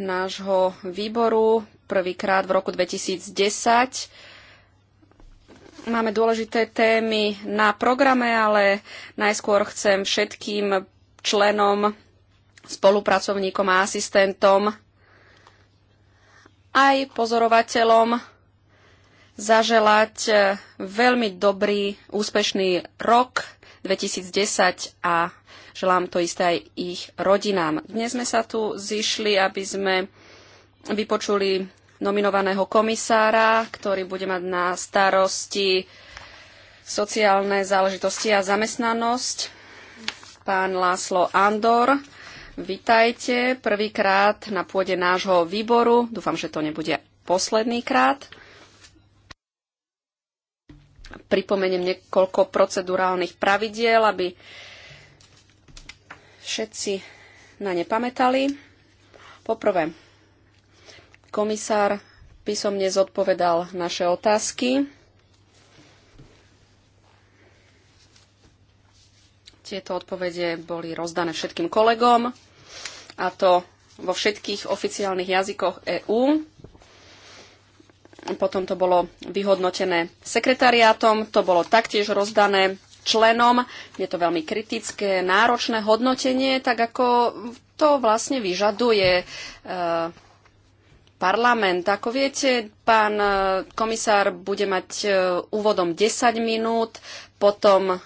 nášho výboru prvýkrát v roku 2010. Máme dôležité témy na programe, ale najskôr chcem všetkým členom, spolupracovníkom a asistentom aj pozorovateľom zaželať veľmi dobrý, úspešný rok 2010 a Želám to isté aj ich rodinám. Dnes sme sa tu zišli, aby sme vypočuli nominovaného komisára, ktorý bude mať na starosti sociálne záležitosti a zamestnanosť, pán Láslo Andor. Vitajte prvýkrát na pôde nášho výboru. Dúfam, že to nebude posledný krát. Pripomeniem niekoľko procedurálnych pravidiel, aby všetci na ne pamätali. Poprvé, komisár písomne zodpovedal naše otázky. Tieto odpovede boli rozdané všetkým kolegom, a to vo všetkých oficiálnych jazykoch EÚ. Potom to bolo vyhodnotené sekretariátom, to bolo taktiež rozdané členom. Je to veľmi kritické, náročné hodnotenie, tak ako to vlastne vyžaduje e, parlament. Ako viete, pán e, komisár bude mať e, úvodom 10 minút, potom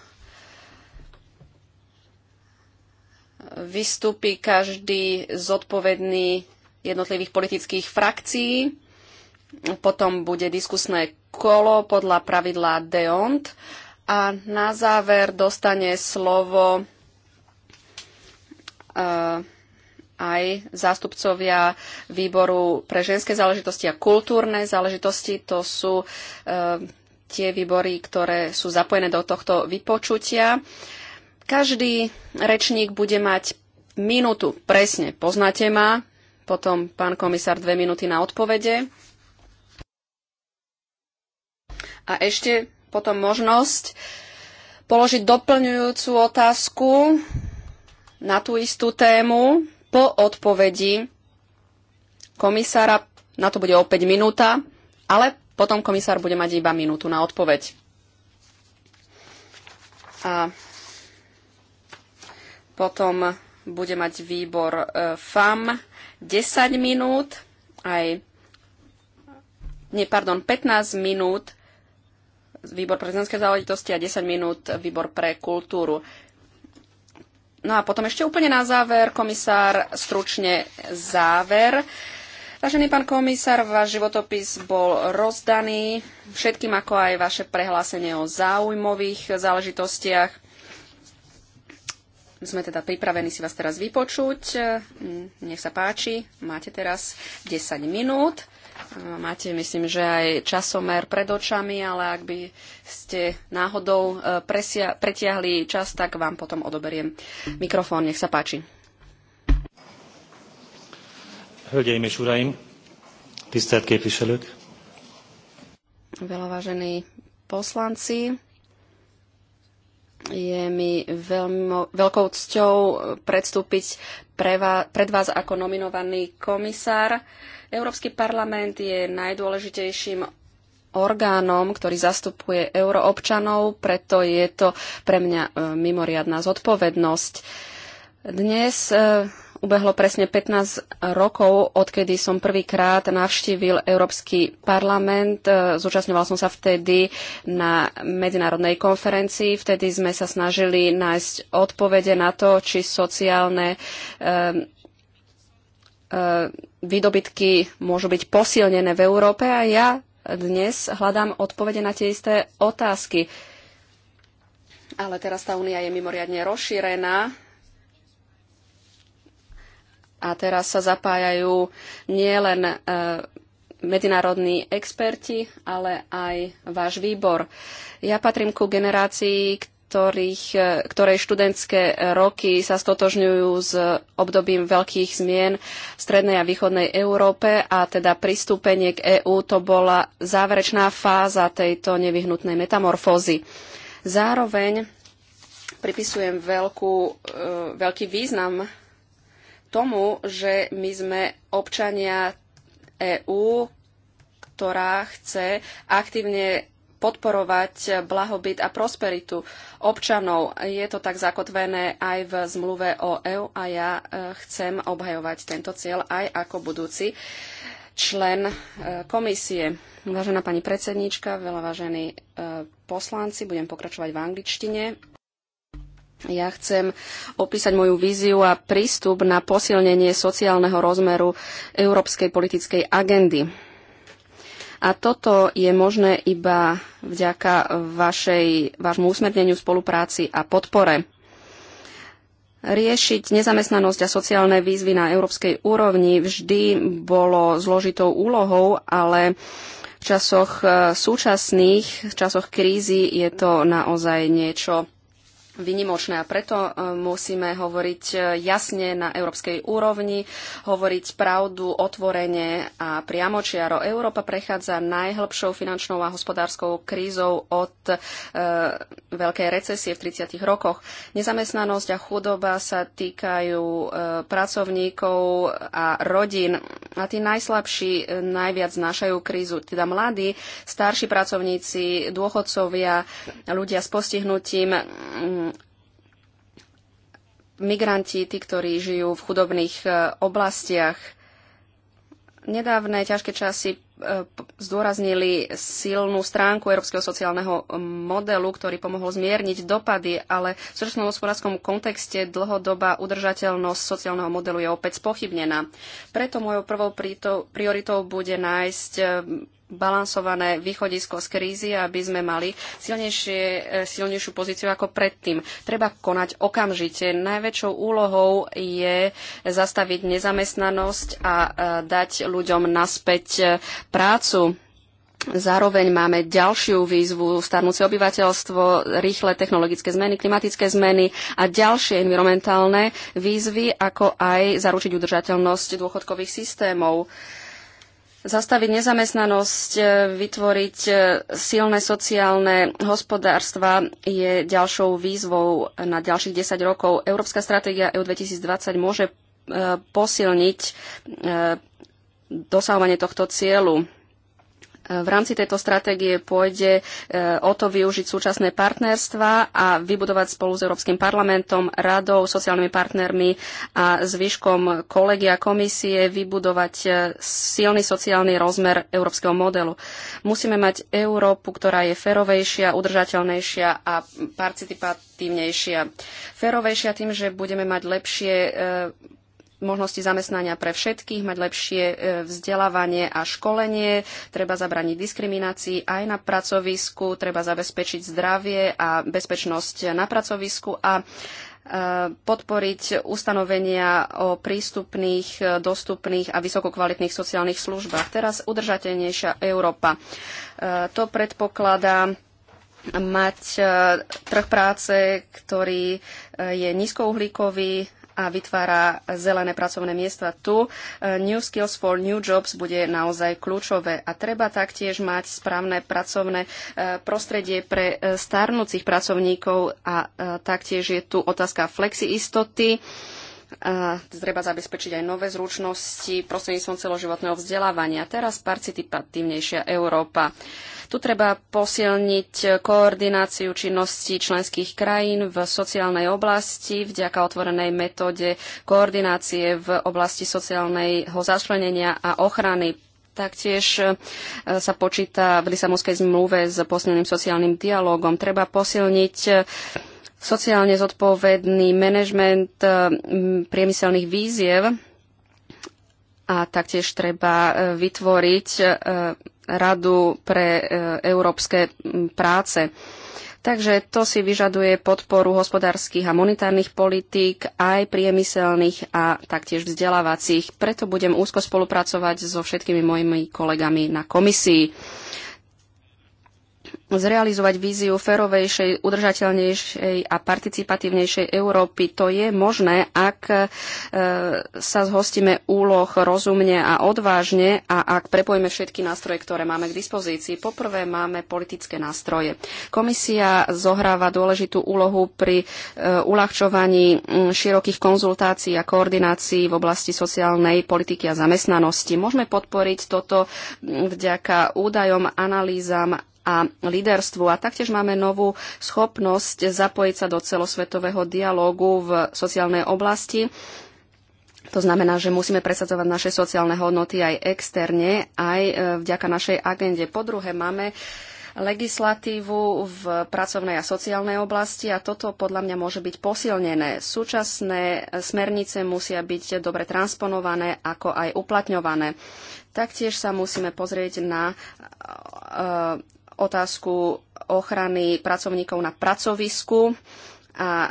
vystúpi každý zodpovedný jednotlivých politických frakcií. Potom bude diskusné kolo podľa pravidla DEONT a na záver dostane slovo e, aj zástupcovia výboru pre ženské záležitosti a kultúrne záležitosti. To sú e, tie výbory, ktoré sú zapojené do tohto vypočutia. Každý rečník bude mať minútu presne. Poznáte ma, potom pán komisár dve minúty na odpovede. A ešte potom možnosť položiť doplňujúcu otázku na tú istú tému po odpovedi komisára. Na to bude opäť minúta, ale potom komisár bude mať iba minútu na odpoveď. A potom bude mať výbor e, FAM 10 minút, aj nie, pardon, 15 minút výbor pre zemské záležitosti a 10 minút výbor pre kultúru. No a potom ešte úplne na záver, komisár, stručne záver. Vážený pán komisár, váš životopis bol rozdaný všetkým, ako aj vaše prehlásenie o záujmových záležitostiach. Sme teda pripravení si vás teraz vypočuť. Nech sa páči, máte teraz 10 minút. Máte, myslím, že aj časomer pred očami, ale ak by ste náhodou e, presia- pretiahli čas, tak vám potom odoberiem mikrofón. Nech sa páči. Hľadejme šúrajím, tisztelt képviselők! Veľa vážení poslanci, je mi veľmi, veľkou cťou predstúpiť pre vás, pred vás ako nominovaný komisár. Európsky parlament je najdôležitejším orgánom, ktorý zastupuje euroobčanov, preto je to pre mňa e, mimoriadná zodpovednosť. Dnes e, ubehlo presne 15 rokov, odkedy som prvýkrát navštívil Európsky parlament. E, zúčastňoval som sa vtedy na medzinárodnej konferencii. Vtedy sme sa snažili nájsť odpovede na to, či sociálne e, e, výdobytky môžu byť posilnené v Európe a ja dnes hľadám odpovede na tie isté otázky. Ale teraz tá únia je mimoriadne rozšírená a teraz sa zapájajú nielen e, medzinárodní experti, ale aj váš výbor. Ja patrím ku generácii, ktorých, e, ktorej študentské roky sa stotožňujú s obdobím veľkých zmien v strednej a východnej Európe a teda pristúpenie k EÚ to bola záverečná fáza tejto nevyhnutnej metamorfózy. Zároveň pripisujem veľkú, e, veľký význam tomu, že my sme občania EÚ, ktorá chce aktívne podporovať blahobyt a prosperitu občanov. Je to tak zakotvené aj v zmluve o EÚ a ja e, chcem obhajovať tento cieľ aj ako budúci člen e, komisie. Vážená pani predsedníčka, veľa vážení e, poslanci, budem pokračovať v angličtine. Ja chcem opísať moju víziu a prístup na posilnenie sociálneho rozmeru európskej politickej agendy. A toto je možné iba vďaka vašej, vášmu usmerneniu, spolupráci a podpore. Riešiť nezamestnanosť a sociálne výzvy na európskej úrovni vždy bolo zložitou úlohou, ale v časoch eh, súčasných, v časoch krízy je to naozaj niečo vynimočné a preto e, musíme hovoriť e, jasne na európskej úrovni, hovoriť pravdu otvorene a priamočiaro. Európa prechádza najhlbšou finančnou a hospodárskou krízou od e, veľkej recesie v 30. rokoch. Nezamestnanosť a chudoba sa týkajú e, pracovníkov a rodín a tí najslabší e, najviac znášajú krízu, teda mladí, starší pracovníci, dôchodcovia, ľudia s postihnutím migranti, tí, ktorí žijú v chudobných e, oblastiach. Nedávne ťažké časy E, zdôraznili silnú stránku európskeho sociálneho modelu, ktorý pomohol zmierniť dopady, ale v súčasnom hospodárskom kontexte dlhodobá udržateľnosť sociálneho modelu je opäť spochybnená. Preto mojou prvou prioritou bude nájsť e, balansované východisko z krízy, aby sme mali e, silnejšiu pozíciu ako predtým. Treba konať okamžite. Najväčšou úlohou je zastaviť nezamestnanosť a dať ľuďom naspäť prácu. Zároveň máme ďalšiu výzvu, starnúce obyvateľstvo, rýchle technologické zmeny, klimatické zmeny a ďalšie environmentálne výzvy, ako aj zaručiť udržateľnosť dôchodkových systémov zastaviť nezamestnanosť, vytvoriť silné sociálne hospodárstva je ďalšou výzvou na ďalších 10 rokov. Európska stratégia EU 2020 môže e, posilniť e, dosahovanie tohto cieľu. E, v rámci tejto stratégie pôjde e, o to využiť súčasné partnerstva a vybudovať spolu s Európskym parlamentom, radou, sociálnymi partnermi a zvyškom kolegia komisie vybudovať e, silný sociálny rozmer európskeho modelu. Musíme mať Európu, ktorá je ferovejšia, udržateľnejšia a participatívnejšia. Ferovejšia tým, že budeme mať lepšie možnosti zamestnania pre všetkých, mať lepšie e, vzdelávanie a školenie, treba zabraniť diskriminácii aj na pracovisku, treba zabezpečiť zdravie a bezpečnosť na pracovisku a e, podporiť ustanovenia o prístupných, e, dostupných a vysokokvalitných sociálnych službách. Teraz udržateľnejšia Európa. To predpokladá mať trh práce, ktorý je nízkouhlíkový, a vytvára zelené pracovné miesta tu. E, new Skills for New Jobs bude naozaj kľúčové a treba taktiež mať správne pracovné e, prostredie pre e, starnúcich pracovníkov a taktiež je tu otázka flexi istoty a treba zabezpečiť aj nové zručnosti prostredníctvom celoživotného vzdelávania. Teraz participatívnejšia Európa. Tu treba posilniť koordináciu činností členských krajín v sociálnej oblasti vďaka otvorenej metóde koordinácie v oblasti sociálneho začlenenia a ochrany Taktiež e, sa počíta v Lisabonskej zmluve s posilneným sociálnym dialogom. Treba posilniť e, sociálne zodpovedný manažment eh, priemyselných víziev a taktiež treba eh, vytvoriť eh, radu pre európske práce. Takže to si vyžaduje podporu hospodárskych a monetárnych politík, aj priemyselných a taktiež vzdelávacích. Preto budem úzko spolupracovať so všetkými mojimi kolegami na komisii zrealizovať víziu ferovejšej, udržateľnejšej a participatívnejšej Európy. To je možné, ak e, sa zhostíme úloh rozumne a odvážne a ak prepojíme všetky nástroje, ktoré máme k dispozícii. Poprvé máme politické nástroje. Komisia zohráva dôležitú úlohu pri e, uľahčovaní širokých konzultácií a koordinácií v oblasti sociálnej politiky a zamestnanosti. Môžeme podporiť toto vďaka údajom, analýzam a líderstvu. A taktiež máme novú schopnosť zapojiť sa do celosvetového dialógu v sociálnej oblasti. To znamená, že musíme presadzovať naše sociálne hodnoty aj externe, aj e, vďaka našej agende. Po druhé, máme legislatívu v pracovnej a sociálnej oblasti a toto podľa mňa môže byť posilnené. Súčasné smernice musia byť dobre transponované, ako aj uplatňované. Taktiež sa musíme pozrieť na e, otázku ochrany pracovníkov na pracovisku a e,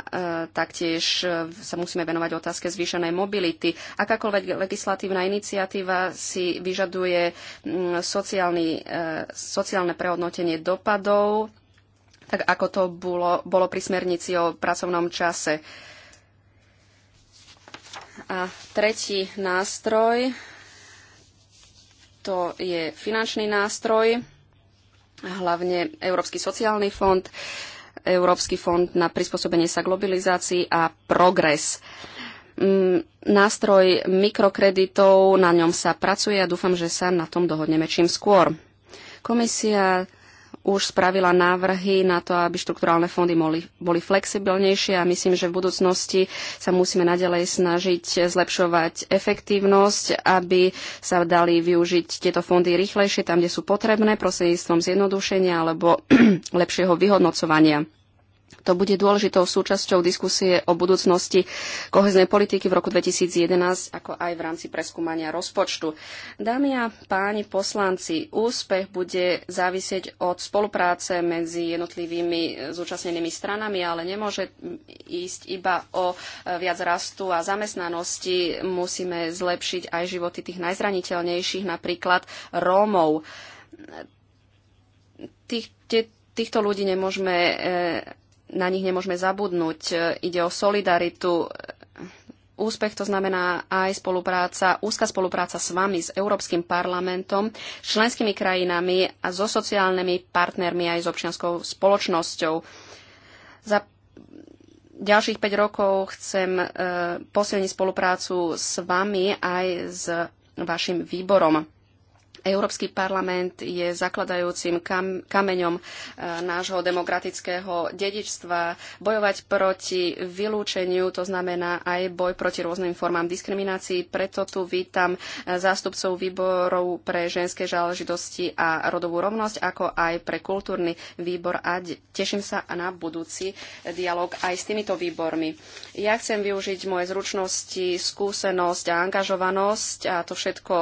taktiež e, sa musíme venovať otázke zvýšenej mobility. Akákoľvek legislatívna iniciatíva si vyžaduje mm, sociálny, e, sociálne prehodnotenie dopadov, tak ako to bolo, bolo pri smernici o pracovnom čase. A tretí nástroj, to je finančný nástroj hlavne Európsky sociálny fond, Európsky fond na prispôsobenie sa globalizácii a progres. Mm, nástroj mikrokreditov, na ňom sa pracuje a dúfam, že sa na tom dohodneme čím skôr. Komisia už spravila návrhy na to, aby štrukturálne fondy boli, boli flexibilnejšie a myslím, že v budúcnosti sa musíme nadalej snažiť zlepšovať efektívnosť, aby sa dali využiť tieto fondy rýchlejšie tam, kde sú potrebné, prostredníctvom zjednodušenia alebo lepšieho vyhodnocovania. To bude dôležitou súčasťou diskusie o budúcnosti koheznej politiky v roku 2011, ako aj v rámci preskúmania rozpočtu. Dámy a páni poslanci, úspech bude závisieť od spolupráce medzi jednotlivými zúčastnenými stranami, ale nemôže ísť iba o viac rastu a zamestnanosti. Musíme zlepšiť aj životy tých najzraniteľnejších, napríklad Rómov. Tých, týchto ľudí nemôžeme eh, na nich nemôžeme zabudnúť. E, ide o solidaritu. E, úspech to znamená aj spolupráca, úzka spolupráca s vami, s Európskym parlamentom, s členskými krajinami a so sociálnymi partnermi aj s občianskou spoločnosťou. Za ďalších 5 rokov chcem e, posilniť spoluprácu s vami aj s vašim výborom. Európsky parlament je zakladajúcim kam, kameňom e, nášho demokratického dedičstva. Bojovať proti vylúčeniu, to znamená aj boj proti rôznym formám diskriminácií. Preto tu vítam e, zástupcov výborov pre ženské záležitosti a rodovú rovnosť, ako aj pre kultúrny výbor a teším sa na budúci e, dialog aj s týmito výbormi. Ja chcem využiť moje zručnosti, skúsenosť a angažovanosť a to všetko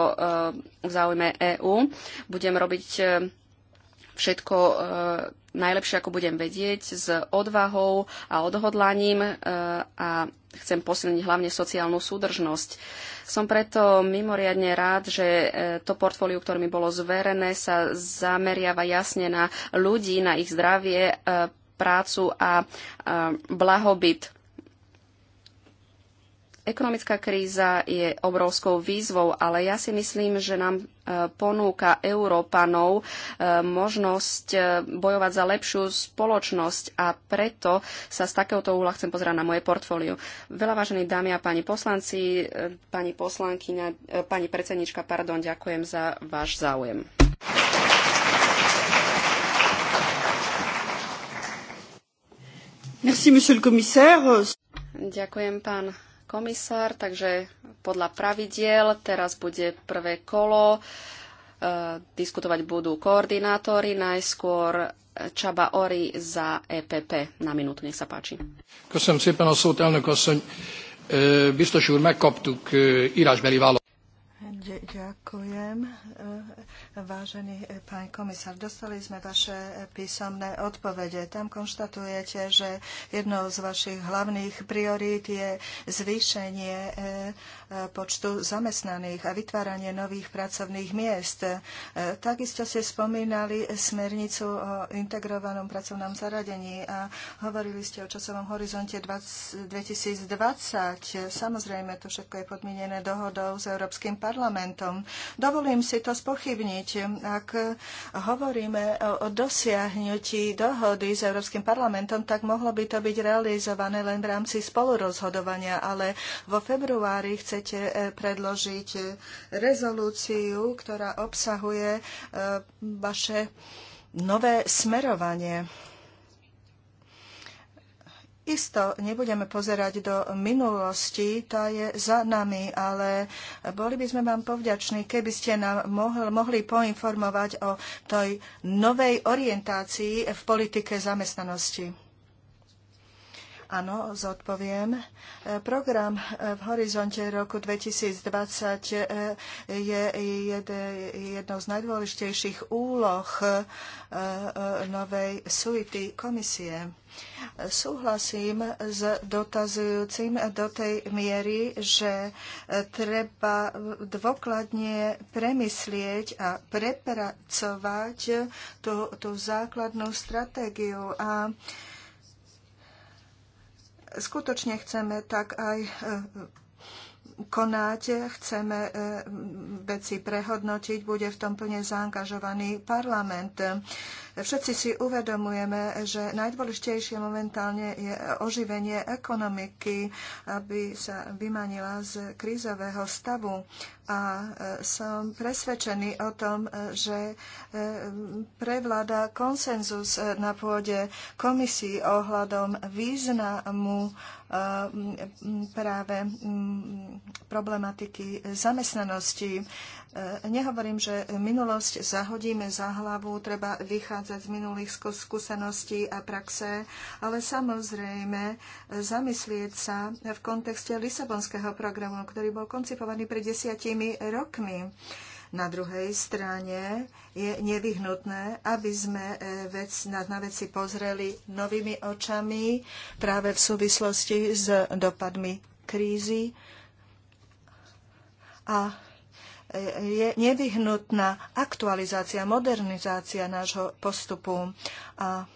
v záujme EÚ. Budem robiť e, všetko e, najlepšie, ako budem vedieť, s odvahou a odhodlaním e, a chcem posilniť hlavne sociálnu súdržnosť. Som preto mimoriadne rád, že to portfóliu, ktoré mi bolo zverené, sa zameriava jasne na ľudí, na ich zdravie, prácu a blahobyt. Ekonomická kríza je obrovskou výzvou, ale ja si myslím, že nám e, ponúka Európanov e, možnosť e, bojovať za lepšiu spoločnosť a preto sa z takéhoto úhla chcem pozerať na moje portfóliu. Veľa vážení dámy a páni poslanci, pani poslankyňa, pani predsednička, pardon, ďakujem za váš záujem. Merci, monsieur le commissaire. Ďakujem, pán komisár, takže podľa pravidiel teraz bude prvé kolo. E, diskutovať budú koordinátori, najskôr Čaba Ori za EPP. Na minútu, nech sa páči. Köszönöm szépen a szót, elnök asszony. E, biztos úr, megkaptuk e, írásbeli választ. Ďakujem. Vážený e, pán komisár, dostali sme vaše e, písomné odpovede. Tam konštatujete, že jednou z vašich hlavných priorít je zvýšenie e, počtu zamestnaných a vytváranie nových pracovných miest. Takisto ste spomínali smernicu o integrovanom pracovnom zaradení a hovorili ste o časovom horizonte 2020. Samozrejme, to všetko je podmienené dohodou s Európskym parlamentom. Dovolím si to spochybniť zmeniť. Eh, ak hovoríme o dosiahnutí dohody s Európskym parlamentom, tak mohlo by to byť realizované len v rámci spolurozhodovania, ale vo februári chcete eh, predložiť eh, rezolúciu, ktorá obsahuje vaše nové smerovanie Isto nebudeme pozerať do minulosti, tá je za nami, ale boli by sme vám povďační, keby ste nám mohli, mohli poinformovať o tej novej orientácii v politike zamestnanosti. Áno, zodpoviem. E, program e, v horizonte roku 2020 e, je jednou z najdôležitejších úloh novej suity komisie. Súhlasím s dotazujúcim do tej miery, že treba dôkladne premyslieť a prepracovať tú, tú základnú stratégiu a skutočne chceme, tak aj e, konať, chceme e, veci prehodnotiť, bude v tom plne zaangažovaný parlament. Všetci si uvedomujeme, že najdôležitejšie momentálne je oživenie ekonomiky, aby sa vymanila z krízového stavu. A e, som presvedčený o tom, že e, prevláda konsenzus na pôde komisí ohľadom významu Ehm, ehm, práve ehm, problematiky zamestnanosti. Nehovorím, že minulosť zahodíme za hlavu, treba vychádzať z minulých skúseností a praxe, ale samozrejme zamyslieť sa v kontexte Lisabonského programu, ktorý bol koncipovaný pred desiatimi rokmi. Na druhej strane je nevyhnutné, aby sme e, vec, na, na veci pozreli novými očami práve v súvislosti s dopadmi krízy a e, je nevyhnutná aktualizácia, modernizácia nášho postupu. A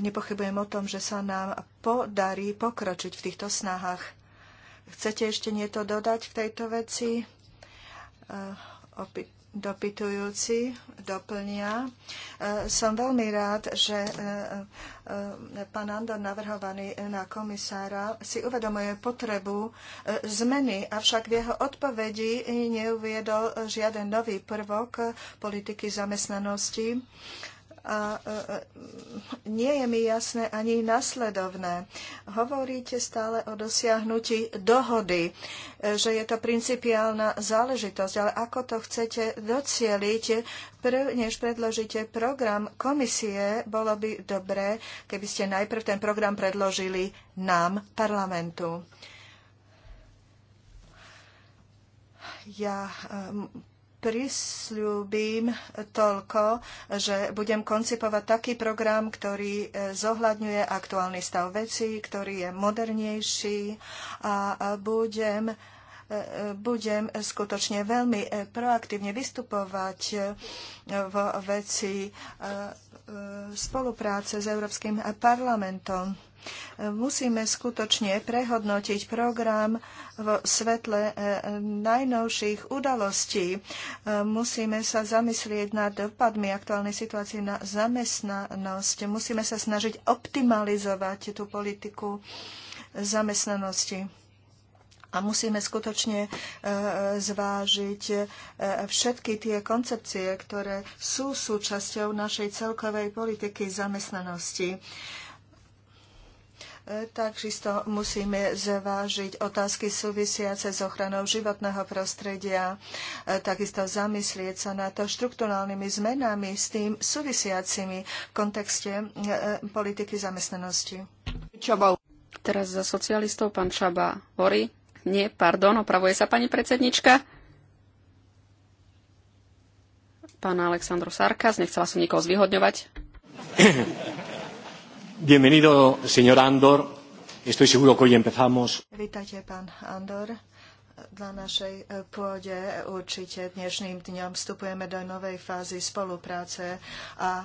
nepochybujem o tom, že sa nám podarí pokročiť v týchto snahách. Chcete ešte niečo dodať k tejto veci? Eh, dopytujúci doplnia. Eh, som veľmi rád, že eh, pán Andor navrhovaný na komisára si uvedomuje potrebu zmeny, avšak v jeho odpovedi neuviedol žiaden nový prvok politiky zamestnanosti a e, e, nie je mi jasné ani nasledovné. Hovoríte stále o dosiahnutí dohody, e, že je to principiálna záležitosť, ale ako to chcete docieliť, prv, než predložíte program komisie, bolo by dobré, keby ste najprv ten program predložili nám, parlamentu. Ja prisľúbim toľko, že budem koncipovať taký program, ktorý e, zohľadňuje aktuálny stav vecí, ktorý je modernejší a budem e, e, budem skutočne veľmi proaktívne vystupovať v veci spolupráce s Európskym parlamentom. Musíme skutočne prehodnotiť program v svetle e, najnovších udalostí. E, musíme sa zamyslieť nad dopadmi aktuálnej situácie na zamestnanosť. Musíme sa snažiť optimalizovať tú politiku zamestnanosti a musíme skutočne e, zvážiť všetky tie koncepcie, ktoré sú súčasťou našej celkovej politiky zamestnanosti. Takisto musíme zvážiť otázky súvisiace s ochranou životného prostredia, e, takisto zamyslieť sa na to štruktúrálnymi zmenami s tým súvisiacimi v kontekste e, e, politiky zamestnanosti. Teraz za socialistov pán Čaba Hori. Nie, pardon, opravuje sa pani predsednička. Pána Aleksandro Sarkas, nechcela som nikoho zvyhodňovať. Bienvenido, señor Andor. Estoy seguro que hoy empezamos. Vítajte, pán Andor na našej e, pôde. Určite dnešným dňom vstupujeme do novej fázy spolupráce a e,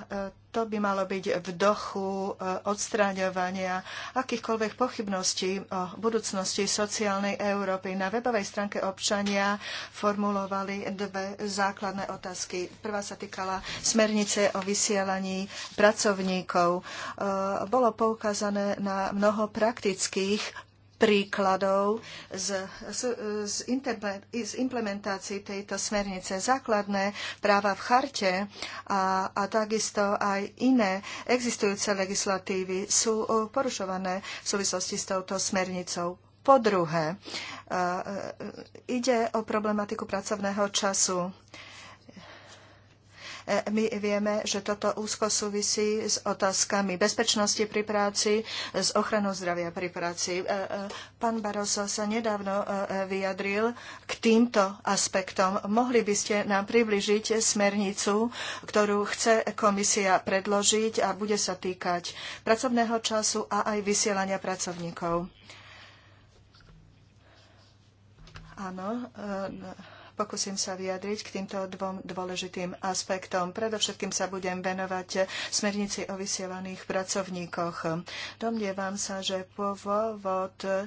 to by malo byť v dochu e, odstráňovania akýchkoľvek pochybností o budúcnosti sociálnej Európy. Na webovej stránke občania formulovali dve základné otázky. Prvá sa týkala smernice o vysielaní pracovníkov. Bolo poukázané na mnoho praktických príkladov z, z, z, z implementácií tejto smernice. Základné práva v charte a, a takisto aj iné existujúce legislatívy sú porušované v súvislosti s touto smernicou. Po druhé, e, e, ide o problematiku pracovného času. E, my vieme, že toto úzko súvisí s otázkami bezpečnosti pri práci, s ochranou zdravia pri práci. E, e, pán Baroso sa nedávno vyjadril k týmto aspektom. Mohli by ste nám približiť smernicu, ktorú chce komisia predložiť a bude sa týkať pracovného času a aj vysielania pracovníkov. Áno, Pokúsim sa vyjadriť k týmto dvom dôležitým aspektom. Predovšetkým sa budem venovať smernici o vysielaných pracovníkoch. Domnievam sa, že pôvod e,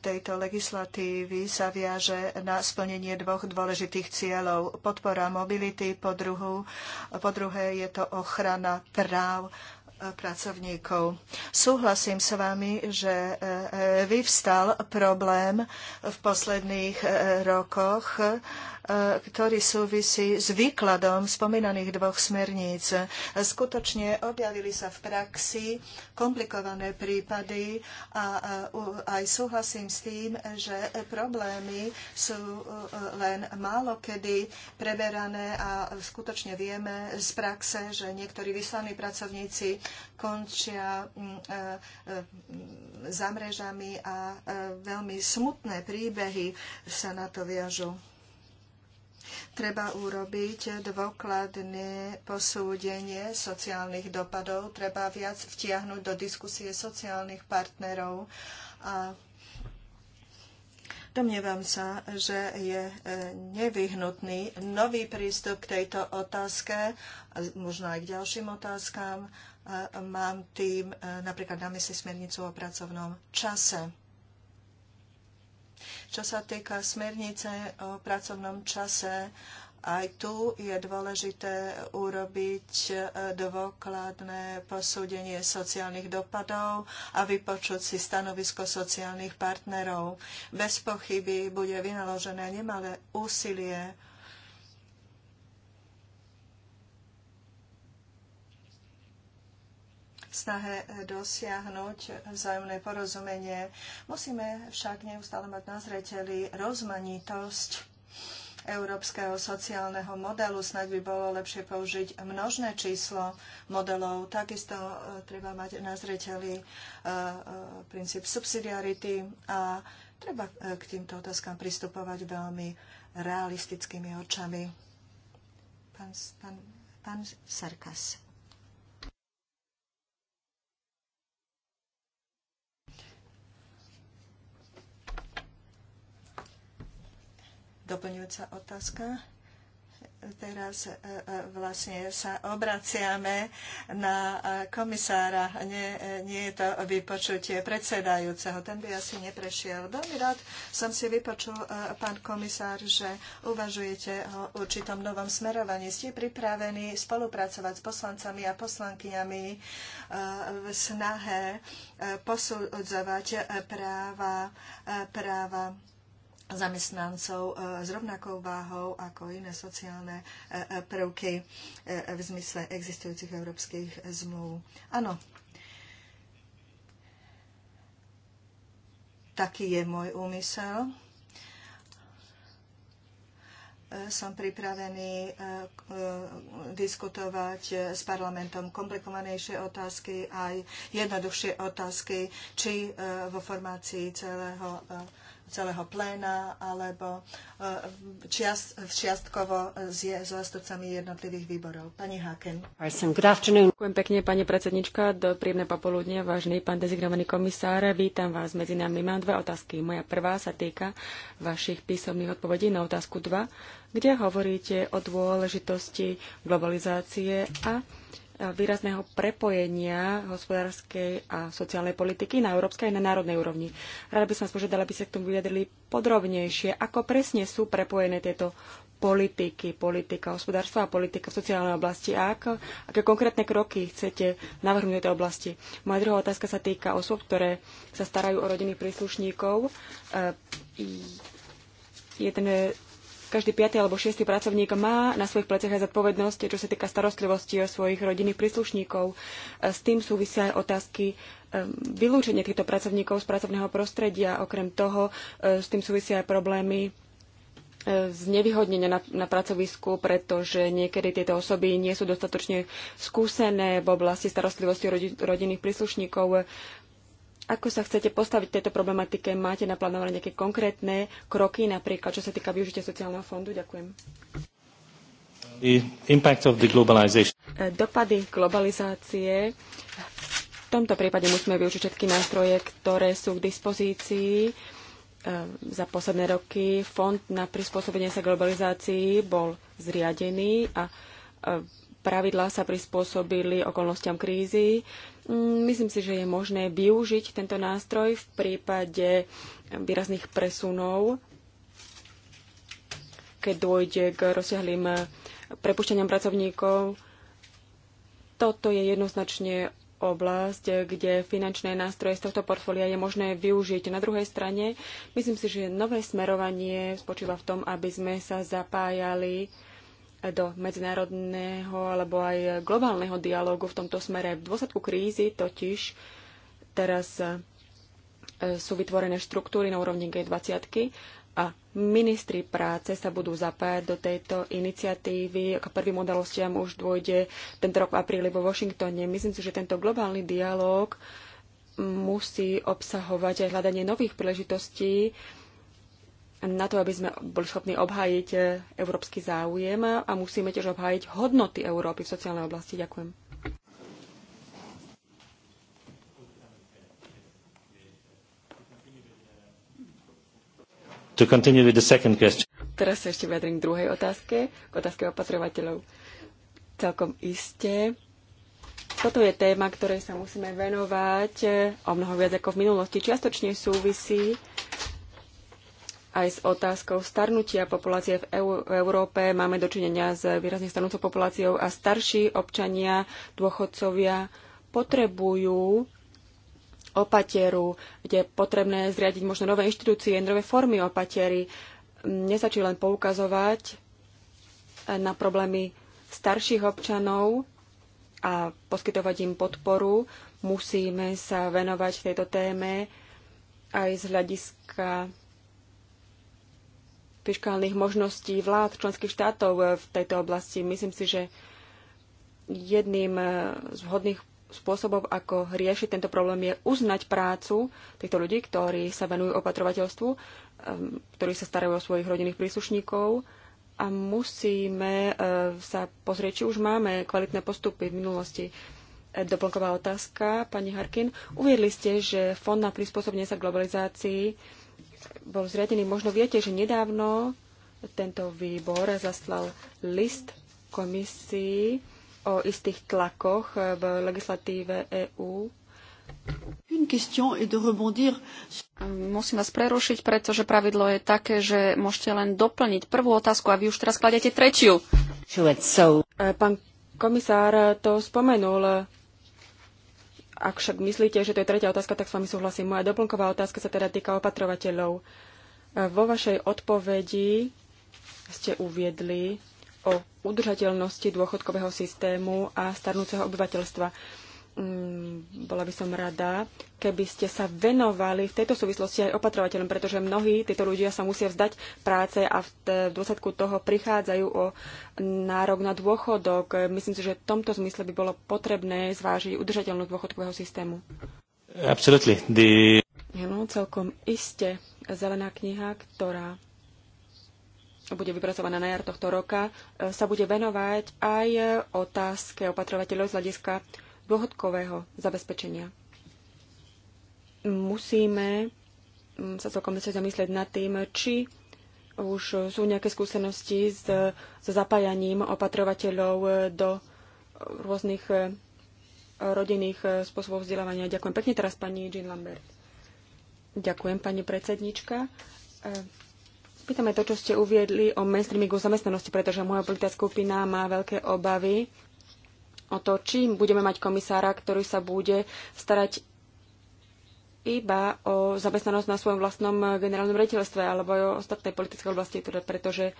tejto legislatívy sa viaže na splnenie dvoch dôležitých cieľov. Podpora mobility, po, druhu, po druhé je to ochrana práv pracovníkov. Súhlasím s vami, že e, e, vyvstal problém v posledných e, rokoch ktorý súvisí s výkladom spomínaných dvoch smerníc. Skutočne objavili sa v praxi komplikované prípady a aj súhlasím s tým, že problémy sú e, len málo kedy preberané a skutočne vieme z praxe, že niektorí vyslaní pracovníci končia e, e, za mrežami a veľmi smutné príbehy sa na to viažu treba urobiť dôkladné posúdenie sociálnych dopadov, treba viac vtiahnuť do diskusie sociálnych partnerov a Domnievam sa, že je e, nevyhnutný nový prístup k tejto otázke, a možno aj k ďalším otázkam. Mám tým e, napríklad na mysli smernicu o pracovnom čase čo sa týka smernice o pracovnom čase, aj tu je dôležité urobiť e, dôkladné posúdenie sociálnych dopadov a vypočuť si stanovisko sociálnych partnerov. Bez pochyby bude vynaložené nemalé úsilie snahe dosiahnuť vzájomné porozumenie. Musíme však neustále mať na zreteli rozmanitosť európskeho sociálneho modelu. Snaď by bolo lepšie použiť množné číslo modelov. Takisto e, treba mať na zreteli e, e, princíp subsidiarity a treba k týmto otázkam pristupovať veľmi realistickými očami. Pán, pán, pán Sarkas. Doplňujúca otázka. Teraz e, e, vlastne sa obraciame na e, komisára. Nie, nie je to vypočutie predsedajúceho. Ten by asi neprešiel. Veľmi rád som si vypočul, pán komisár, že uvažujete o určitom novom smerovaní. Ste pripravení spolupracovať s poslancami a poslankyňami v snahe posudzovať práva, práva zamestnancov e, s rovnakou váhou ako iné sociálne e, e, prvky v zmysle existujúcich európskych zmluv. Áno, taký je môj úmysel. Som pripravený diskutovať s parlamentom komplikovanejšie otázky, aj jednoduchšie otázky, či vo formácii celého celého pléna alebo eh, čiast, čiastkovo s zástupcami jednotlivých výborov. Pani Haken. Ďakujem pekne, pani predsednička. Do príjemné popoludne, vážny pán dezignovaný komisár. Vítam vás medzi nami. Mám dve otázky. Moja prvá sa týka vašich písomných odpovedí na otázku 2, kde hovoríte o dôležitosti globalizácie a výrazného prepojenia hospodárskej a sociálnej politiky na európskej a na národnej úrovni. Rada by som vás požiadala, aby ste k tomu vyjadrili podrobnejšie, ako presne sú prepojené tieto politiky, politika hospodárstva a politika v sociálnej oblasti a ako, aké konkrétne kroky chcete navrhnúť v tejto oblasti. Moja druhá otázka sa týka osôb, ktoré sa starajú o rodinných príslušníkov. E, jeden každý piatý alebo šiestý pracovník má na svojich pleciach aj zodpovednosť, čo sa týka starostlivosti o svojich rodinných príslušníkov. S tým súvisia aj otázky e, vylúčenia týchto pracovníkov z pracovného prostredia. Okrem toho e, s tým súvisia aj problémy e, znevýhodnenia na, na pracovisku, pretože niekedy tieto osoby nie sú dostatočne skúsené v oblasti starostlivosti rodi, rodinných príslušníkov. Ako sa chcete postaviť tejto problematike? Máte naplánované nejaké konkrétne kroky, napríklad čo sa týka využitia sociálneho fondu? Ďakujem. E, dopady globalizácie. V tomto prípade musíme využiť všetky nástroje, ktoré sú k dispozícii. E, za posledné roky Fond na prispôsobenie sa globalizácii bol zriadený a e, pravidlá sa prispôsobili okolnostiam krízy Mm, myslím si, že je možné využiť tento nástroj v prípade výrazných presunov, keď dôjde k rozsiahlým prepušťaniam pracovníkov. Toto je jednoznačne oblasť, kde finančné nástroje z tohto portfólia je možné využiť. Na druhej strane, myslím si, že nové smerovanie spočíva v tom, aby sme sa zapájali do medzinárodného alebo aj globálneho dialógu v tomto smere. V dôsledku krízy totiž teraz e, sú vytvorené štruktúry na úrovni G20 a ministri práce sa budú zapájať do tejto iniciatívy. K prvým udalostiam už dôjde tento rok v apríli vo Washingtone. Myslím si, že tento globálny dialóg musí obsahovať aj hľadanie nových príležitostí na to, aby sme boli schopní obhájiť e, európsky záujem a musíme tiež obhájiť hodnoty Európy v sociálnej oblasti. Ďakujem. To continue with the second question. Teraz sa ešte vyjadrím k druhej otázke, k otázke opatrovateľov. Celkom iste. Toto je téma, ktorej sa musíme venovať e, o mnoho viac ako v minulosti. Čiastočne súvisí aj s otázkou starnutia populácie v, Európe. Máme dočinenia s výrazne starnúcou populáciou a starší občania, dôchodcovia potrebujú opateru, kde je potrebné zriadiť možno nové inštitúcie, nové formy opatery. Nestačí len poukazovať na problémy starších občanov a poskytovať im podporu. Musíme sa venovať tejto téme aj z hľadiska fiskálnych možností vlád členských štátov eh, v tejto oblasti. Myslím si, že jedným eh, z vhodných spôsobov, ako riešiť tento problém, je uznať prácu týchto ľudí, ktorí sa venujú opatrovateľstvu, eh, ktorí sa starajú o svojich rodinných príslušníkov a musíme sa pozrieť, či už máme kvalitné postupy v minulosti. Doplnková otázka, pani Harkin. Uviedli ste, že Fond na prispôsobenie sa globalizácii bol zriadený. Možno viete, že nedávno tento výbor zaslal list komisii o istých tlakoch v legislatíve EÚ. Musím vás prerušiť, pretože pravidlo je také, že môžete len doplniť prvú otázku a vy už teraz kladete tretiu. Pán komisár to spomenul. Ak však myslíte, že to je tretia otázka, tak s vami súhlasím. Moja doplnková otázka sa teda týka opatrovateľov. E, vo vašej odpovedi ste uviedli o udržateľnosti dôchodkového systému a starnúceho obyvateľstva. Mm, bola by som rada, keby ste sa venovali v tejto súvislosti aj opatrovateľom, pretože mnohí títo ľudia sa musia vzdať práce a v, v dôsledku toho prichádzajú o nárok na dôchodok. Myslím si, že v tomto zmysle by bolo potrebné zvážiť udržateľnosť dôchodkového systému. Absolutely. The... No, celkom iste. Zelená kniha, ktorá bude vypracovaná na jar tohto roka, e, sa bude venovať aj otázke opatrovateľov z hľadiska dôchodkového zabezpečenia. Musíme mm, sa celkom sa zamyslieť nad tým, či už sú nejaké skúsenosti s, s zapájaním opatrovateľov do rôznych eh, rodinných eh, spôsobov vzdelávania. Ďakujem pekne teraz pani Jean Lambert. Ďakujem pani predsednička. Eh, pýtame to, čo ste uviedli o mainstreamingu zamestnanosti, pretože moja politická skupina má veľké obavy o to, či budeme mať komisára, ktorý sa bude starať iba o zamestnanosť na svojom vlastnom generálnom rediteľstve alebo aj o ostatnej politické oblasti, teda pretože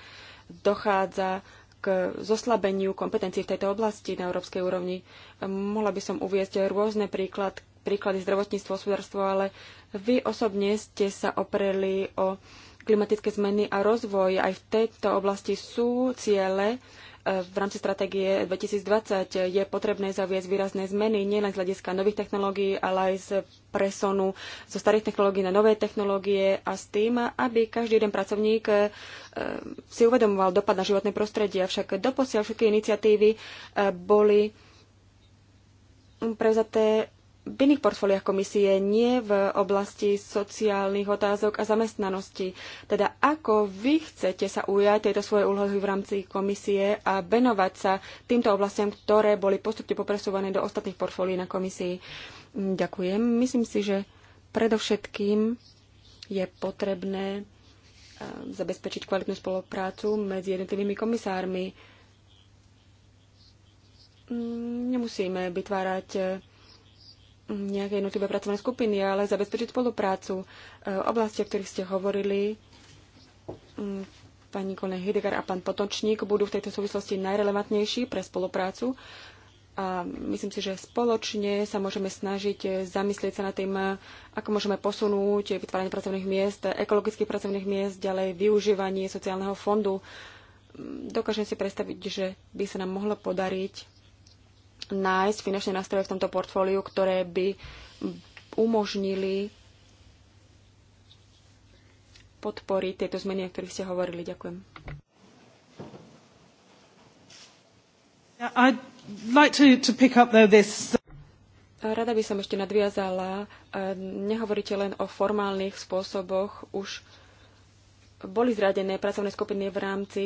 dochádza k zoslabeniu kompetencií v tejto oblasti na európskej úrovni. Mohla by som uviezť rôzne príklad, príklady zdravotníctvo, hospodárstvo, ale vy osobne ste sa opreli o klimatické zmeny a rozvoj. Aj v tejto oblasti sú ciele, v rámci stratégie 2020 je potrebné zaviesť výrazné zmeny nielen z hľadiska nových technológií, ale aj z presunu zo starých technológií na nové technológie a s tým, aby každý jeden pracovník eh, si uvedomoval dopad na životné prostredie. Avšak doposiaľ všetky iniciatívy eh, boli prevzaté v iných portfóliách komisie, nie v oblasti sociálnych otázok a zamestnanosti. Teda ako vy chcete sa ujať tejto svoje úlohy v rámci komisie a venovať sa týmto oblastiam, ktoré boli postupne popresované do ostatných portfólií na komisii? Ďakujem. Myslím si, že predovšetkým je potrebné eh, zabezpečiť kvalitnú spoluprácu medzi jednotlivými komisármi. Mm, nemusíme vytvárať eh, nejaké jednotlivé pracovné skupiny, ale zabezpečiť spoluprácu. E, oblasti, o ktorých ste hovorili, mm, pani Kolej Hidegar a pán Potočník, budú v tejto súvislosti najrelevantnejší pre spoluprácu. A myslím si, že spoločne sa môžeme snažiť zamyslieť sa na tým, ako môžeme posunúť vytváranie pracovných miest, ekologických pracovných miest, ďalej využívanie sociálneho fondu. Dokážem si predstaviť, že by sa nám mohlo podariť nájsť finančné nástroje v tomto portfóliu, ktoré by umožnili podporiť tieto zmeny, o ktorých ste hovorili. Ďakujem. Rada by som ešte nadviazala. Eh, nehovoríte len o formálnych spôsoboch. Už boli zradené pracovné skupiny v rámci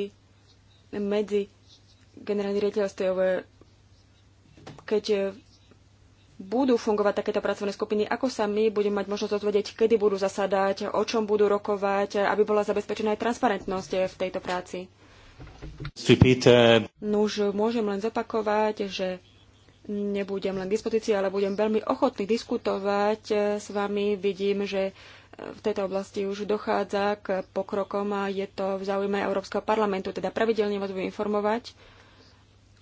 medzi generálnych riaditeľstiev keď e, budú fungovať takéto pracovné skupiny, ako sa my budeme mať možnosť odvedieť, kedy budú zasadať, o čom budú rokovať, aby bola zabezpečená aj transparentnosť e, v tejto práci. Nuž, môžem len zopakovať, že nebudem len k dispozícii, ale budem veľmi ochotný diskutovať e, s vami. Vidím, že v tejto oblasti už dochádza k pokrokom a je to v záujme Európskeho parlamentu. Teda pravidelne vás budem informovať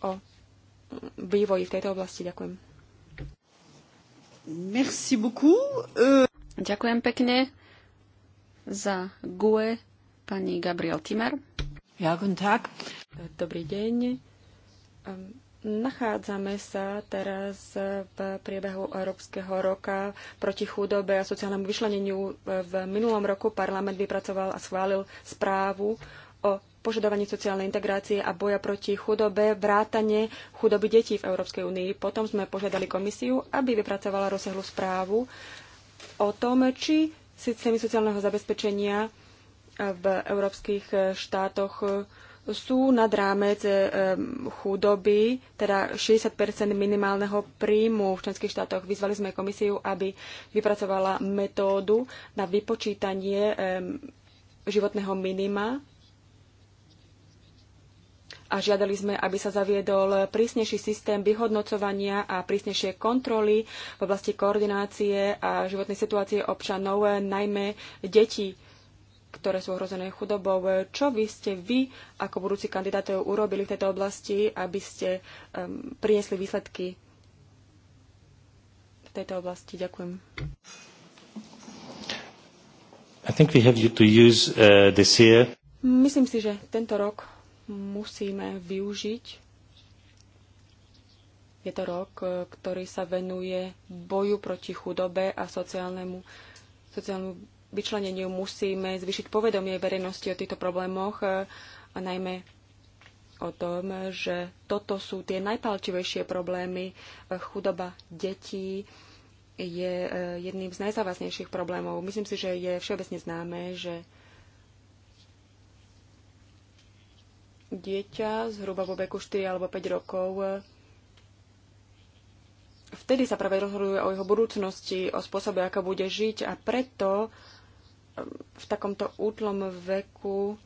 o vývoji v tejto oblasti. Ďakujem. Merci beaucoup. Euh, Ďakujem pekne za GUE pani Gabriel Timer. Ja, guten Tag. Dobrý deň. Ehm, nachádzame sa teraz v priebehu Európskeho roka proti chudobe a sociálnemu vyšleneniu. V minulom roku parlament vypracoval a schválil správu o požadovaní sociálnej integrácie a boja proti chudobe, vrátane chudoby detí v Európskej únii. Potom sme požiadali komisiu, aby vypracovala rozsiahlu správu o tom, či systémy sociálneho zabezpečenia v európskych štátoch sú nad rámec eh, chudoby, teda 60 minimálneho príjmu v členských štátoch. Vyzvali sme komisiu, aby vypracovala metódu na vypočítanie eh, životného minima a žiadali sme, aby sa zaviedol prísnejší systém vyhodnocovania a prísnejšie kontroly v oblasti koordinácie a životnej situácie občanov, najmä detí ktoré sú ohrozené chudobou. Čo by ste vy ako budúci kandidátov urobili v tejto oblasti, aby ste um, priniesli výsledky v tejto oblasti? Ďakujem. I think we have to use, uh, this year. Myslím si, že tento rok musíme využiť. Je to rok, e, ktorý sa venuje boju proti chudobe a sociálnemu, sociálnemu vyčleneniu. Musíme zvyšiť povedomie verejnosti o týchto problémoch e, a najmä o tom, že toto sú tie najpalčivejšie problémy. E, chudoba detí je jedným z najzávaznejších problémov. Myslím si, že je všeobecne známe, že dieťa zhruba vo veku 4 alebo 5 rokov vtedy sa práve rozhoduje o jeho budúcnosti, o spôsobe, ako bude žiť a preto um, v takomto útlom veku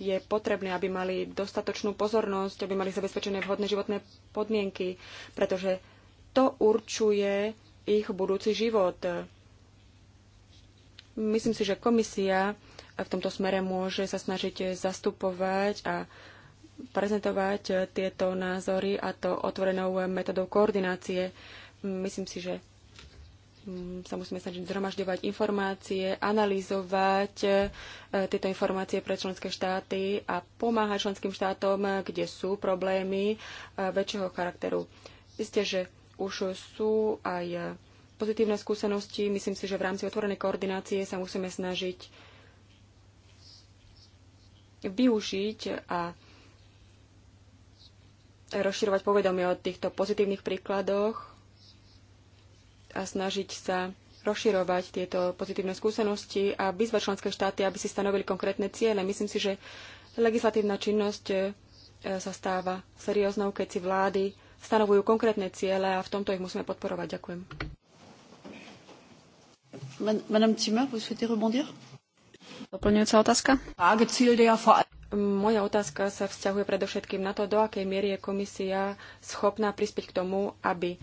je potrebné, aby mali dostatočnú pozornosť, aby mali zabezpečené vhodné životné podmienky, pretože to určuje ich budúci život. Myslím si, že komisia v tomto smere môže sa snažiť zastupovať a prezentovať tieto názory a to otvorenou metodou koordinácie. Myslím si, že mm, sa musíme snažiť zhromažďovať informácie, analyzovať e, tieto informácie pre členské štáty a pomáhať členským štátom, kde sú problémy e, väčšieho charakteru. Isté, že už sú aj e, pozitívne skúsenosti. Myslím si, že v rámci otvorenej koordinácie sa musíme snažiť využiť a rozširovať povedomie o týchto pozitívnych príkladoch a snažiť sa rozširovať tieto pozitívne skúsenosti a vyzvať členské štáty, aby si stanovili konkrétne ciele. Myslím si, že legislatívna činnosť e, sa stáva serióznou, keď si vlády stanovujú konkrétne ciele a v tomto ich musíme podporovať. Ďakujem. Madame Timmer, vous souhaitez rebondir? Doplňujúca otázka? Moja otázka sa vzťahuje predovšetkým na to, do akej miery je komisia schopná prispieť k tomu, aby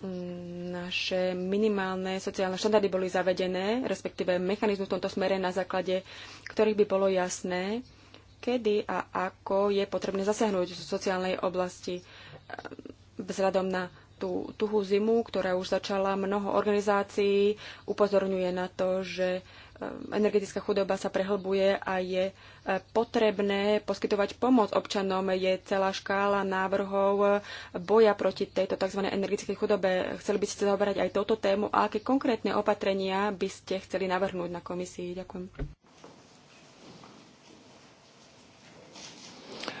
mm, naše minimálne sociálne štandardy boli zavedené, respektíve mechanizmu v tomto smere, na základe ktorých by bolo jasné, kedy a ako je potrebné zasiahnuť v sociálnej oblasti vzhľadom na tú tuhú zimu, ktorá už začala mnoho organizácií, upozorňuje na to, že Ehm, energetická chudoba sa prehlbuje a je e, potrebné poskytovať pomoc občanom. Je celá škála návrhov e, boja proti tejto tzv. energetickej chudobe. Chceli by ste zaoberať aj touto tému a aké konkrétne opatrenia by ste chceli navrhnúť na komisii? Ďakujem.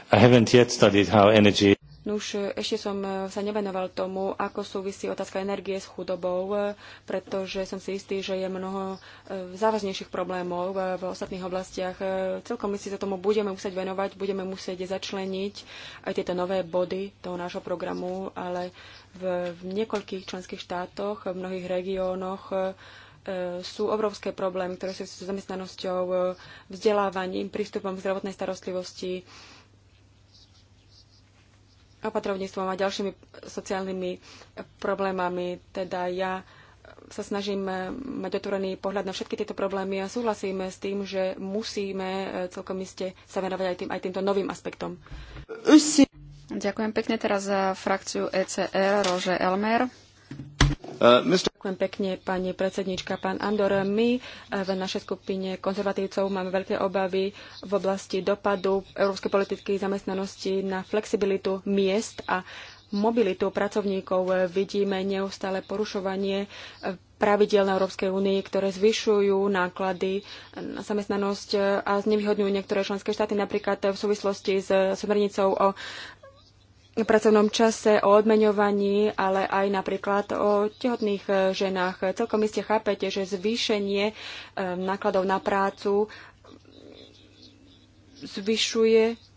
I haven't yet studied how energy Nuž, ešte som eh, sa nevenoval tomu, ako súvisí otázka energie s chudobou, eh, pretože som si istý, že je mnoho eh, závaznejších problémov v ostatných oblastiach. Celkom my si sa tomu budeme musieť venovať, budeme musieť začleniť aj tieto nové body toho nášho programu, ale v, v niekoľkých členských štátoch, v mnohých regiónoch sú obrovské problémy, ktoré sú s zamestnanosťou, vzdelávaním, prístupom k zdravotnej starostlivosti, opatrovníctvom a ďalšími sociálnymi problémami. Teda ja sa snažím mať otvorený pohľad na všetky tieto problémy a súhlasíme s tým, že musíme celkom iste sa venovať aj, tým, aj týmto novým aspektom. Ďakujem pekne teraz za frakciu ECR Rože Elmer. Uh, Ďakujem pekne, pani predsednička. Pán Andor, my uh, v našej skupine konzervatívcov máme veľké obavy v oblasti dopadu európskej politiky zamestnanosti na flexibilitu miest a mobilitu pracovníkov. Vidíme neustále porušovanie uh, pravidel na Európskej únii, ktoré zvyšujú náklady na zamestnanosť a znevýhodňujú niektoré členské štáty, napríklad v súvislosti s smernicou o pracovnom čase, o odmeňovaní, ale aj napríklad o tehotných eh, ženách. Celkom iste chápete, že zvýšenie eh, nákladov na prácu zvyšuje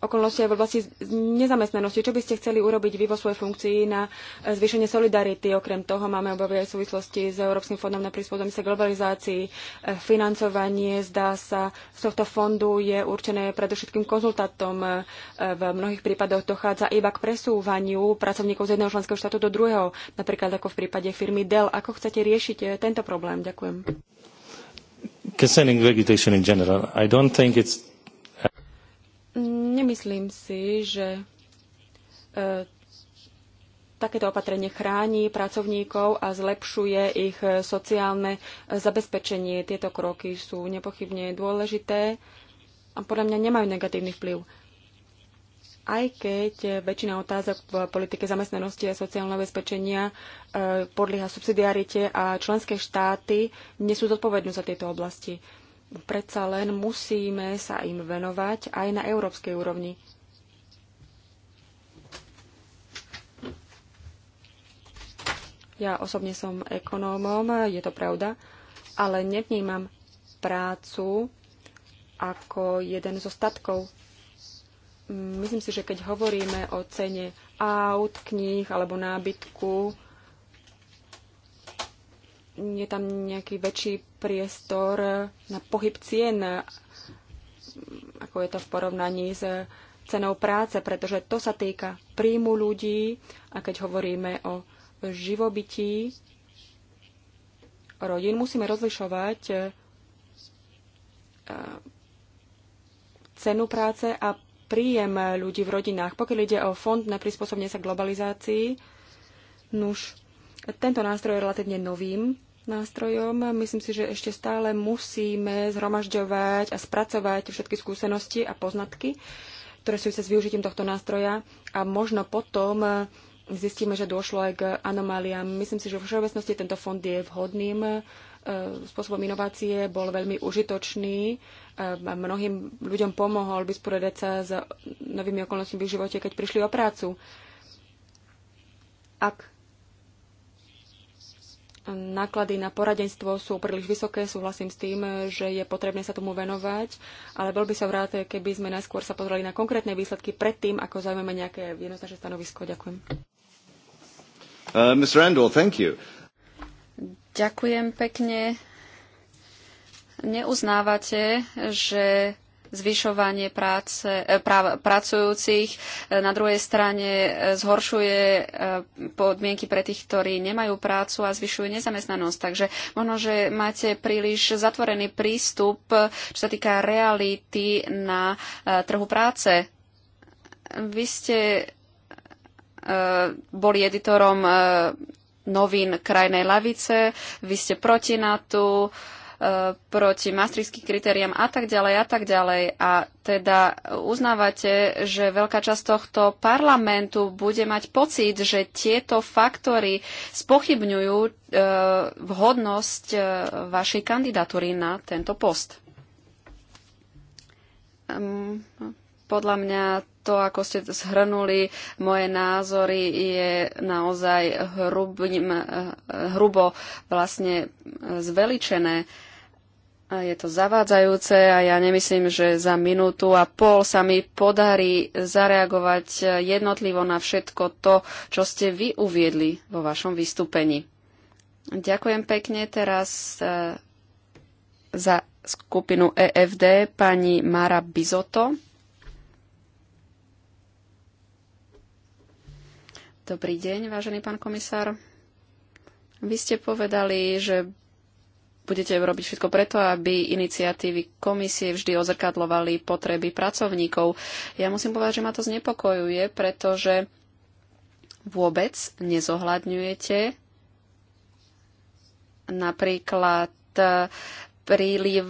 okolnosti aj v oblasti nezamestnanosti. Čo by ste chceli urobiť vy vo svojej funkcii na e, zvýšenie solidarity? Okrem toho máme obavy aj v súvislosti s Európskym fondom na prispôsobenie sa globalizácii. E, financovanie, zdá sa, z tohto fondu je určené predovšetkým konzultantom. E, v mnohých prípadoch dochádza iba k presúvaniu pracovníkov z jedného členského štátu do druhého, napríklad ako v prípade firmy Dell. Ako chcete riešiť tento problém? Ďakujem. Concerning regulation in general, I don't think it's Nemyslím si, že e, takéto opatrenie chráni pracovníkov a zlepšuje ich sociálne zabezpečenie. Tieto kroky sú nepochybne dôležité a podľa mňa nemajú negatívny vplyv. Aj keď väčšina otázok v politike zamestnanosti a sociálneho bezpečenia e, podlieha subsidiarite a členské štáty nesú zodpovednú za tieto oblasti predsa len musíme sa im venovať aj na európskej úrovni. Ja osobne som ekonómom, je to pravda, ale nevnímam prácu ako jeden zo statkov. Myslím si, že keď hovoríme o cene aut, kníh alebo nábytku, je tam nejaký väčší priestor na pohyb cien, ako je to v porovnaní s cenou práce, pretože to sa týka príjmu ľudí a keď hovoríme o živobytí rodín, musíme rozlišovať e, cenu práce a príjem ľudí v rodinách. Pokiaľ ide o fond na prispôsobenie sa globalizácii, nuž, tento nástroj je relatívne novým nástrojom. Myslím si, že ešte stále musíme zhromažďovať a spracovať všetky skúsenosti a poznatky, ktoré sú sa s využitím tohto nástroja a možno potom eh, zistíme, že došlo aj k anomáliám. Myslím si, že v všeobecnosti tento fond je vhodným eh, spôsobom inovácie, bol veľmi užitočný eh, a mnohým ľuďom pomohol vysporiadať sa s novými okolnostmi v živote, keď prišli o prácu. Ak náklady na poradenstvo sú príliš vysoké, súhlasím s tým, že je potrebné sa tomu venovať, ale bol by som rád, keby sme najskôr sa pozreli na konkrétne výsledky predtým, ako zaujmeme nejaké jednoznačné stanovisko. Ďakujem. Uh, Mr. Randall, thank you. Ďakujem pekne. Neuznávate, že zvyšovanie práce, e, práv pracujúcich, e, na druhej strane e, zhoršuje podmienky pre tých, ktorí nemajú prácu a zvyšuje nezamestnanosť. Takže možno, že máte príliš zatvorený prístup, čo sa týka reality na trhu práce. Vy ste boli editorom novín krajnej lavice, vy ste proti NATO, proti maastrichtským kritériám a tak ďalej a tak ďalej. A teda uznávate, že veľká časť tohto parlamentu bude mať pocit, že tieto faktory spochybňujú e, vhodnosť e, vašej kandidatúry na tento post. Podľa mňa to, ako ste zhrnuli moje názory, je naozaj hrubým, e, hrubo vlastne zveličené. A je to zavádzajúce a ja nemyslím, že za minútu a pol sa mi podarí zareagovať jednotlivo na všetko to, čo ste vy uviedli vo vašom vystúpení. Ďakujem pekne teraz eh, za skupinu EFD pani Mara Bizoto. Dobrý deň, vážený pán komisár. Vy ste povedali, že budete robiť všetko preto, aby iniciatívy komisie vždy ozrkadlovali potreby pracovníkov. Ja musím povedať, že ma to znepokojuje, pretože vôbec nezohľadňujete napríklad e, príliv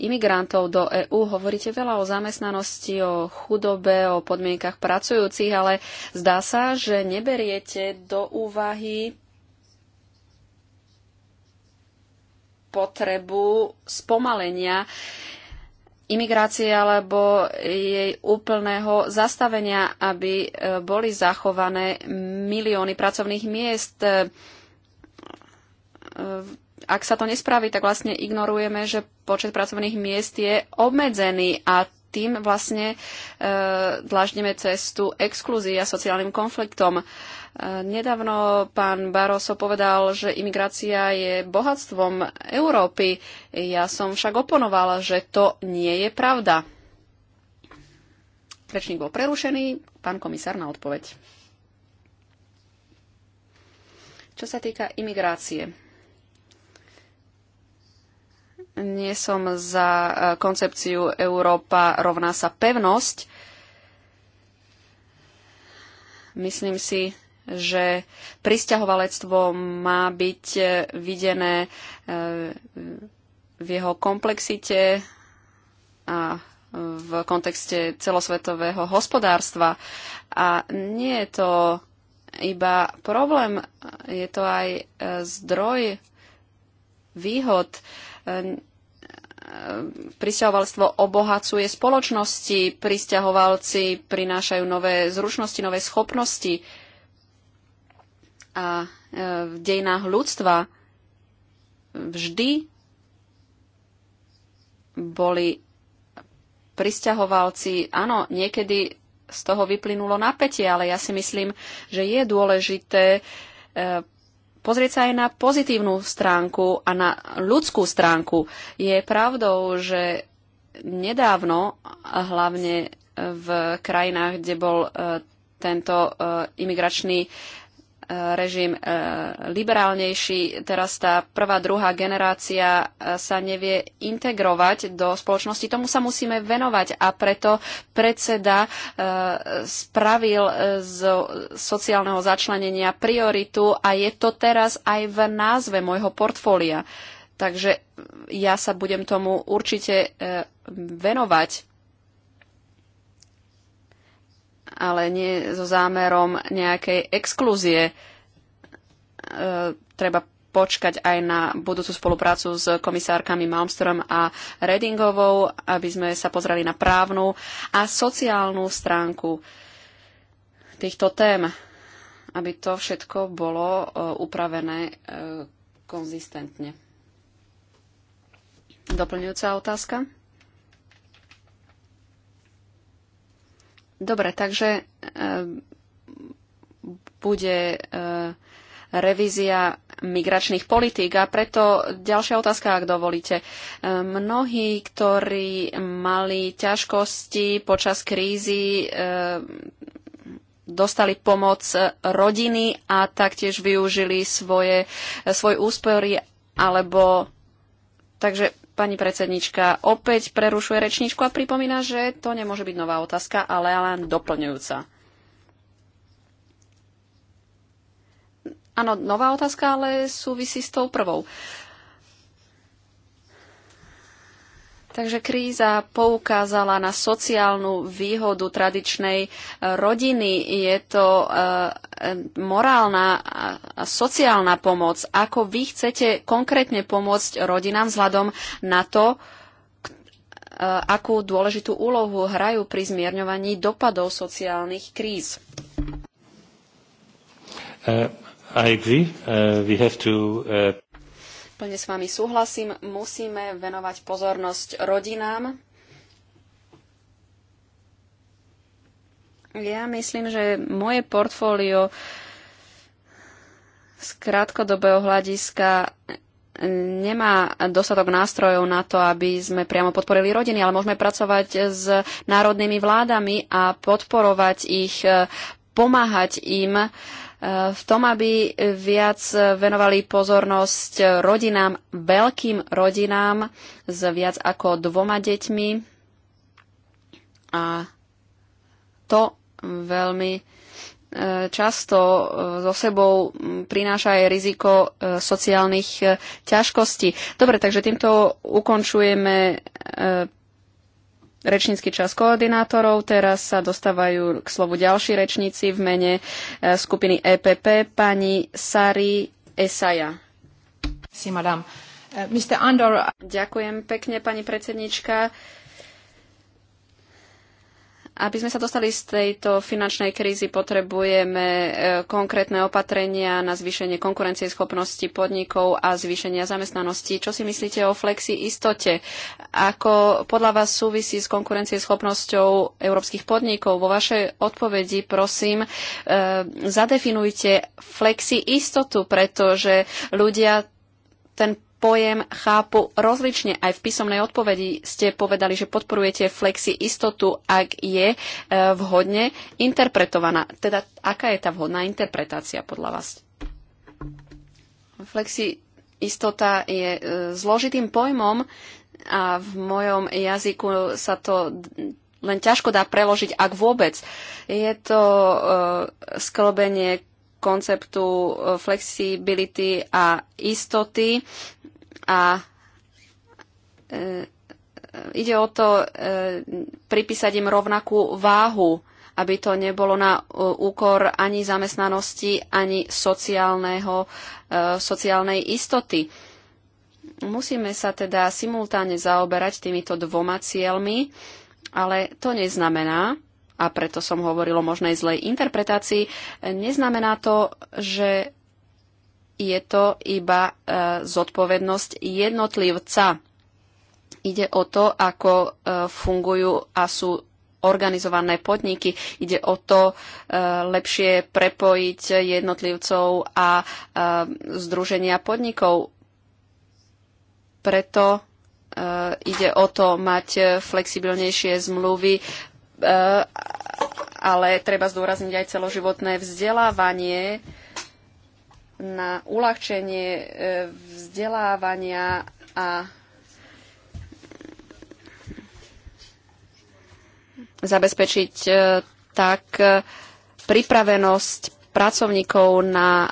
imigrantov do EÚ. Hovoríte veľa o zamestnanosti, o chudobe, o podmienkach pracujúcich, ale zdá sa, že neberiete do úvahy potrebu spomalenia imigrácie alebo jej úplného zastavenia, aby e, boli zachované milióny pracovných miest. E, e, ak sa to nespraví, tak vlastne ignorujeme, že počet pracovných miest je obmedzený a tým vlastne e, dlaždeme cestu exkluzii a sociálnym konfliktom. E, nedávno pán baroso povedal, že imigrácia je bohatstvom Európy. Ja som však oponovala, že to nie je pravda. Rečník bol prerušený. Pán komisár na odpoveď. Čo sa týka imigrácie nie som za e, koncepciu Európa rovná sa pevnosť. Myslím si, že pristahovalectvo má byť e, videné e, v jeho komplexite a v kontexte celosvetového hospodárstva. A nie je to iba problém, je to aj zdroj výhod pristahovalstvo obohacuje spoločnosti, pristahovalci prinášajú nové zručnosti, nové schopnosti a e, v dejinách ľudstva vždy boli pristahovalci. Áno, niekedy z toho vyplynulo napätie, ale ja si myslím, že je dôležité e, pozrieť sa aj na pozitívnu stránku a na ľudskú stránku. Je pravdou, že nedávno, hlavne v krajinách, kde bol e, tento e, imigračný E, režim e, liberálnejší. Teraz tá prvá, druhá generácia e, sa nevie integrovať do spoločnosti. Tomu sa musíme venovať a preto predseda spravil z sociálneho začlenenia prioritu a je to teraz aj v názve môjho portfólia. Takže ja sa budem tomu určite venovať ale nie so zámerom nejakej exkluzie E, treba počkať aj na budúcu spoluprácu s komisárkami Malmström a Redingovou, aby sme sa pozreli na právnu a sociálnu stránku týchto tém, aby to všetko bolo e, upravené e, konzistentne. Doplňujúca otázka? Dobre, takže e, bude e, revízia migračných politík. A preto ďalšia otázka, ak dovolíte. E, mnohí, ktorí mali ťažkosti počas krízy, dostali pomoc rodiny a taktiež využili svoje, svoj úspory alebo Takže Pani predsednička opäť prerušuje rečničku a pripomína, že to nemôže byť nová otázka, ale len doplňujúca. Áno, nová otázka, ale súvisí s tou prvou. Uh, Takže kríza poukázala na sociálnu výhodu tradičnej e, rodiny. Je to e, morálna a sociálna pomoc. Ako vy chcete konkrétne pomôcť rodinám vzhľadom na to, e, akú dôležitú úlohu hrajú pri zmierňovaní dopadov sociálnych kríz? Uh, I agree. Uh, we have to, uh... Plne s vami súhlasím, musíme venovať pozornosť rodinám. Ja myslím, že moje portfólio z krátkodobého hľadiska nemá dostatok nástrojov na to, aby sme priamo podporili rodiny, ale môžeme pracovať s národnými vládami a podporovať ich, pomáhať im v tom, aby viac venovali pozornosť rodinám, veľkým rodinám s viac ako dvoma deťmi. A to veľmi e, často e, so sebou prináša aj riziko e, sociálnych ťažkostí. Dobre, takže týmto ukončujeme rečnícky čas koordinátorov. Teraz sa dostávajú k slovu ďalší rečníci v mene e, skupiny EPP, pani Sari Esaja. Si, Mr. E, Andor... Ďakujem pekne, pani predsednička. Aby sme sa dostali z tejto finančnej krízy, potrebujeme e, konkrétne opatrenia na zvýšenie konkurencieschopnosti podnikov a zvýšenia zamestnanosti. Čo si myslíte o flexi istote? Ako podľa vás súvisí s konkurencieschopnosťou európskych podnikov? Vo vašej odpovedi, prosím, e, zadefinujte flexi istotu, pretože ľudia ten pojem chápu rozlične. Aj v písomnej odpovedi ste povedali, že podporujete flexi istotu, ak je e, vhodne interpretovaná. Teda aká je tá vhodná interpretácia podľa vás? Flexi istota je e, zložitým pojmom a v mojom jazyku sa to len ťažko dá preložiť, ak vôbec. Je to e, sklbenie konceptu flexibility a istoty a e, ide o to e, pripísať im rovnakú váhu, aby to nebolo na e, úkor ani zamestnanosti, ani sociálneho, e, sociálnej istoty. Musíme sa teda simultáne zaoberať týmito dvoma cieľmi, ale to neznamená, a preto som hovoril o možnej zlej interpretácii, neznamená to, že je to iba e, zodpovednosť jednotlivca. Ide o to, ako e, fungujú a sú organizované podniky. Ide o to e, lepšie prepojiť jednotlivcov a združenia podnikov. Preto ide o to mať flexibilnejšie zmluvy, ale treba zdôrazniť aj celoživotné vzdelávanie, na uľahčenie e, vzdelávania a zabezpečiť e, tak e, pripravenosť pracovníkov na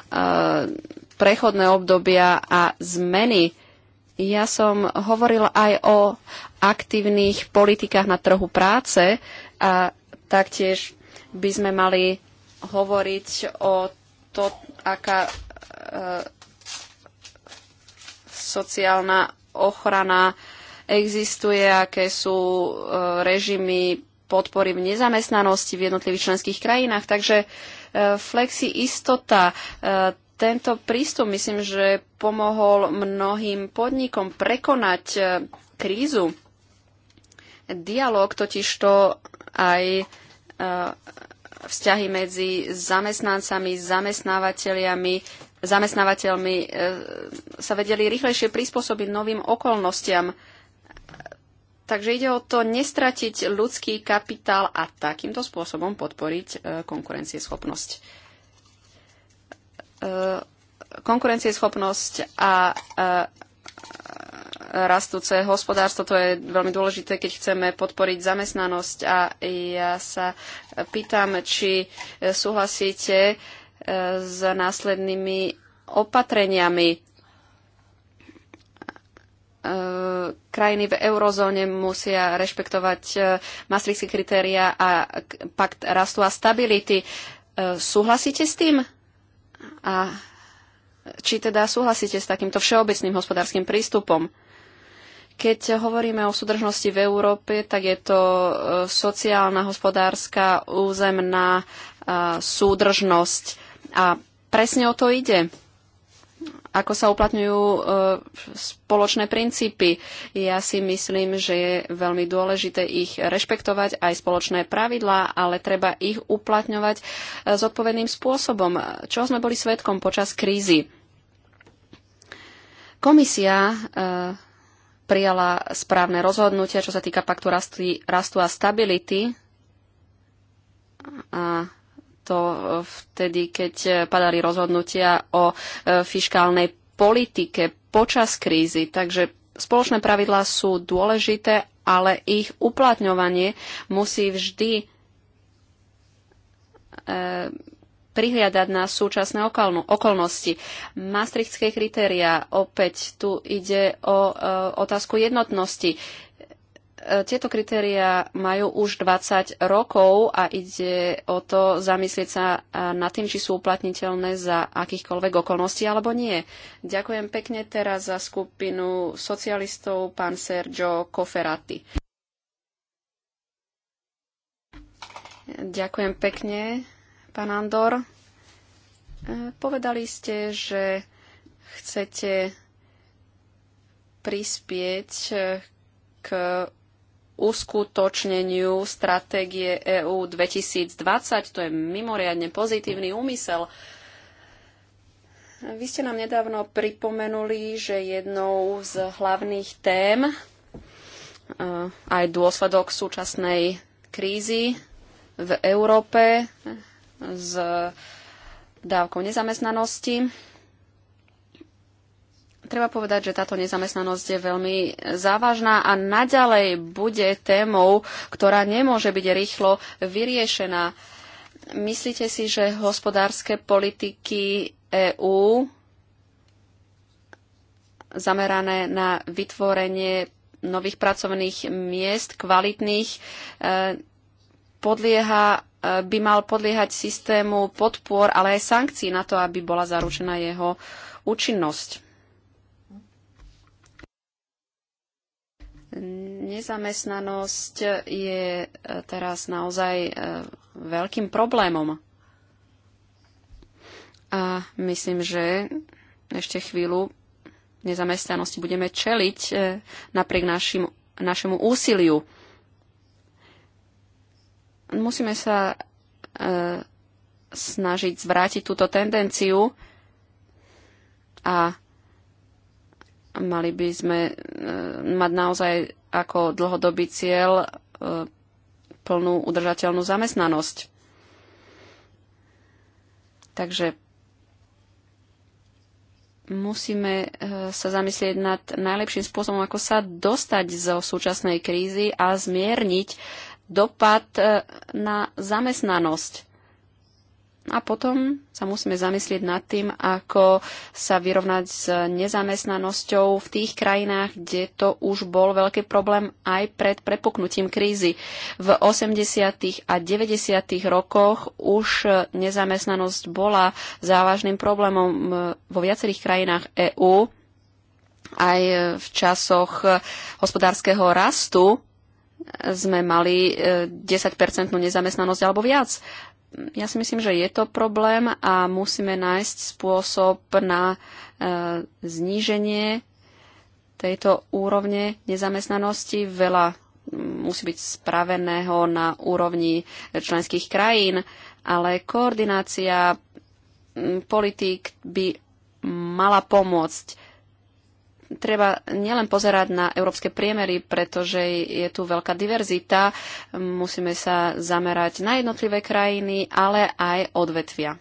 prechodné obdobia a zmeny. Ja som hovoril aj o aktívnych politikách na trhu práce a taktiež by sme mali hovoriť o to, aká E, sociálna ochrana existuje, aké sú e, režimy podpory v nezamestnanosti v jednotlivých členských krajinách. Takže e, flexi istota, tento prístup myslím, že pomohol mnohým podnikom prekonať krízu. Dialóg totižto aj vzťahy medzi zamestnancami, zamestnávateľiami zamestnávateľmi e, sa vedeli rýchlejšie prispôsobiť novým okolnostiam. Takže ide o to nestratiť ľudský kapitál a takýmto spôsobom podporiť e, konkurencieschopnosť. E, konkurencieschopnosť a rastúce hospodárstvo, to je veľmi dôležité, keď chceme podporiť zamestnanosť. A ja sa pýtam, či súhlasíte s následnými opatreniami. E, krajiny v eurozóne musia rešpektovať e, maastrichtské kritéria a pakt rastu a stability. E, súhlasíte s tým? A či teda súhlasíte s takýmto všeobecným hospodárskym prístupom? Keď hovoríme o súdržnosti v Európe, tak je to sociálna, hospodárska, územná súdržnosť. A presne o to ide ako sa uplatňujú e, spoločné princípy. Ja si myslím, že je veľmi dôležité ich rešpektovať aj spoločné pravidlá, ale treba ich uplatňovať e, zodpovedným spôsobom, čo sme boli svetkom počas krízy. Komisia e, prijala správne rozhodnutia, čo sa týka paktu rastu, rastu a stability. A to e, vtedy, keď e, padali rozhodnutia o e, fiskálnej politike počas krízy. Takže spoločné pravidlá sú dôležité, ale ich uplatňovanie musí vždy prihliadať na súčasné okolnosti. Maastrichtské kritéria, opäť tu ide o otázku jednotnosti. E, tieto kritéria majú už 20 rokov a ide o to zamyslieť sa e, nad tým, či sú uplatniteľné za akýchkoľvek okolností alebo nie. Ďakujem pekne teraz za skupinu socialistov pán Sergio Koferati. Ďakujem pekne, pán Andor. E, povedali ste, že chcete prispieť k uskutočneniu stratégie EÚ 2020. To je mimoriadne pozitívny úmysel. Vy ste nám nedávno pripomenuli, že jednou z hlavných tém e, aj dôsledok súčasnej krízy v Európe s dávkou nezamestnanosti treba povedať, že táto nezamestnanosť je veľmi závažná a naďalej bude témou, ktorá nemôže byť rýchlo vyriešená. Myslíte si, že hospodárske politiky EÚ zamerané na vytvorenie nových pracovných miest, kvalitných, e, podlieha, e, by mal podliehať systému podpor, ale aj sankcií na to, aby bola zaručená jeho účinnosť. Nezamestnanosť je e, teraz naozaj e, veľkým problémom. A myslím, že ešte chvíľu nezamestnanosti budeme čeliť e, napriek našim, našemu úsiliu. Musíme sa snažiť zvrátiť túto tendenciu a Mali by sme e, mať naozaj ako dlhodobý cieľ e, plnú udržateľnú zamestnanosť. Takže musíme e, sa zamyslieť nad najlepším spôsobom, ako sa dostať zo súčasnej krízy a zmierniť dopad na zamestnanosť. A potom sa musíme zamyslieť nad tým, ako sa vyrovnať s nezamestnanosťou v tých krajinách, kde to už bol veľký problém aj pred prepuknutím krízy. V 80. a 90. rokoch už nezamestnanosť bola závažným problémom vo viacerých krajinách EÚ. Aj v časoch hospodárskeho rastu sme mali 10 e, nezamestnanosť alebo viac ja si myslím, že je to problém a musíme nájsť spôsob na e, zníženie tejto úrovne nezamestnanosti. Veľa musí byť spraveného na úrovni členských krajín, ale koordinácia politík by mala pomôcť treba nielen pozerať na európske priemery, pretože je tu veľká diverzita. Musíme sa zamerať na jednotlivé krajiny, ale aj odvetvia.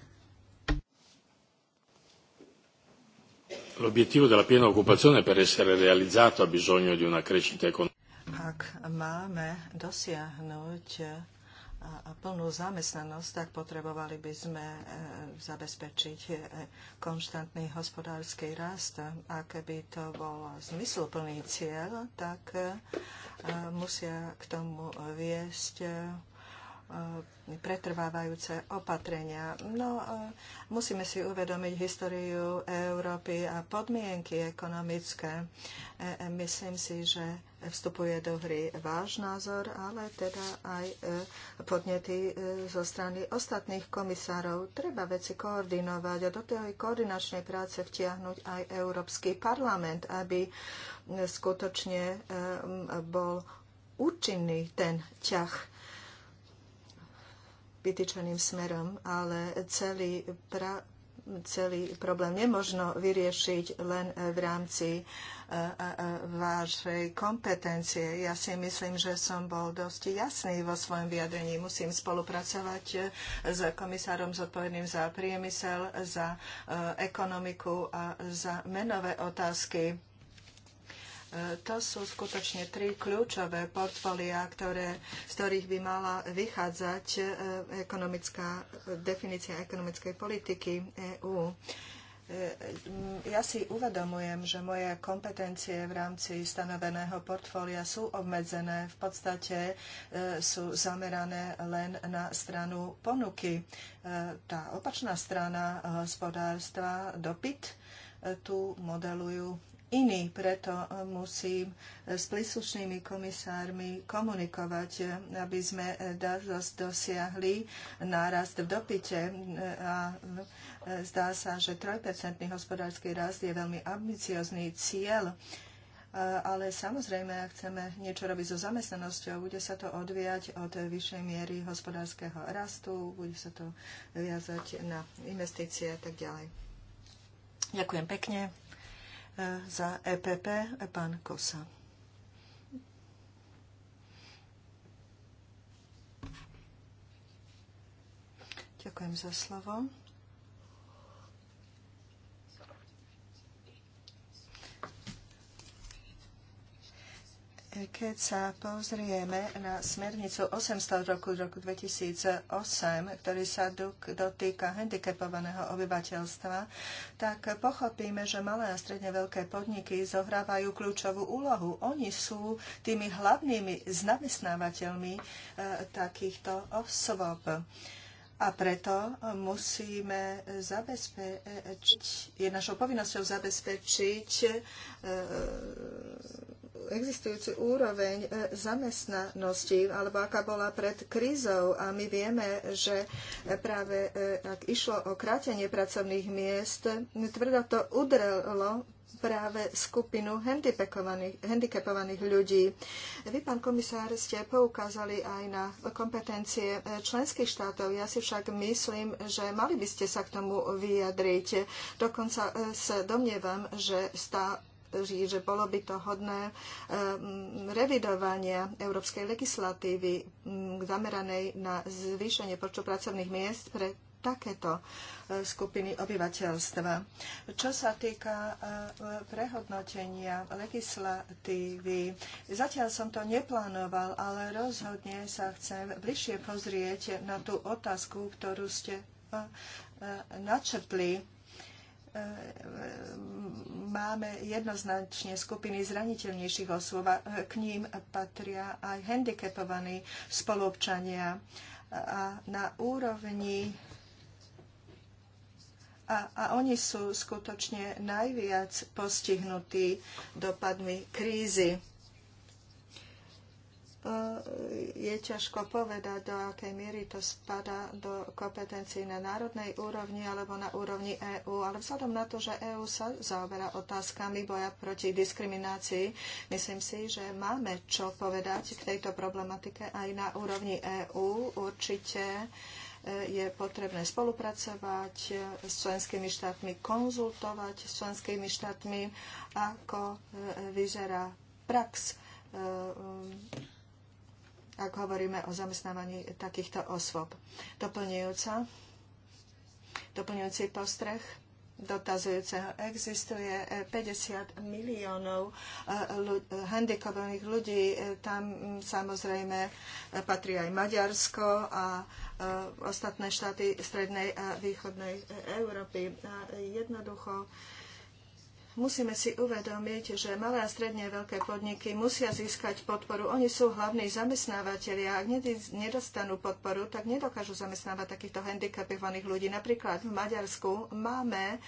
L'obiettivo della piena occupazione per essere realizzato ha bisogno di una crescita economica. Ak máme dosiahnuť a plnú zamestnanosť, tak potrebovali by sme e, zabezpečiť e, konštantný hospodársky rast. A keby to bol zmysluplný cieľ, tak e, musia k tomu viesť E, pretrvávajúce opatrenia. No, e, musíme si uvedomiť históriu Európy a podmienky ekonomické. E, myslím si, že vstupuje do hry váš názor, ale teda aj podnety zo strany ostatných komisárov. Treba veci koordinovať a do tej koordinačnej práce vtiahnuť aj Európsky parlament, aby skutočne bol účinný ten ťah vytýčeným smerom, ale celý, pra, celý problém nemožno vyriešiť len v rámci e, e, vašej kompetencie. Ja si myslím, že som bol dosť jasný vo svojom vyjadrení. Musím spolupracovať e, s komisárom zodpovedným za priemysel, za ekonomiku a za menové otázky E, to sú skutočne tri kľúčové portfólia, ktoré, z ktorých by mala vychádzať e, ekonomická, e, definícia ekonomickej politiky EÚ. Ja si uvedomujem, že moje kompetencie v rámci stanoveného portfólia sú obmedzené, v podstate sú zamerané len na stranu ponuky. Tá opačná strana hospodárstva, dopyt, tu modelujú iný, preto e, musím e, s príslušnými komisármi komunikovať, e, aby sme dosiahli nárast v dopite. A zdá sa, že 3% hospodársky rast je veľmi ambiciozný cieľ ale samozrejme, ak chceme niečo robiť so zamestnanosťou, bude sa to odviať od vyššej miery hospodárskeho rastu, bude sa to viazať na investície a tak ďalej. Ďakujem pekne za EPP pán Kosa. Ďakujem za slovo. Keď sa pozrieme na smernicu 800 roku, roku 2008, ktorý sa dotýka handicapovaného obyvateľstva, tak pochopíme, že malé a stredne veľké podniky zohrávajú kľúčovú úlohu. Oni sú tými hlavnými zamestnávateľmi e, takýchto osôb. A preto musíme zabezpečiť, je našou povinnosťou zabezpečiť e, existujúcu úroveň e, zamestnanosti, alebo aká bola pred krízou. A my vieme, že e, práve e, ak išlo o krátenie pracovných miest, tvrdo to udrelo práve skupinu handicapovaných ľudí. Vy, pán komisár, ste poukázali aj na kompetencie členských štátov. Ja si však myslím, že mali by ste sa k tomu vyjadriť. Dokonca sa domnievam, že stá, že bolo by to hodné ehm, revidovania európskej legislatívy mm, zameranej na zvýšenie počtu pracovných miest pre takéto e, skupiny obyvateľstva. Čo sa týka e, prehodnotenia legislatívy, zatiaľ som to neplánoval, ale rozhodne sa chcem bližšie pozrieť na tú otázku, ktorú ste e, načrtli E, e, máme jednoznačne skupiny zraniteľnejších osôb a e, k ním patria aj handicapovaní spolupčania. A na úrovni a, a oni sú skutočne najviac postihnutí dopadmi krízy je ťažko povedať, do akej miery to spada do kompetencií na národnej úrovni alebo na úrovni EÚ. Ale vzhľadom na to, že EÚ sa zaoberá otázkami boja proti diskriminácii, myslím si, že máme čo povedať k tejto problematike aj na úrovni EÚ. Určite e, je potrebné spolupracovať e, s členskými štátmi, konzultovať s členskými štátmi, ako e, vyzerá prax ak hovoríme o zamestnávaní takýchto osôb. Doplňujúca, doplňujúci postreh dotazujúceho. Existuje 50 eh, miliónov eh, eh, handikovaných ľudí. Tam hm, samozrejme patrí aj Maďarsko a ostatné štáty strednej a východnej Európy. A jednoducho Musíme si uvedomiť, že malé a stredne veľké podniky musia získať podporu. Oni sú hlavní zamestnávateľi a ak nedostanú podporu, tak nedokážu zamestnávať takýchto handicapovaných ľudí. Napríklad v Maďarsku máme eh,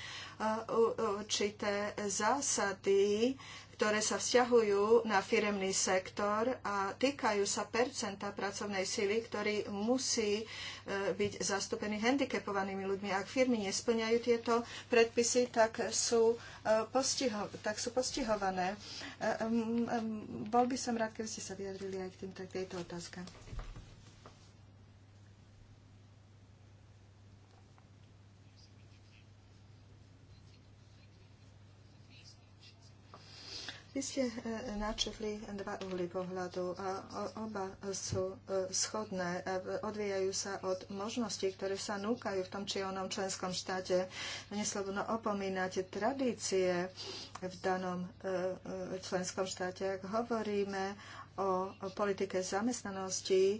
určité zásady ktoré sa vzťahujú na firemný sektor a týkajú sa percenta pracovnej sily, ktorý musí e, byť zastúpený handicapovanými ľuďmi. Ak firmy nesplňajú tieto predpisy, tak sú, e, postiho- tak sú postihované. E, bol by som rád, keby ste sa vyjadrili aj k, tým, k tejto otázke. Vy ste e, načetli dva uhly pohľadu a oba sú e, schodné. Odvíjajú sa od možností, ktoré sa núkajú v tom či onom členskom štáte. Neslobodno opomínať tradície v danom e, členskom štáte. Ak hovoríme o politike zamestnanosti,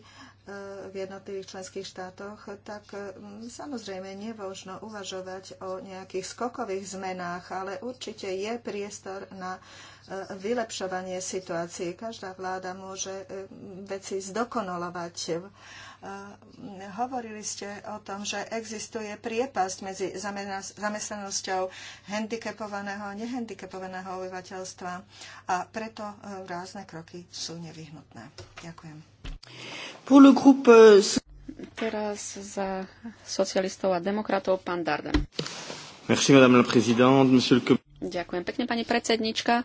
v jednotlivých členských štátoch, tak mm, samozrejme nemožno uvažovať o nejakých skokových zmenách, ale určite je priestor na e, vylepšovanie situácie. Každá vláda môže e, veci zdokonalovať. E, hovorili ste o tom, že existuje priepasť medzi zamestnanosťou handicapovaného a nehandicapovaného obyvateľstva a preto rázne kroky sú nevyhnutné. Ďakujem. Euh, Teraz za socialistov a demokratov pán Darden. Merci, madame la présidente, monsieur le... Ďakujem pekne, pani predsednička.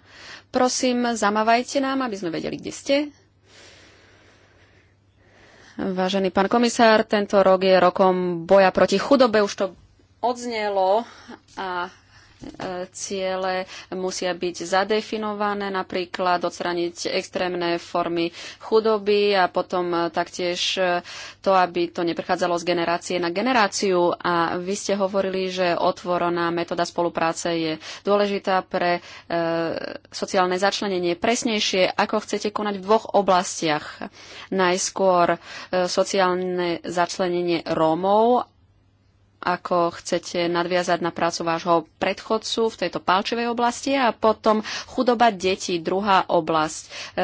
Prosím, zamávajte nám, aby sme vedeli, kde ste. Vážený pán komisár, tento rok je rokom boja proti chudobe, už to odznelo a ciele musia byť zadefinované, napríklad odstraniť extrémne formy chudoby a potom e, taktiež e, to, aby to neprechádzalo z generácie na generáciu. A vy ste hovorili, že otvorená metóda spolupráce je dôležitá pre e, sociálne začlenenie. Presnejšie, ako chcete konať v dvoch oblastiach. Najskôr e, sociálne začlenenie Rómov ako chcete nadviazať na prácu vášho predchodcu v tejto palčovej oblasti a potom chudoba detí, druhá oblasť. E, e,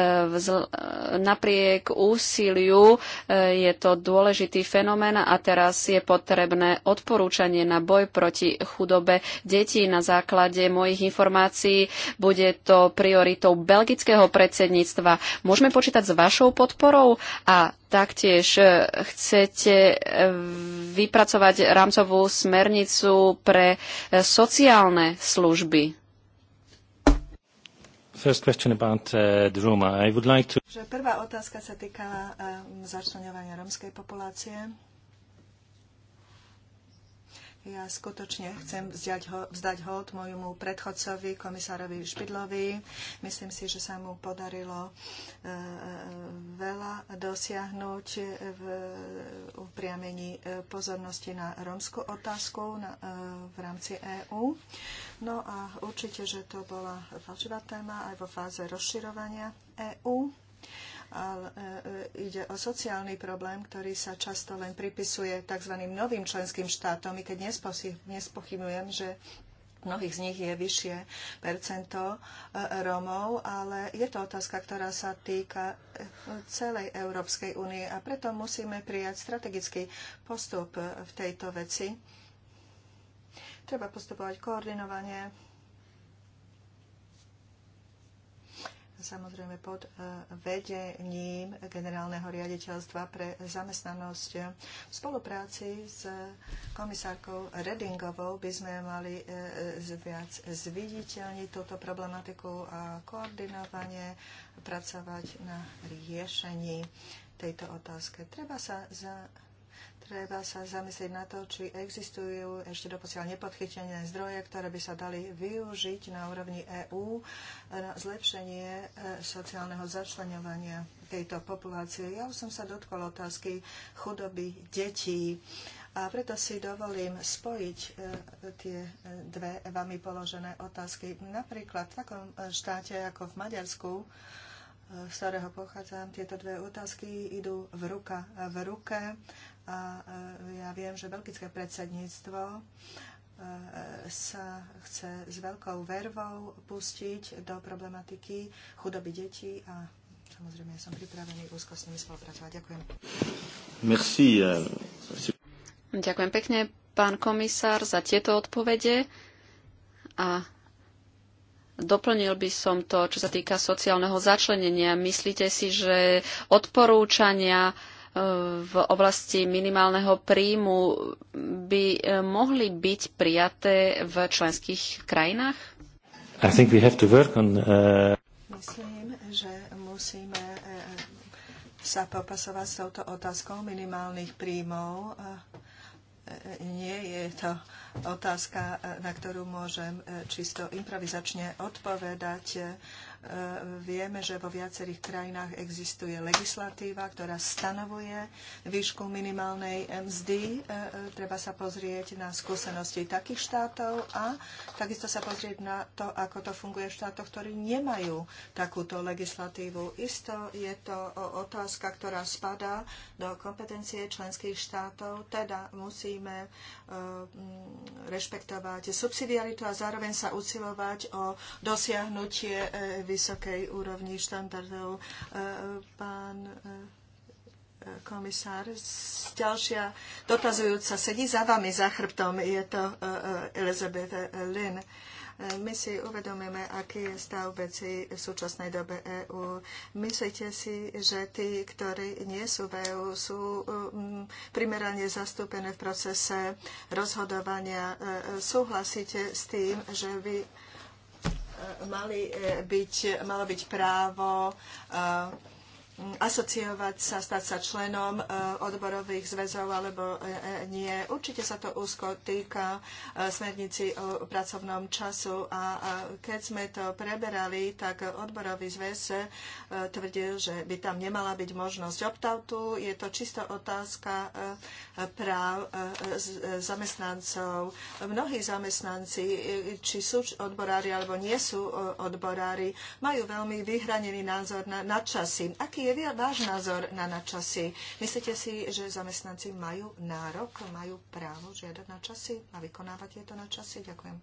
napriek úsiliu e, je to dôležitý fenomén a teraz je potrebné odporúčanie na boj proti chudobe detí. Na základe mojich informácií bude to prioritou belgického predsedníctva. Môžeme počítať s vašou podporou a taktiež chcete vypracovať rámcovú novú smernicu pre e, sociálne služby. First question about, uh, the Roma. I would like to... Prvá otázka sa týkala um, začlenovania rómskej populácie. Ja skutočne chcem vzdať, ho, vzdať hold môjmu predchodcovi, komisárovi Špidlovi. Myslím si, že sa mu podarilo e, e, veľa dosiahnuť v upriamení e, pozornosti na rómsku otázku na, v rámci EÚ. No a určite, že to bola vážna téma aj vo fáze rozširovania EÚ ale e, e, ide o sociálny problém, ktorý sa často len pripisuje tzv. novým členským štátom, i keď nespochybnujem, že mnohých z nich je vyššie percento e, Rómov, ale je to otázka, ktorá sa týka celej Európskej únie a preto musíme prijať strategický postup v tejto veci. Treba postupovať koordinovanie samozrejme pod e, vedením generálneho riaditeľstva pre zamestnanosť. V spolupráci s komisárkou Redingovou by sme mali e, viac zviditeľniť túto problematiku a koordinovanie pracovať na riešení tejto otázke. Treba sa za treba sa zamyslieť na to, či existujú ešte doposiaľ nepodchytené zdroje, ktoré by sa dali využiť na úrovni EÚ na zlepšenie e, sociálneho začlenovania tejto populácie. Ja už som sa dotkol otázky chudoby detí. A preto si dovolím spojiť e, tie e, dve vami položené otázky. Napríklad v takom štáte ako v Maďarsku, z ktorého pochádzam, tieto dve otázky idú v ruka v ruke. A e, ja viem, že belgické predsedníctvo e, sa chce s veľkou vervou pustiť do problematiky chudoby detí a samozrejme som pripravený úzko s nimi spolupracovať. Ďakujem. E, merci. Ďakujem pekne, pán komisár, za tieto odpovede a doplnil by som to, čo sa týka sociálneho začlenenia. Myslíte si, že odporúčania v oblasti minimálneho príjmu by eh, mohli byť prijaté v členských krajinách? I think we have to work on, uh... Myslím, že musíme eh, sa popasovať s touto otázkou minimálnych príjmov. Nie je to otázka, na ktorú môžem čisto improvizačne odpovedať. E, vieme, že vo viacerých krajinách existuje legislatíva, ktorá stanovuje výšku minimálnej mzdy. E, e, treba sa pozrieť na skúsenosti takých štátov a takisto sa pozrieť na to, ako to funguje v štátoch, ktorí nemajú takúto legislatívu. Isto je to otázka, ktorá spadá do kompetencie členských štátov, teda musíme rešpektovať subsidiaritu a zároveň sa usilovať o dosiahnutie vysokej úrovni štandardov. E, pán e, komisár. Ďalšia dotazujúca sedí za vami, za chrbtom. Je to e, Elizabeth Lynn. My si uvedomíme, aký je stav veci v súčasnej dobe EÚ. Myslíte si, že tí, ktorí nie sú v EÚ, sú primerane zastúpené v procese rozhodovania? Súhlasíte s tým, že vy mali e, byť, malo byť právo e, Mm, asociovať sa, stať sa členom e, odborových zväzov alebo e, e, nie. Určite sa to úzko týka smernici o pracovnom času a keď sme to preberali, tak odborový zväz tvrdil, že by tam nemala byť možnosť optautu. Je to čisto otázka práv zamestnancov. Mnohí zamestnanci, či sú odborári alebo nie sú odborári, majú veľmi vyhranený názor na, na časy. Aký je je váš názor na načasy? Myslíte si, že zamestnanci majú nárok, majú právo žiadať načasy a vykonávať tieto načasy? Ďakujem.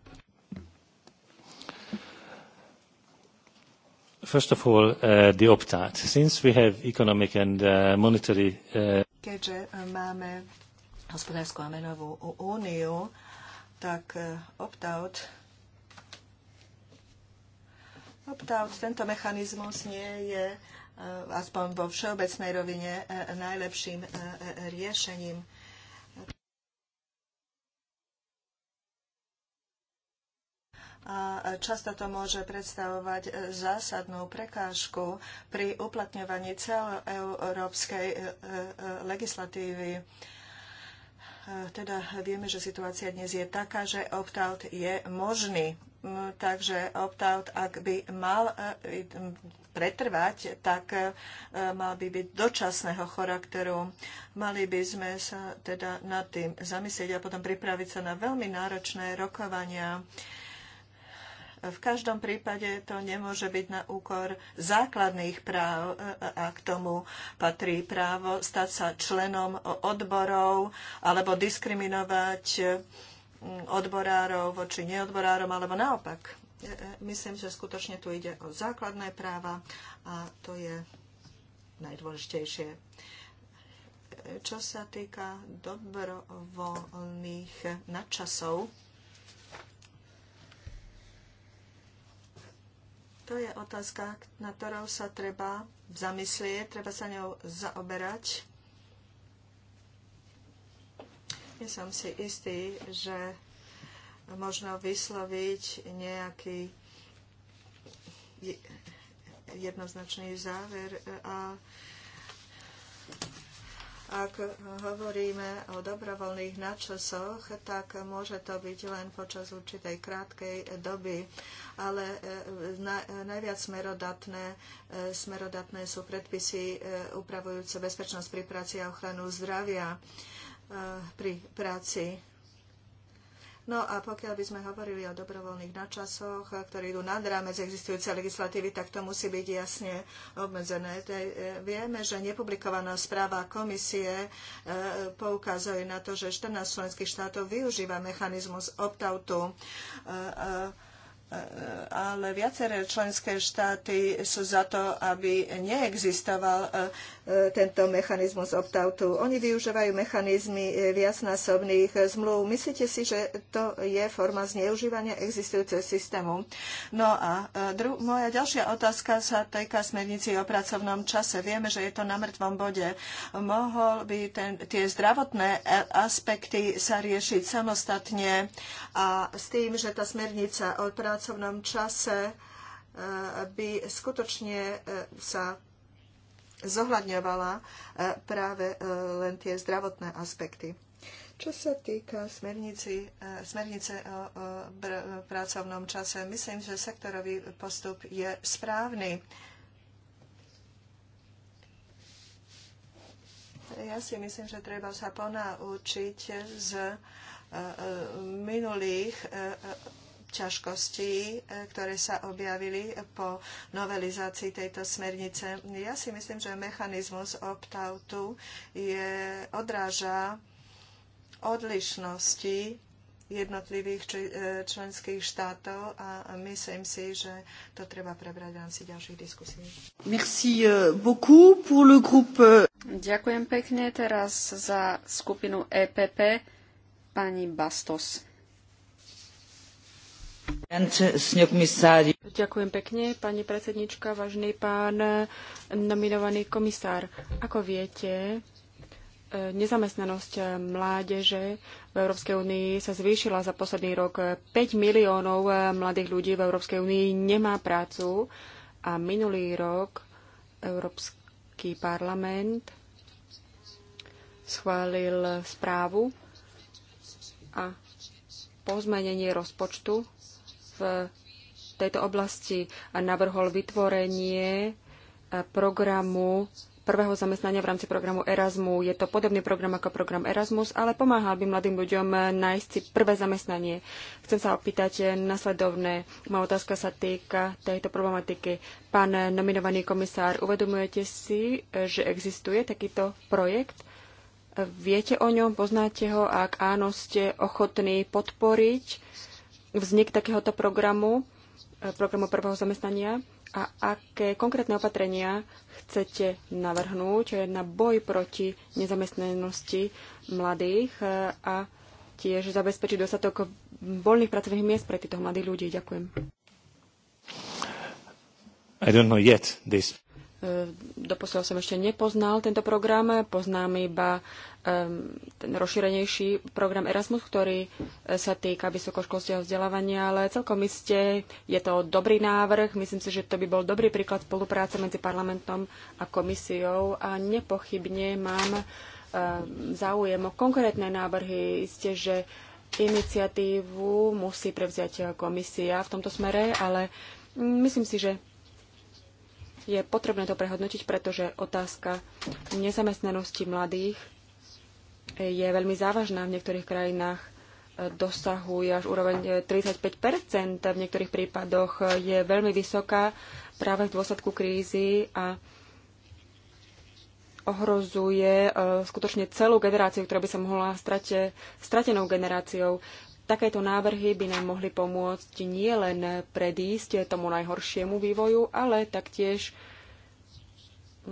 First of all, uh, the opt-out. Since we have economic and uh, monetary... Uh... Keďže uh, máme hospodárskú a menovú úniu, tak uh, opt-out opt-out, tento mechanizmus nie je Eh, aspoň vo všeobecnej rovine eh, najlepším eh, riešením. a často to môže predstavovať zásadnú prekážku pri uplatňovaní celoeurópskej legislatívy. Teda vieme, že situácia dnes je taká, že opt-out je možný takže opt-out, ak by mal e, pretrvať, tak e, mal by byť dočasného charakteru. Mali by sme sa teda nad tým zamyslieť a potom pripraviť sa na veľmi náročné rokovania. V každom prípade to nemôže byť na úkor základných práv e, a k tomu patrí právo stať sa členom odborov alebo diskriminovať odborárov voči neodborárom, alebo naopak. E, e, myslím, že skutočne tu ide o základné práva a to je najdôležitejšie. E, čo sa týka dobrovoľných nadčasov, To je otázka, na ktorou sa treba zamyslieť, treba sa ňou zaoberať. Nie som si istý, že možno vysloviť nejaký jednoznačný záver a ak hovoríme o dobrovoľných načasoch, tak môže to byť len počas určitej krátkej doby. Ale e, najviac smerodatné, e, smerodatné sú predpisy e, upravujúce bezpečnosť pri práci a ochranu zdravia. Eh, pri práci. No a pokiaľ by sme hovorili o dobrovoľných načasoch, eh, ktoré idú nad rámec existujúcej legislatívy, tak to musí byť jasne obmedzené. Eh, vieme, že nepublikovaná správa komisie poukazuje na to, že 14 členských štátov využíva mechanizmus opt-outu ale viaceré členské štáty sú za to, aby neexistoval tento mechanizmus opt-outu. Oni využívajú mechanizmy e, viacnásobných e, zmluv. Myslíte si, že to je forma zneužívania existujúceho systému? No a e, dru- moja ďalšia otázka sa týka smernici o pracovnom čase. Vieme, že je to na mŕtvom bode. Mohol by ten, tie zdravotné aspekty sa riešiť samostatne a s tým, že tá smernica o pracovnom čase by skutočne sa zohľadňovala e, práve e, len tie zdravotné aspekty. Čo sa týka smernici, e, smernice o, pracovnom čase, myslím, že sektorový postup je správny. Ja si myslím, že treba sa ponaučiť z minulých ťažkosti, e, ktoré sa objavili po novelizácii tejto smernice. Ja si myslím, že mechanizmus opt-outu je, odráža odlišnosti jednotlivých e, členských štátov a myslím si, že to treba prebrať v rámci ďalších diskusí. Merci e, beaucoup pour le groupe. Ďakujem pekne teraz za skupinu EPP pani Bastos. Ďakujem pekne, pani predsednička, vážny pán eh, nominovaný komisár. Ako viete, eh, nezamestnanosť eh, mládeže v Európskej únii sa zvýšila za posledný rok. 5 miliónov mladých ľudí v Európskej únii nemá prácu a minulý rok Európsky parlament schválil správu a pozmenenie rozpočtu v tejto oblasti navrhol vytvorenie eh, programu prvého zamestnania v rámci programu Erasmu. Je to podobný program ako program Erasmus, ale pomáhal by mladým ľuďom eh, nájsť si prvé zamestnanie. Chcem sa opýtať eh, nasledovné. Moja otázka sa týka tejto problematiky. Pán nominovaný komisár, uvedomujete si, že existuje takýto projekt? Viete o ňom, poznáte ho a ak áno, ste ochotní podporiť vznik takéhoto programu, e, programu prvého zamestnania a aké konkrétne opatrenia chcete navrhnúť na boj proti nezamestnanosti mladých e, a tiež zabezpečiť dostatok voľných pracovných miest pre týchto mladých ľudí. Ďakujem. I don't know yet this. E, doposiaľ som ešte nepoznal tento program, poznám iba ten rozšírenejší program Erasmus, ktorý e, sa týka vysokoškolského vzdelávania, ale celkom iste je to dobrý návrh. Myslím si, že to by bol dobrý príklad spolupráce medzi parlamentom a komisiou a nepochybne mám záujem o konkrétne návrhy. Isté, že iniciatívu musí prevziať e, komisia v tomto smere, ale mm, myslím si, že je potrebné to prehodnotiť, pretože otázka nezamestnanosti mladých je veľmi závažná v niektorých krajinách dosahuje až úroveň 35 v niektorých prípadoch je veľmi vysoká práve v dôsledku krízy a ohrozuje e, skutočne celú generáciu, ktorá by sa mohla strate, stratenou generáciou. Takéto návrhy by nám mohli pomôcť nielen predísť tomu najhoršiemu vývoju, ale taktiež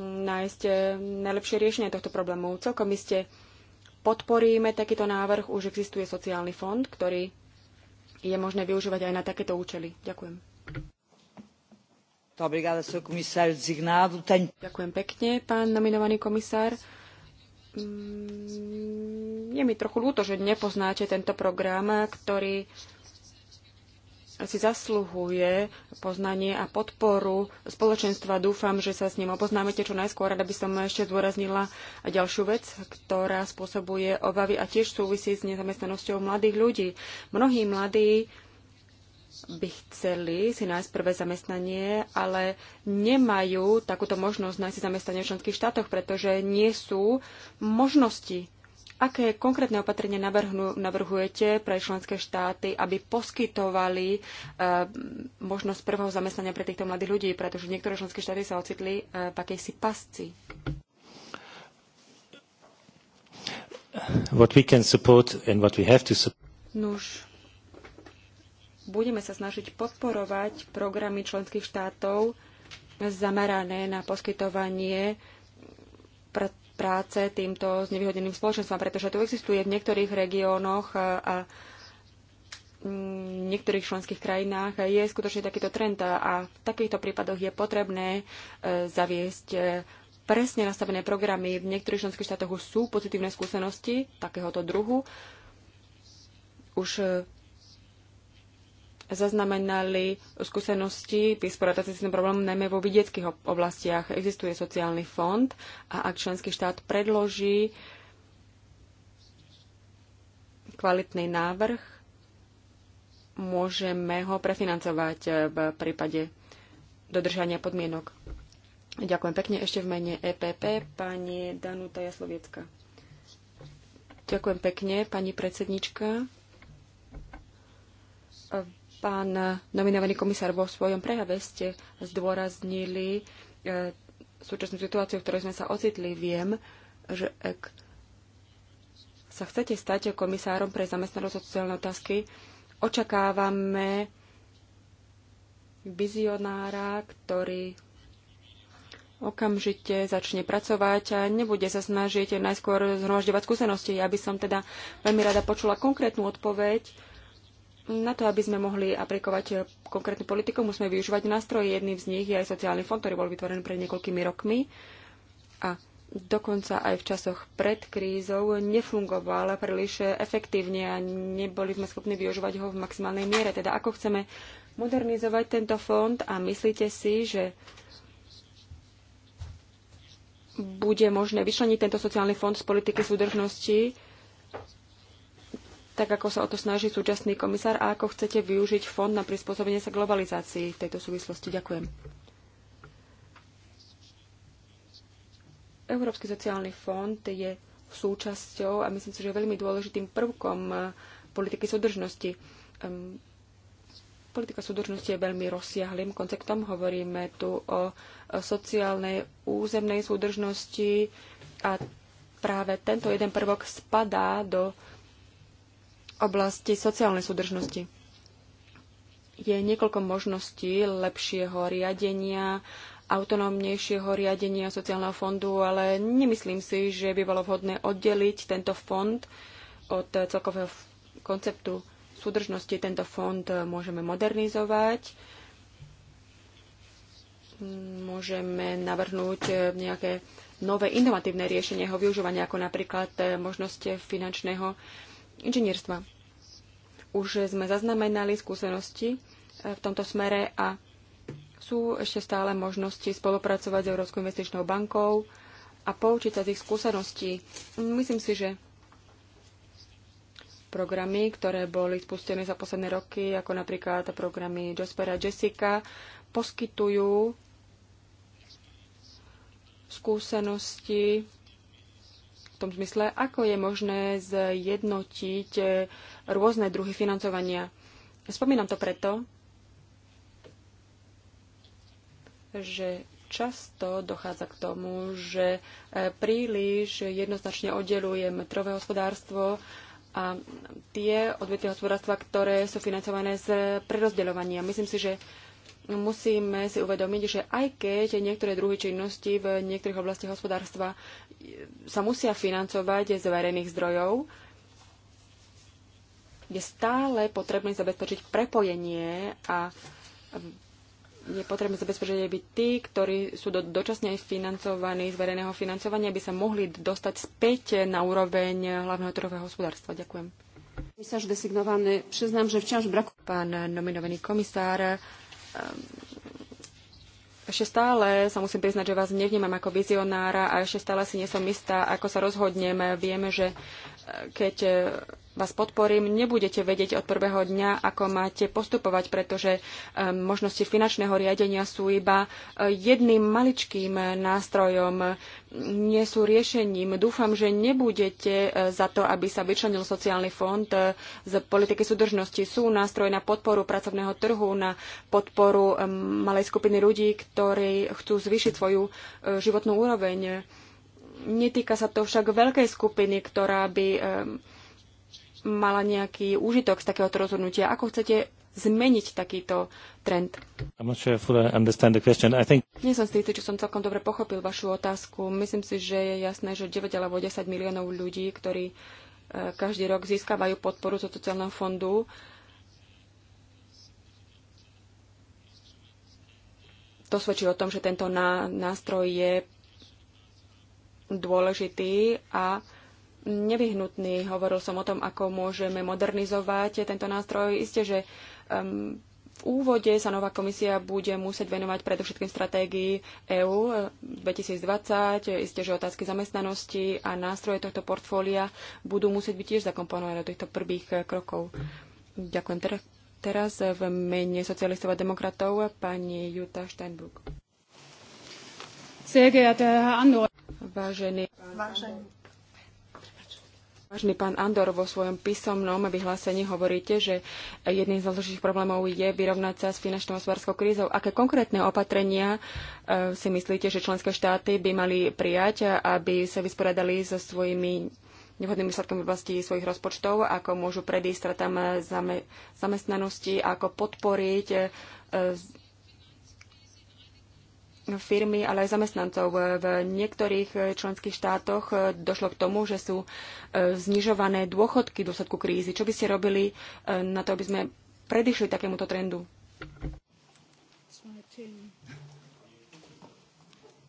nájsť najlepšie riešenie tohto problému. Celkom iste podporíme takýto návrh. Už existuje sociálny fond, ktorý je možné využívať aj na takéto účely. Ďakujem. Ďakujem pekne, pán nominovaný komisár mm, je mi trochu ľúto, že nepoznáte tento program, ktorý si zasluhuje poznanie a podporu spoločenstva. Dúfam, že sa s ním oboznámete čo najskôr. aby som ešte zdôraznila ďalšiu vec, ktorá spôsobuje obavy a tiež súvisí s nezamestnanosťou mladých ľudí. Mnohí mladí by chceli si nájsť prvé zamestnanie, ale nemajú takúto možnosť nájsť si zamestnanie v členských štátoch, pretože nie sú možnosti Aké konkrétne opatrenie navrhujete pre členské štáty, aby poskytovali e, možnosť prvého zamestnania pre týchto mladých ľudí, pretože niektoré členské štáty sa ocitli e, v akejsi pasci? What we can support and what we have to support. Nuž, budeme sa snažiť podporovať programy členských štátov zamerané na poskytovanie práce týmto znevýhodneným spoločenstvom, pretože tu existuje v niektorých regiónoch a v niektorých členských krajinách je skutočne takýto trend a v takýchto prípadoch je potrebné e, zaviesť e, presne nastavené programy. V niektorých členských štátoch už sú pozitívne skúsenosti takéhoto druhu. Už e, zaznamenali skúsenosti pri sporatáci s tým problémom najmä vo vidieckých oblastiach. Existuje sociálny fond a ak členský štát predloží kvalitný návrh, môžeme ho prefinancovať eh, v prípade dodržania podmienok. Ďakujem pekne ešte v mene EPP pani Danuta Jasloviecka. Ďakujem pekne, pani predsednička. Pán nominovaný komisár vo svojom prejave ste zdôraznili e, súčasnú situáciu, v ktorej sme sa ocitli. Viem, že ak sa chcete stať komisárom pre zamestnanosť a sociálne otázky, očakávame vizionára, ktorý okamžite začne pracovať a nebude sa snažiť najskôr zhromažďovať skúsenosti. Ja by som teda veľmi rada počula konkrétnu odpoveď na to, aby sme mohli aplikovať eh, konkrétnu politiku, musíme využívať nástroje. Jedným z nich je aj sociálny fond, ktorý bol vytvorený pred niekoľkými rokmi a dokonca aj v časoch pred krízou nefungoval príliš efektívne a neboli sme schopní využívať ho v maximálnej miere. Teda ako chceme modernizovať tento fond a myslíte si, že bude možné vyčleniť tento sociálny fond z politiky súdržnosti tak ako sa o to snaží súčasný komisár a ako chcete využiť fond na prispôsobenie sa globalizácii v tejto súvislosti. Ďakujem. Európsky sociálny fond je súčasťou a myslím si, že veľmi dôležitým prvkom eh, politiky súdržnosti. Ehm, politika súdržnosti je veľmi rozsiahlým konceptom. Hovoríme tu o eh, sociálnej územnej súdržnosti a práve tento jeden prvok spadá do oblasti sociálnej súdržnosti. Je niekoľko možností lepšieho riadenia, autonómnejšieho riadenia sociálneho fondu, ale nemyslím si, že by bolo vhodné oddeliť tento fond od celkového konceptu súdržnosti. Tento fond môžeme modernizovať, môžeme navrhnúť nejaké nové inovatívne riešenie jeho využívania, ako napríklad možnosť finančného inžinierstva. Už sme zaznamenali skúsenosti e, v tomto smere a sú ešte stále možnosti spolupracovať s Európskou investičnou bankou a poučiť sa z ich skúseností. Myslím si, že programy, ktoré boli spustené za posledné roky, ako napríklad programy Jospera Jessica, poskytujú skúsenosti v tom zmysle, ako je možné zjednotiť eh, rôzne druhy financovania. Spomínam to preto, že často dochádza k tomu, že eh, príliš jednoznačne oddeluje metrové hospodárstvo a tie odvetvia hospodárstva, ktoré sú financované z prerozdeľovania. Myslím si, že musíme si uvedomiť, že aj keď niektoré druhy činnosti v niektorých oblastiach hospodárstva sa musia financovať z verejných zdrojov, je stále potrebné zabezpečiť prepojenie a je potrebné zabezpečiť, aby tí, ktorí sú do, dočasne financovaní z verejného financovania, by sa mohli dostať späť na úroveň hlavného trhového hospodárstva. Ďakujem. Komisár priznám, že braku... Pán nominovaný komisár, Ehm, ešte stále sa musím priznať, že vás nevnímam ako vizionára a ešte stále si nesom istá, ako sa rozhodneme. Vieme, že eh, keď eh, vás podporím, nebudete vedieť od prvého dňa, ako máte postupovať, pretože e, možnosti finančného riadenia sú iba e, jedným maličkým e, nástrojom, nie sú riešením. Dúfam, že nebudete za to, aby sa vyčlenil sociálny fond z politiky súdržnosti. Sú nástroje na podporu pracovného trhu, na podporu malej skupiny ľudí, ktorí chcú zvýšiť svoju životnú úroveň. Netýka sa to však veľkej skupiny, ktorá by mala nejaký úžitok z takéhoto rozhodnutia. Ako chcete zmeniť takýto trend? Sure think... Nie som si istý, či som celkom dobre pochopil vašu otázku. Myslím si, že je jasné, že 9 alebo 10 miliónov ľudí, ktorí e, každý rok získavajú podporu zo sociálneho fondu, to svedčí o tom, že tento nástroj je dôležitý a nevyhnutný. Hovoril som o tom, ako môžeme modernizovať tento nástroj. Isté, že um, v úvode sa nová komisia bude musieť venovať predovšetkým stratégii EÚ 2020. Eh, Isté, že otázky zamestnanosti a nástroje tohto portfólia budú musieť byť tiež zakomponované do týchto prvých eh, krokov. Ďakujem ter- teraz v mene socialistov a demokratov pani Jutta Steinbrück. Vážený, Vážený Vážny pán Andor, vo svojom písomnom vyhlásení hovoríte, že jedným z najdôležitejších problémov je vyrovnať sa s finančnou hospodárskou krízou. Aké konkrétne opatrenia e, si myslíte, že členské štáty by mali prijať, aby sa vysporiadali so svojimi nevhodným výsledkom v oblasti svojich rozpočtov, ako môžu predísť stratám zame, zamestnanosti, ako podporiť e, firmy, ale aj zamestnancov. V niektorých členských štátoch došlo k tomu, že sú e, znižované dôchodky v dôsledku krízy. Čo by ste robili e, na to, aby sme predišli takémuto trendu?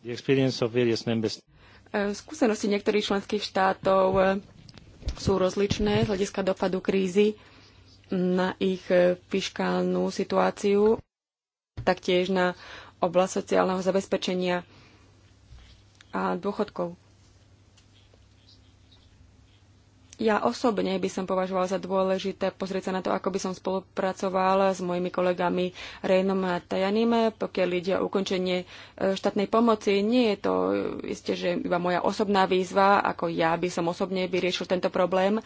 E, skúsenosti niektorých členských štátov sú rozličné z hľadiska dopadu krízy na ich fiškálnu situáciu, taktiež na oblasť sociálneho zabezpečenia a dôchodkov. Ja osobne by som považovala za dôležité pozrieť sa na to, ako by som spolupracovala s mojimi kolegami Rejnom a Tajaným. pokiaľ ide o ukončenie e, štátnej pomoci. Nie je to e, isté, že iba moja osobná výzva, ako ja by som osobne vyriešil tento problém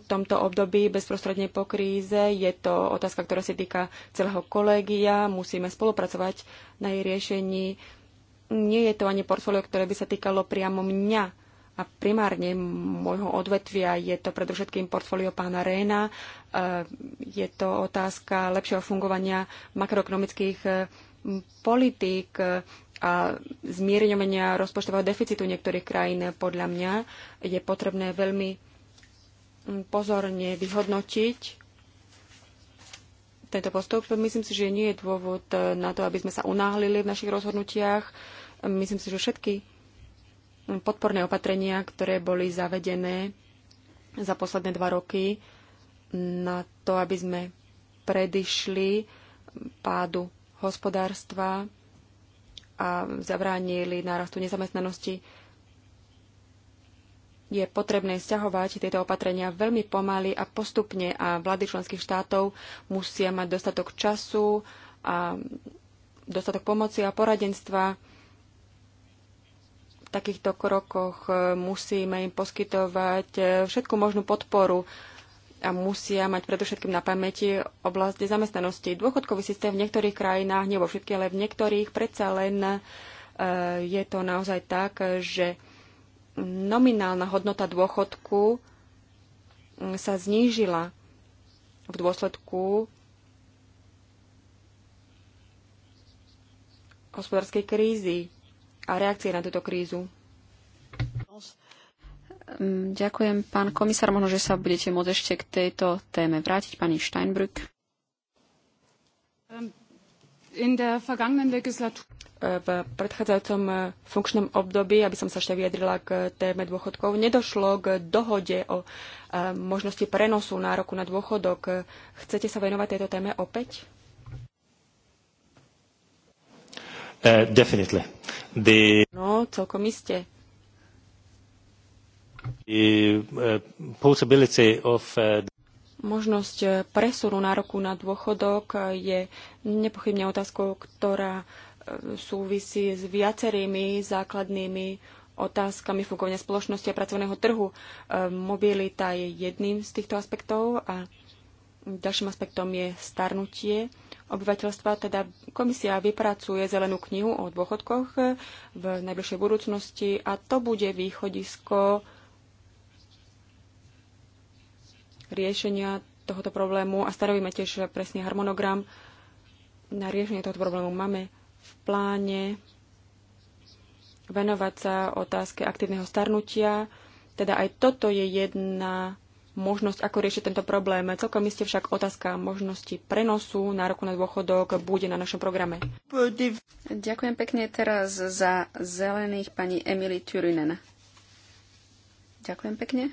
v tomto období bezprostredne po kríze. Je to otázka, ktorá sa týka celého kolégia. Musíme spolupracovať na jej riešení. Nie je to ani portfólio, ktoré by sa týkalo priamo mňa a primárne môjho odvetvia. Je to predovšetkým portfólio pána Réna. Eh, je to otázka lepšieho fungovania makroekonomických eh, politík eh, a zmierňovania rozpočtového deficitu niektorých krajín. Podľa mňa je potrebné veľmi pozorne vyhodnotiť tento postup. Myslím si, že nie je dôvod eh, na to, aby sme sa unáhlili v našich rozhodnutiach. Myslím si, že všetky podporné opatrenia, ktoré boli zavedené za posledné dva roky na to, aby sme predišli pádu hospodárstva a zabránili nárastu nezamestnanosti, je potrebné sťahovať tieto opatrenia veľmi pomaly a postupne a vlády členských štátov musia mať dostatok času a dostatok pomoci a poradenstva. V takýchto krokoch e, musíme im poskytovať e, všetku možnú podporu a musia mať predovšetkým na pamäti oblasti zamestnanosti. Dôchodkový systém v niektorých krajinách, nie vo všetkých, ale v niektorých predsa len e, je to naozaj tak, že nominálna hodnota dôchodku mm, sa znížila v dôsledku hospodárskej krízy a reakcie na túto krízu. Mm, ďakujem, pán komisár. Možno, že sa budete môcť ešte k tejto téme vrátiť. Pani Steinbrück. Um, E, v predchádzajúcom e, funkčnom období, aby som sa ešte vyjadrila k téme dôchodkov, nedošlo k dohode o e, možnosti prenosu nároku na dôchodok. Chcete sa venovať tejto téme opäť? Uh, definitely. The... No, celkom iste. The, uh, possibility of, uh... Možnosť presunu nároku na dôchodok je nepochybne otázkou, ktorá e, súvisí s viacerými základnými otázkami fungovania spoločnosti a pracovného trhu. E, mobilita je jedným z týchto aspektov a ďalším aspektom je starnutie obyvateľstva. Teda komisia vypracuje zelenú knihu o dôchodkoch v najbližšej budúcnosti a to bude východisko riešenia tohoto problému a stanovíme tiež presne harmonogram na riešenie tohto problému. Máme v pláne venovať sa otázke aktívneho starnutia. Teda aj toto je jedna možnosť, ako riešiť tento problém. Celkom iste však otázka možnosti prenosu nároku na dôchodok bude na našom programe. Ďakujem pekne teraz za zelených pani Emily Turinen. Ďakujem pekne.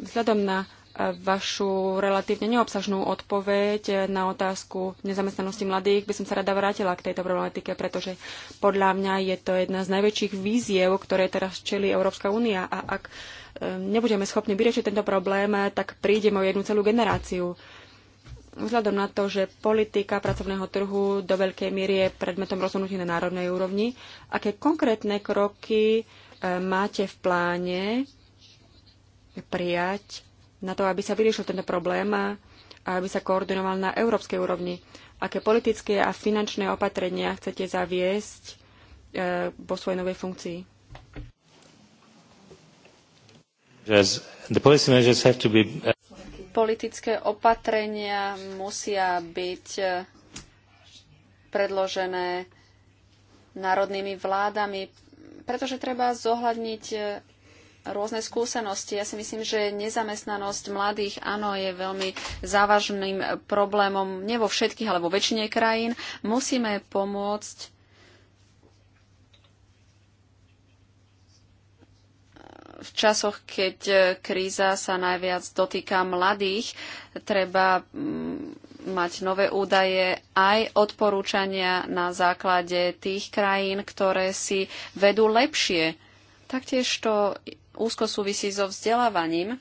Vzhľadom na vašu relatívne neobsažnú odpoveď e, na otázku nezamestnanosti mladých by som sa rada vrátila k tejto problematike, pretože podľa mňa je to jedna z najväčších víziev, ktoré teraz čeli Európska únia a ak e, nebudeme schopní vyriešiť tento problém, e, tak prídeme o jednu celú generáciu. Vzhľadom na to, že politika pracovného trhu do veľkej miery je predmetom rozhodnutí na národnej úrovni, aké konkrétne kroky máte v pláne prijať na to, aby sa vyriešil tento problém a aby sa koordinoval na európskej úrovni. Aké politické a finančné opatrenia chcete zaviesť e, vo svojej novej funkcii? Politické opatrenia musia byť e, predložené národnými vládami, pretože treba zohľadniť e, rôzne skúsenosti. Ja si myslím, že nezamestnanosť mladých, áno, je veľmi závažným problémom, nie vo všetkých, ale vo väčšine krajín. Musíme pomôcť eh, v časoch, keď eh, kríza sa najviac dotýka mladých, treba mm, mať nové údaje aj odporúčania na základe tých krajín, ktoré si vedú lepšie. Taktiež to úzko súvisí so vzdelávaním.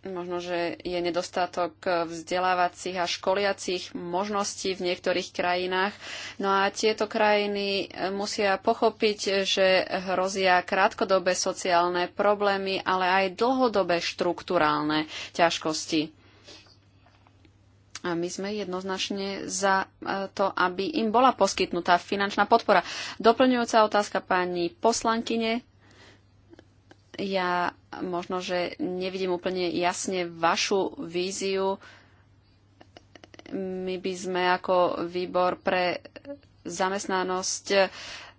Možno, že je nedostatok vzdelávacích a školiacich možností v niektorých krajinách. No a tieto krajiny musia pochopiť, že hrozia krátkodobé sociálne problémy, ale aj dlhodobé štruktúrálne ťažkosti. A my sme jednoznačne za e, to, aby im bola poskytnutá finančná podpora. Doplňujúca otázka pani poslankyne. Ja možno, že nevidím úplne jasne vašu víziu. My by sme ako výbor pre zamestnanosť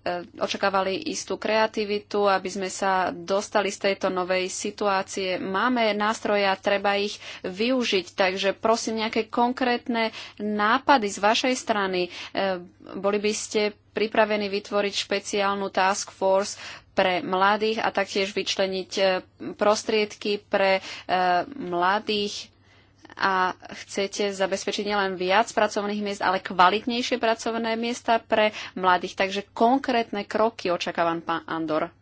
E, očakávali istú kreativitu, aby sme sa dostali z tejto novej situácie. Máme nástroje a treba ich využiť, takže prosím nejaké konkrétne nápady z vašej strany. E, boli by ste pripravení vytvoriť špeciálnu task force pre mladých a taktiež vyčleniť e, prostriedky pre mladých a chcete zabezpečiť nielen viac pracovných miest, ale kvalitnejšie pracovné miesta pre mladých. Takže konkrétne kroky očakávam pán Andor.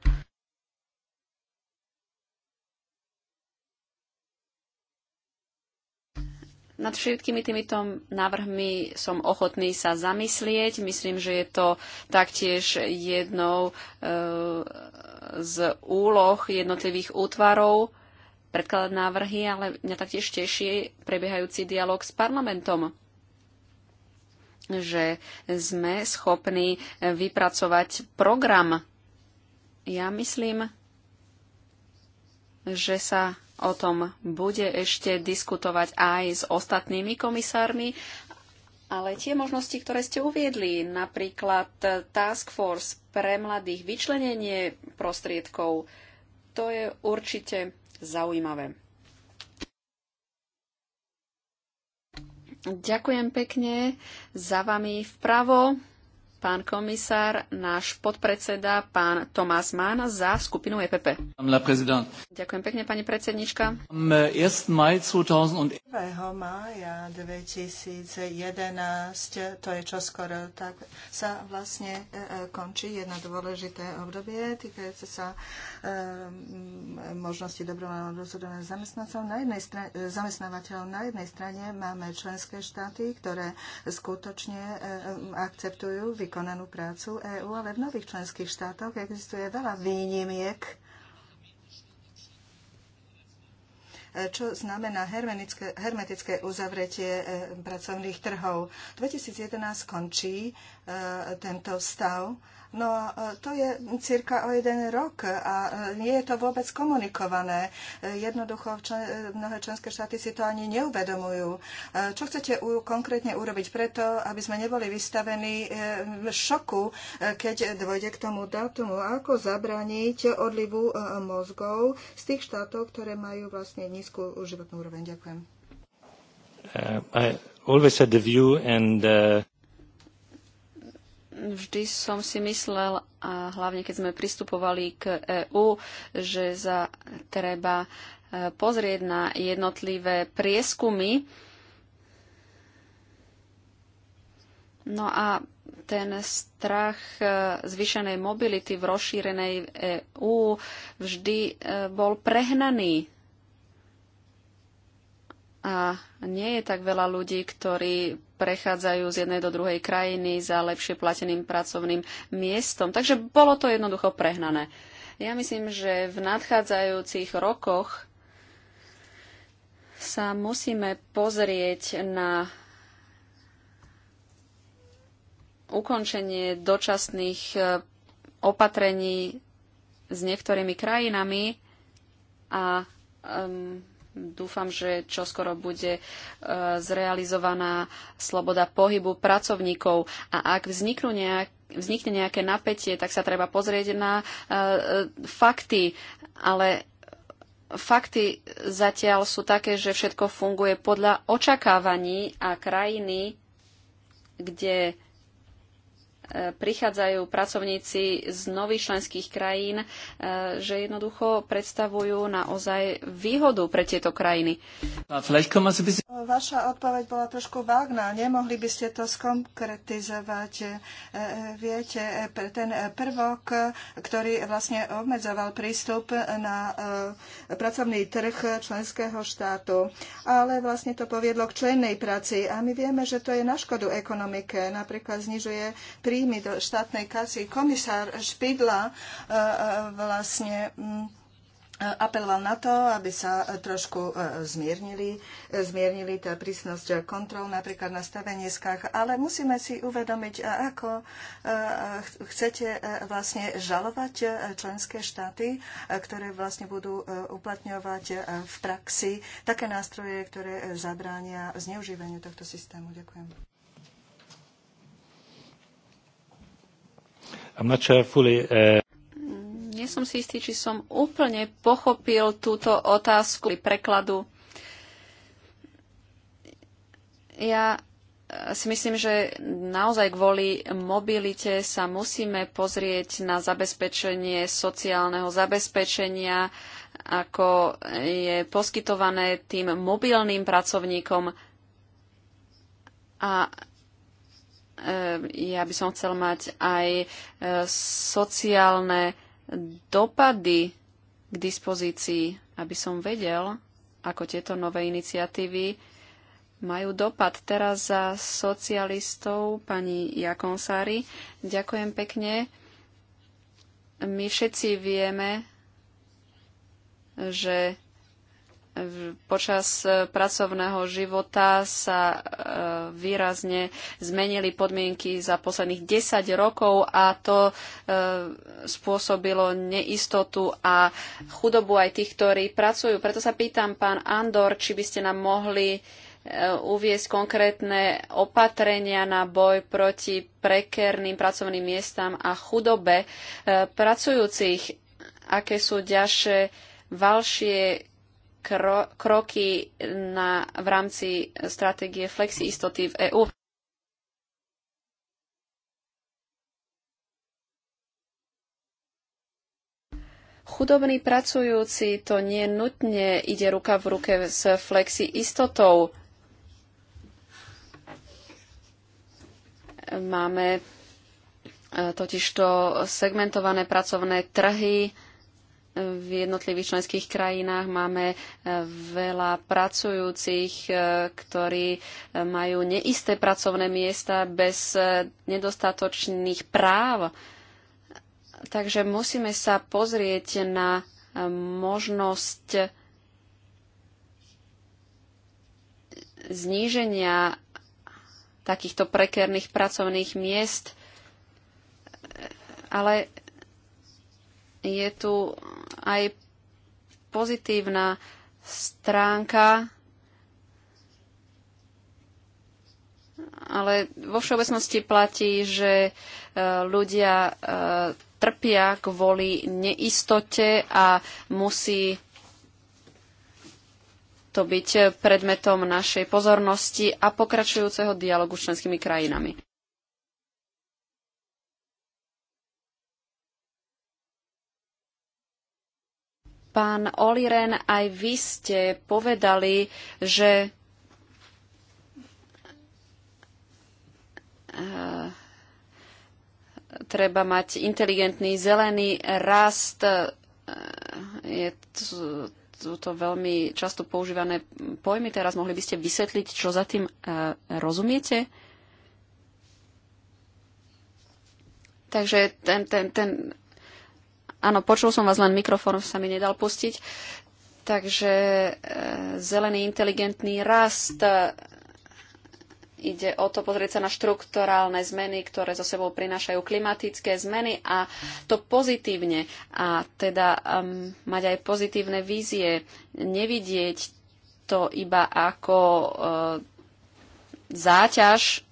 Nad všetkými týmito návrhmi som ochotný sa zamyslieť. Myslím, že je to taktiež jednou e, z úloh jednotlivých útvarov predkladať návrhy, ale mňa taktiež teší prebiehajúci dialog s parlamentom že sme schopní vypracovať program. Ja myslím, že sa o tom bude ešte diskutovať aj s ostatnými komisármi, ale tie možnosti, ktoré ste uviedli, napríklad Task Force pre mladých, vyčlenenie prostriedkov, to je určite zaujímavé. Ďakujem pekne. Za vami vpravo pán komisár, náš podpredseda, pán Tomás Mána za skupinu EPP. Ďakujem pekne, pani predsednička. 1. Eh, mája 2011, to je čoskoro, tak sa vlastne eh, eh, končí jedno dôležité obdobie týkajúce sa možnosti dobrovoľného rozhodovania zamestnancov. Na jednej strane, zamestnávateľov na jednej strane máme členské štáty, ktoré skutočne akceptujú vykonanú prácu EÚ, ale v nových členských štátoch existuje veľa výnimiek, čo znamená hermetické, hermetické uzavretie e, pracovných trhov. 2011 končí e, tento stav No a e, to je cirka o jeden rok a e, nie je to vôbec komunikované. E, jednoducho mnohé členské štáty si to ani neuvedomujú. Čo chcete u, konkrétne urobiť preto, aby sme neboli vystavení šoku, keď dôjde k tomu dátumu? Ako zabrániť odlivu mozgov z tých štátov, ktoré majú vlastne nízku životnú úroveň? Ďakujem. Uh, I always had the view and uh vždy som si myslel, a hlavne keď sme pristupovali k EÚ, že za treba e, pozrieť na jednotlivé prieskumy. No a ten strach e, zvyšenej mobility v rozšírenej EÚ vždy e, bol prehnaný a nie je tak veľa ľudí, ktorí prechádzajú z jednej do druhej krajiny za lepšie plateným pracovným miestom. Takže bolo to jednoducho prehnané. Ja myslím, že v nadchádzajúcich rokoch sa musíme pozrieť na ukončenie dočasných e, opatrení s niektorými krajinami a um, dúfam, že čoskoro bude e, zrealizovaná sloboda pohybu pracovníkov a ak vzniknú nejak, vznikne nejaké napätie, tak sa treba pozrieť na e, e, fakty, ale fakty zatiaľ sú také, že všetko funguje podľa očakávaní a krajiny, kde prichádzajú pracovníci z nových členských krajín, e, že jednoducho predstavujú naozaj výhodu pre tieto krajiny. E, vaša odpoveď bola trošku vágná. Nemohli by ste to skonkretizovať. E, viete, ten prvok, ktorý vlastne obmedzoval prístup na pracovný trh členského štátu, ale vlastne to poviedlo k člennej práci. A my vieme, že to je na škodu ekonomike. Napríklad znižuje príjem príjmy do štátnej kasy. Komisár Špidla e, e, vlastne mm, apeloval na to, aby sa trošku e, zmiernili, zmiernili tá prísnosť kontrol napríklad na staveniskách, ale musíme si uvedomiť, ako chcete vlastne žalovať členské štáty, ktoré vlastne budú uplatňovať v praxi také nástroje, ktoré zabránia zneužívaniu tohto systému. Ďakujem. I'm not sure fully, uh... Nie som si istý, či som úplne pochopil túto otázku pri prekladu. Ja eh, si myslím, že naozaj kvôli mobilite sa musíme pozrieť na zabezpečenie sociálneho zabezpečenia, ako je poskytované tým mobilným pracovníkom. A Ehm, ja by som chcel mať aj e, sociálne dopady k dispozícii, aby som vedel, ako tieto nové iniciatívy majú dopad. Teraz za socialistov pani Jakonsári. Ďakujem pekne. My všetci vieme, že počas e, pracovného života sa e, výrazne zmenili podmienky za posledných 10 rokov a to e, spôsobilo neistotu a chudobu aj tých, ktorí pracujú. Preto sa pýtam, pán Andor, či by ste nám mohli uviesť konkrétne opatrenia na boj proti prekerným pracovným miestam a chudobe pracujúcich, aké sú ďalšie ďalšie kro- kroky na, v rámci stratégie flexi istoty v EÚ. Chudobní pracujúci to nie nutne ide ruka v ruke s flexi istotou. Máme e, totižto segmentované pracovné trhy, v jednotlivých členských krajinách máme e, veľa pracujúcich, e, ktorí e, majú neisté pracovné miesta bez nedostatočných práv. Takže musíme sa pozrieť na možnosť zníženia takýchto prekerných pracovných miest, ale je tu aj pozitívna stránka, ale vo všeobecnosti platí, že e, ľudia e, trpia kvôli neistote a musí to byť predmetom našej pozornosti a pokračujúceho dialogu s členskými krajinami. Pán Oliren, aj vy ste povedali, že eh, treba mať inteligentný zelený rast. Eh, je sú to veľmi často používané pojmy. Teraz mohli by ste vysvetliť, čo za tým eh, rozumiete? Takže ten, ten, ten Áno, počul som vás, len mikrofón sa mi nedal pustiť. Takže e, zelený inteligentný rast e, ide o to pozrieť sa na štrukturálne zmeny, ktoré zo sebou prinášajú klimatické zmeny a to pozitívne. A teda um, mať aj pozitívne vízie, nevidieť to iba ako e, záťaž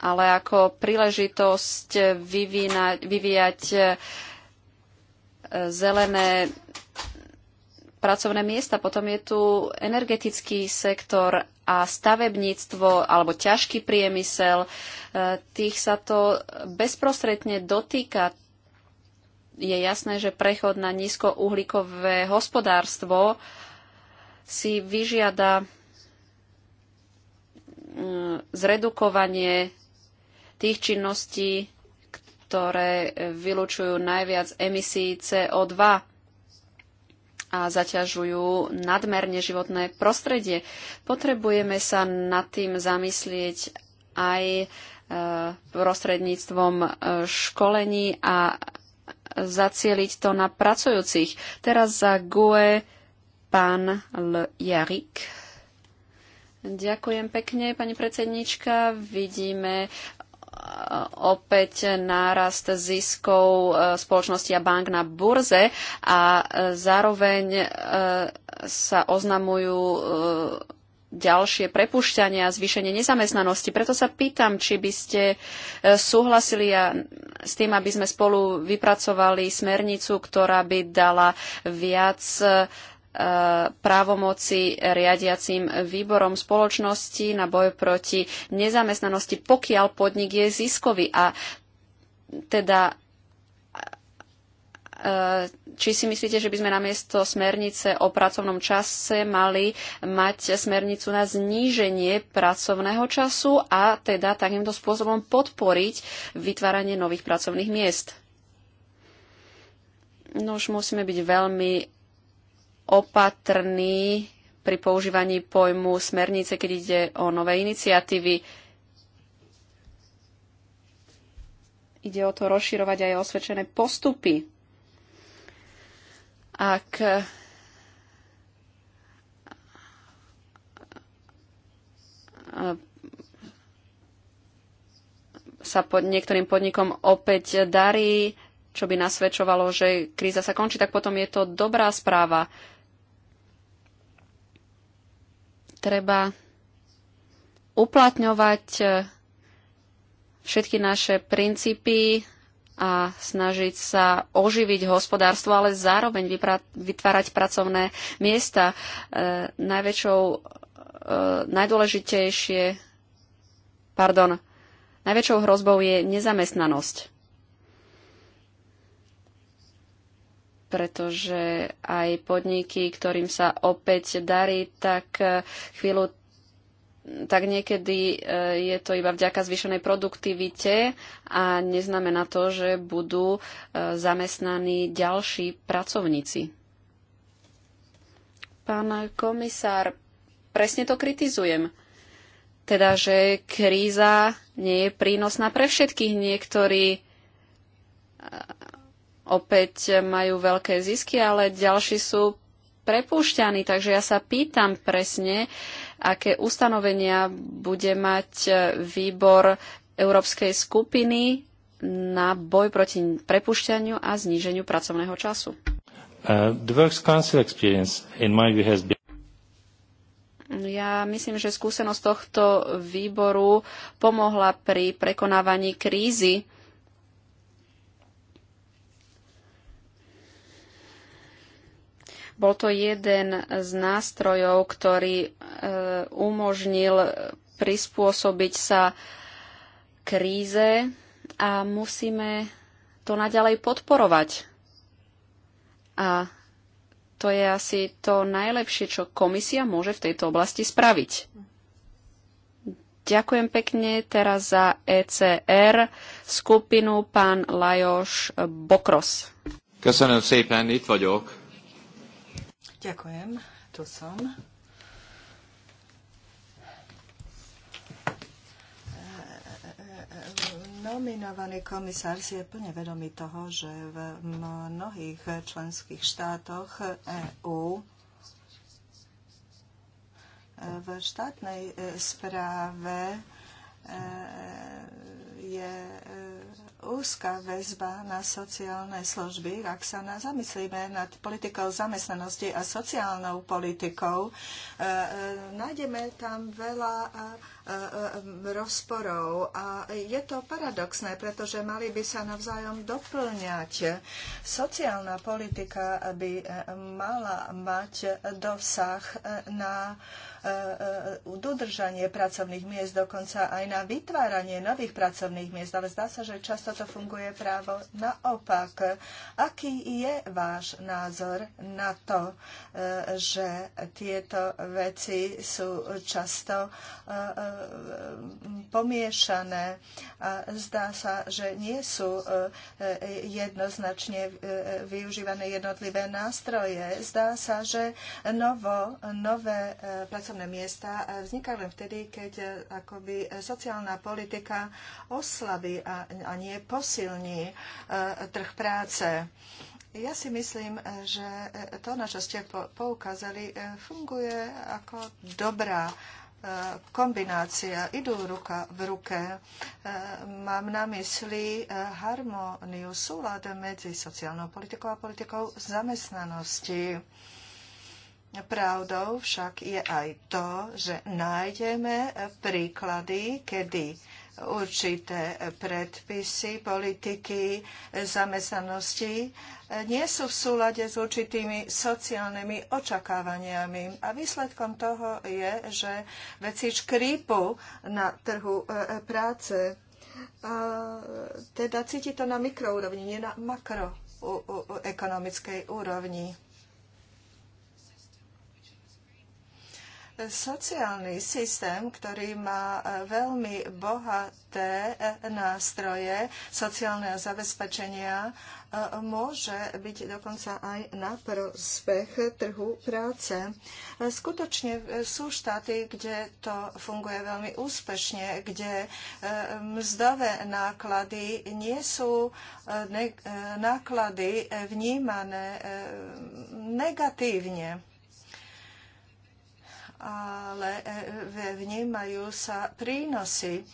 ale ako príležitosť vyvíjať e, zelené pracovné miesta. Potom je tu energetický sektor a stavebníctvo alebo ťažký priemysel. E, tých sa to bezprostredne dotýka. Je jasné, že prechod na nízkouhlíkové hospodárstvo si vyžiada mm, zredukovanie tých činností, ktoré vylučujú najviac emisí CO2 a zaťažujú nadmerne životné prostredie. Potrebujeme sa nad tým zamyslieť aj e, prostredníctvom e, školení a zacieliť to na pracujúcich. Teraz za GUE pán L. Jarik. Ďakujem pekne, pani predsednička. Vidíme opäť nárast ziskov e, spoločnosti a bank na burze a e, zároveň e, sa oznamujú ďalšie prepušťania a zvýšenie nezamestnanosti. Preto sa pýtam, či by ste súhlasili a s tým, aby sme spolu vypracovali smernicu, ktorá by dala viac právomoci riadiacim výborom spoločnosti na boj proti nezamestnanosti, pokiaľ podnik je ziskový. A teda e, či si myslíte, že by sme namiesto smernice o pracovnom čase mali mať smernicu na zníženie pracovného času a teda takýmto spôsobom podporiť vytváranie nových pracovných miest? No už musíme byť veľmi opatrní pri používaní pojmu smernice, keď ide o nové iniciatívy. Ide o to rozširovať aj osvedčené postupy. Ak sa pod niektorým podnikom opäť darí, čo by nasvedčovalo, že kríza sa končí, tak potom je to dobrá správa treba uplatňovať e, všetky naše princípy a snažiť sa oživiť hospodárstvo, ale zároveň vytvárať pracovné miesta. E, najväčšou, e, najdôležitejšie, pardon, najväčšou hrozbou je nezamestnanosť. pretože aj podniky, ktorým sa opäť darí, tak eh, chvíľu tak niekedy eh, je to iba vďaka zvýšenej produktivite a neznamená to, že budú eh, zamestnaní ďalší pracovníci. Pán komisár, presne to kritizujem. Teda, že kríza nie je prínosná pre všetkých. Niektorí opäť majú veľké zisky, ale ďalší sú prepúšťaní. Takže ja sa pýtam presne, aké ustanovenia bude mať e, výbor Európskej skupiny na boj proti prepušťaniu a zníženiu pracovného času. Uh, ja myslím, že skúsenosť tohto výboru pomohla pri prekonávaní krízy Bol to jeden z nástrojov, ktorý e, umožnil prispôsobiť sa kríze a musíme to naďalej podporovať. A to je asi to najlepšie, čo komisia môže v tejto oblasti spraviť. Ďakujem pekne teraz za ECR skupinu pán Lajoš Bokros. Köszönöm szépen, itt vagyok. Ďakujem, tu som. Nominovaný komisár si je plne vedomý toho, že v mnohých členských štátoch EÚ v štátnej e, správe e, je e, úzka väzba na sociálne služby, ak sa na, zamyslíme nad politikou zamestnanosti a sociálnou politikou, e, e, nájdeme tam veľa E, e, rozporov. A je to paradoxné, pretože mali by sa navzájom doplňať. Sociálna politika by e, mala mať dosah na dodržanie pracovných miest, dokonca aj na vytváranie nových pracovných miest. Ale zdá sa, že často to funguje právo naopak. Aký je váš názor na to, že tieto veci sú často E, pomiešané a zdá sa, že nie sú e, jednoznačne e, využívané jednotlivé nástroje. Zdá sa, že novo, nové pracovné miesta vznikajú len vtedy, keď akoby sociálna politika oslabí a, a nie posilní trh práce. Ja si myslím, že to, na čo ste poukázali, funguje ako dobrá E, kombinácia idú ruka v ruke. E, mám na mysli e, harmóniu, súlad medzi sociálnou politikou a politikou zamestnanosti. Pravdou však je aj to, že nájdeme príklady, kedy určité predpisy politiky zamestnanosti nie sú v súlade s určitými sociálnymi očakávaniami. A výsledkom toho je, že veci škrípu na trhu e, e, práce. A teda cíti to na mikroúrovni, nie na makroekonomickej úrovni. sociálny systém, ktorý má e, veľmi bohaté e, nástroje sociálneho zabezpečenia, e, môže byť dokonca aj na prospech trhu práce. Skutočne sú štáty, kde to funguje veľmi úspešne, kde mzdové náklady nie sú náklady vnímané negatívne ale e, vnímajú sa prínosy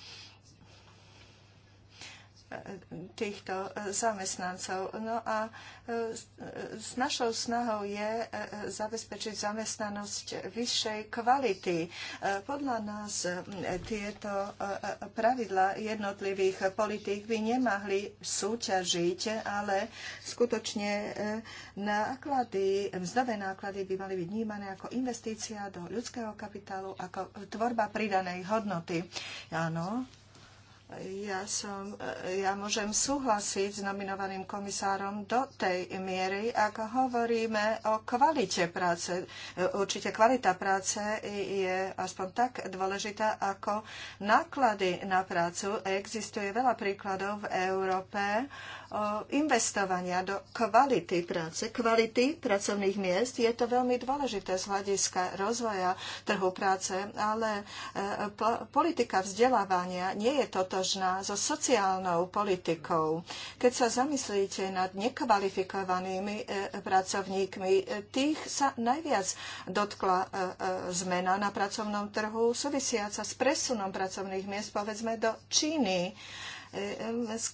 týchto e, zamestnancov. No a e, e, s našou snahou je zabezpečiť zamestnanosť vyššej kvality. Podľa nás tieto pravidla jednotlivých politík by nemahli súťažiť, ale skutočne náklady, mzdové náklady by mali byť vnímané ako investícia do ľudského kapitálu, ako tvorba pridanej hodnoty. Áno, ja, som, e, ja môžem súhlasiť s nominovaným komisárom do tej miery, ak hovoríme o kvalite práce. E, určite kvalita práce je aspoň tak dôležitá ako náklady na prácu. Existuje veľa príkladov v Európe investovania do kvality práce, kvality pracovných miest. Je to veľmi dôležité z hľadiska rozvoja trhu práce, ale e, politika vzdelávania nie je totožná so sociálnou politikou. Keď sa zamyslíte nad nekvalifikovanými e, pracovníkmi, e, tých sa najviac dotkla zmena na pracovnom trhu súvisiaca s presunom pracovných miest, povedzme, do Číny. E,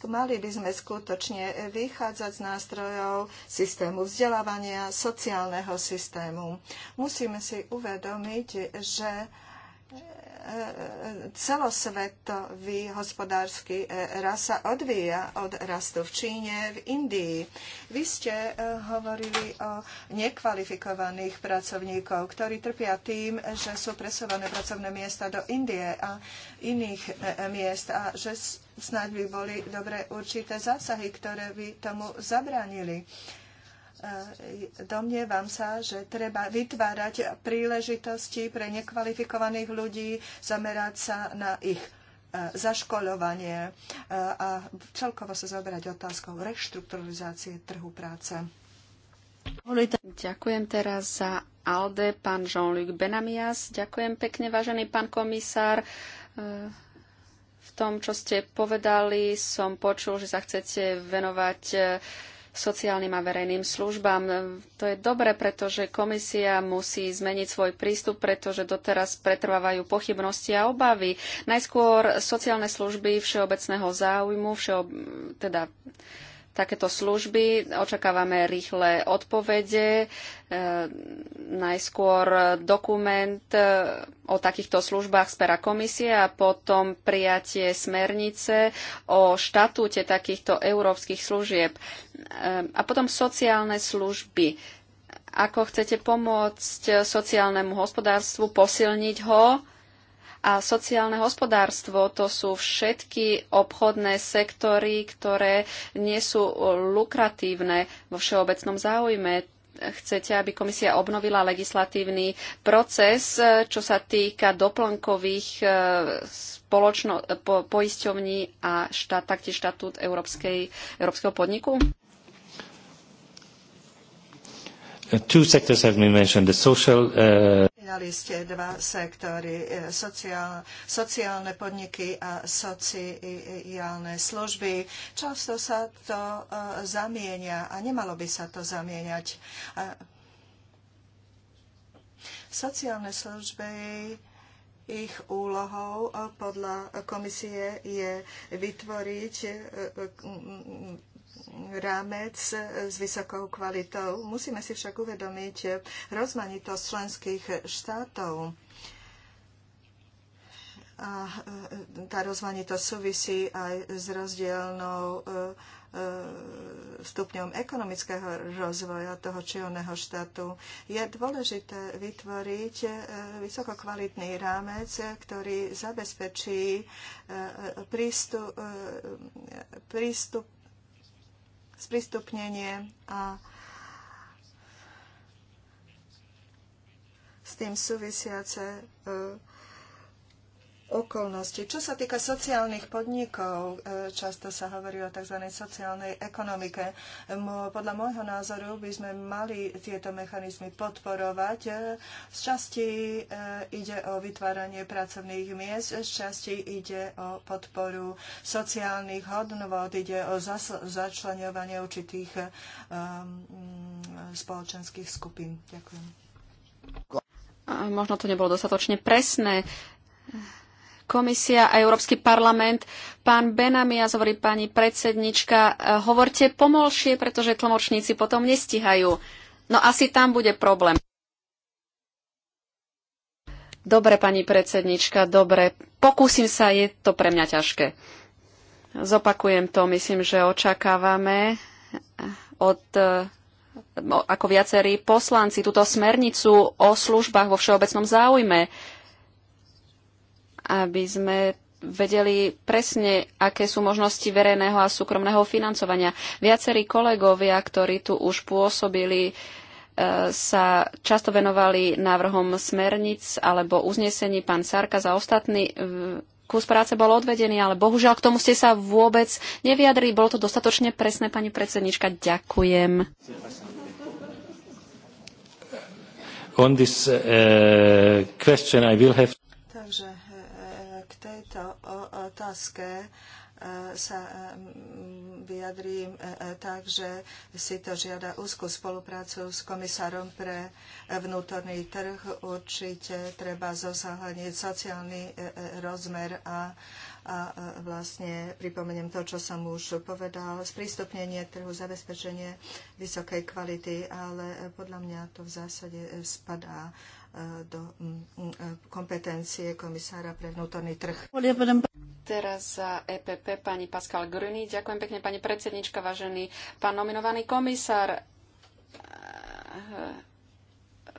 mali by sme skutočne vychádzať z nástrojov systému vzdelávania, sociálneho systému. Musíme si uvedomiť, že celosvetový hospodársky e, rast sa odvíja od rastu v Číne, v Indii. Vy ste e, hovorili o nekvalifikovaných pracovníkov, ktorí trpia tým, že sú presované pracovné miesta do Indie a iných e, miest a že snáď by boli dobre určité zásahy, ktoré by tomu zabránili. E, domnievam sa, že treba vytvárať príležitosti pre nekvalifikovaných ľudí, zamerať sa na ich e, zaškoľovanie e, a celkovo sa zaoberať otázkou reštrukturalizácie trhu práce. Ďakujem teraz za ALDE, pán Jean-Luc Benamias. Ďakujem pekne, vážený pán komisár. V tom, čo ste povedali, som počul, že sa chcete venovať sociálnym a verejným službám. To je dobre, pretože komisia musí zmeniť svoj prístup, pretože doteraz pretrvávajú pochybnosti a obavy. Najskôr sociálne služby všeobecného záujmu, všeob... teda takéto služby. Očakávame rýchle odpovede, e, najskôr dokument e, o takýchto službách z pera komisie a potom prijatie smernice o štatúte takýchto európskych služieb e, a potom sociálne služby. Ako chcete pomôcť sociálnemu hospodárstvu, posilniť ho? a sociálne hospodárstvo. To sú všetky obchodné sektory, ktoré nie sú lukratívne vo všeobecnom záujme chcete, aby komisia obnovila legislatívny proces, čo sa týka doplnkových e, spoločno, po, poisťovní a štát, taktiež štatút Európskej, Európskeho podniku? Two sectors have been mentioned, the social... Uh... Spomínali ste dva sektory, e, sociál, sociálne podniky a sociálne služby. Často sa to e, zamienia a nemalo by sa to zamieniať. Sociálne služby ich úlohou e, podľa komisie je vytvoriť rámec s vysokou kvalitou. Musíme si však uvedomiť rozmanitosť členských štátov a e, tá rozmanitosť súvisí aj s rozdielnou e, e, stupňom ekonomického rozvoja toho či oného štátu. Je dôležité vytvoriť vysokokvalitný rámec, ktorý zabezpečí prístup, prístup sprístupnenie a s tým súvisiace uh, okolnosti. Čo sa týka sociálnych podnikov, e, často sa hovorí o tzv. sociálnej ekonomike. Podľa môjho názoru by sme mali tieto mechanizmy podporovať. E, z časti e, ide o vytváranie pracovných miest, z časti ide o podporu sociálnych hodnot, ide o začlenovanie určitých mm, spoločenských skupín. Ďakujem. možno to nebolo dostatočne presné komisia a Európsky parlament. Pán Benamias hovorí pani predsednička, eh, hovorte pomolšie, pretože tlmočníci potom nestihajú. No asi tam bude problém. Dobre, pani predsednička, dobre. Pokúsim sa, je to pre mňa ťažké. Zopakujem to, myslím, že očakávame eh, od eh, ako viacerí poslanci túto smernicu o službách vo všeobecnom záujme aby sme vedeli presne, aké sú možnosti verejného a súkromného financovania. Viacerí kolegovia, ktorí tu už pôsobili, e, sa často venovali návrhom smernic alebo uznesení pán Sarka za ostatný e, kus práce bol odvedený, ale bohužiaľ k tomu ste sa vôbec nevyjadrili. Bolo to dostatočne presné, pani predsednička. Ďakujem. On this, uh, question I will have otázke e, sa e, vyjadrím e, tak, že si to žiada úzkú spoluprácu s komisárom pre vnútorný trh. Určite treba zosáhľadniť sociálny rozmer a, a vlastne pripomeniem to, čo som už povedal, sprístupnenie trhu, zabezpečenie vysokej kvality, ale podľa mňa to v zásade spadá do mm, mm, kompetencie komisára pre vnútorný trh. Teraz za EPP pani Pascal Gruny. Ďakujem pekne pani predsednička, vážený pán nominovaný komisár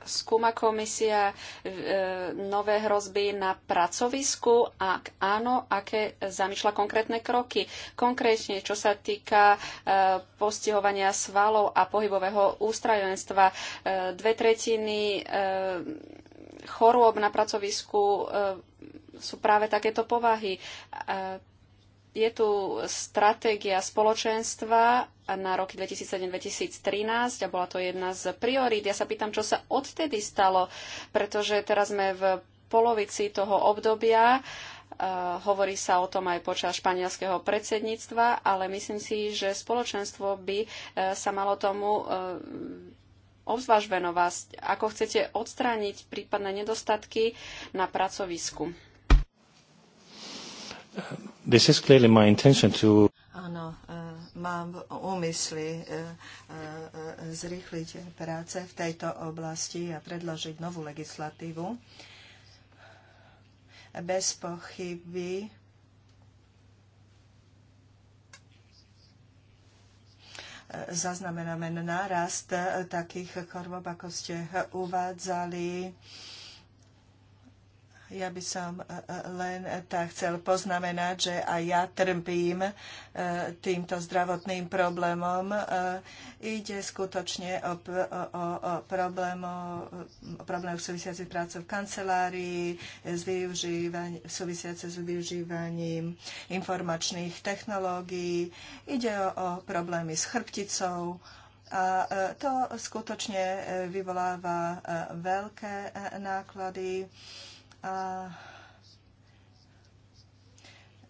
skúma komisia e, nové hrozby na pracovisku? Ak áno, aké zamýšľa konkrétne kroky? Konkrétne, čo sa týka e, postihovania svalov a pohybového ústrajenstva, e, dve tretiny chorôb na pracovisku sú práve takéto povahy je tu stratégia spoločenstva na roky 2007-2013 a bola to jedna z priorít. Ja sa pýtam, čo sa odtedy stalo, pretože teraz sme v polovici toho obdobia. Uh, hovorí sa o tom aj počas španielského predsedníctva, ale myslím si, že spoločenstvo by uh, sa malo tomu uh, obzvlášť venovať. Ako chcete odstrániť prípadné nedostatky na pracovisku? This is clearly my intention to... Áno, e, mám úmysly e, e, zrýchliť práce v tejto oblasti a predložiť novú legislatívu. Bez pochyby zaznamenáme nárast takých chorôb, ako ste uvádzali ja by som e, e, len tak chcel poznamenať, že aj ja trpím e, týmto zdravotným problémom. Ide skutočne o, o, o, problémo, o súvisiacich prácov v kancelárii, s súvisiace s využívaním informačných technológií. Ide o, o problémy s chrbticou, a to skutočne vyvoláva veľké náklady a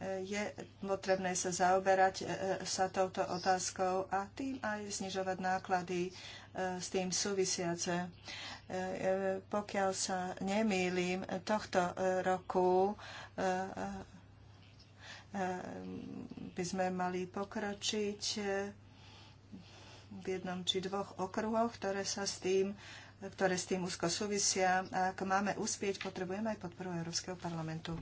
e, je potrebné sa zaoberať e, e, sa touto otázkou a tým aj znižovať náklady s tým súvisiace. Pokiaľ sa nemýlim, tohto roku by sme mali pokročiť v jednom či dvoch okruhoch, ktoré sa s tým ktoré s tým úzko súvisia. A ak máme uspieť, potrebujeme aj podporu Európskeho parlamentu.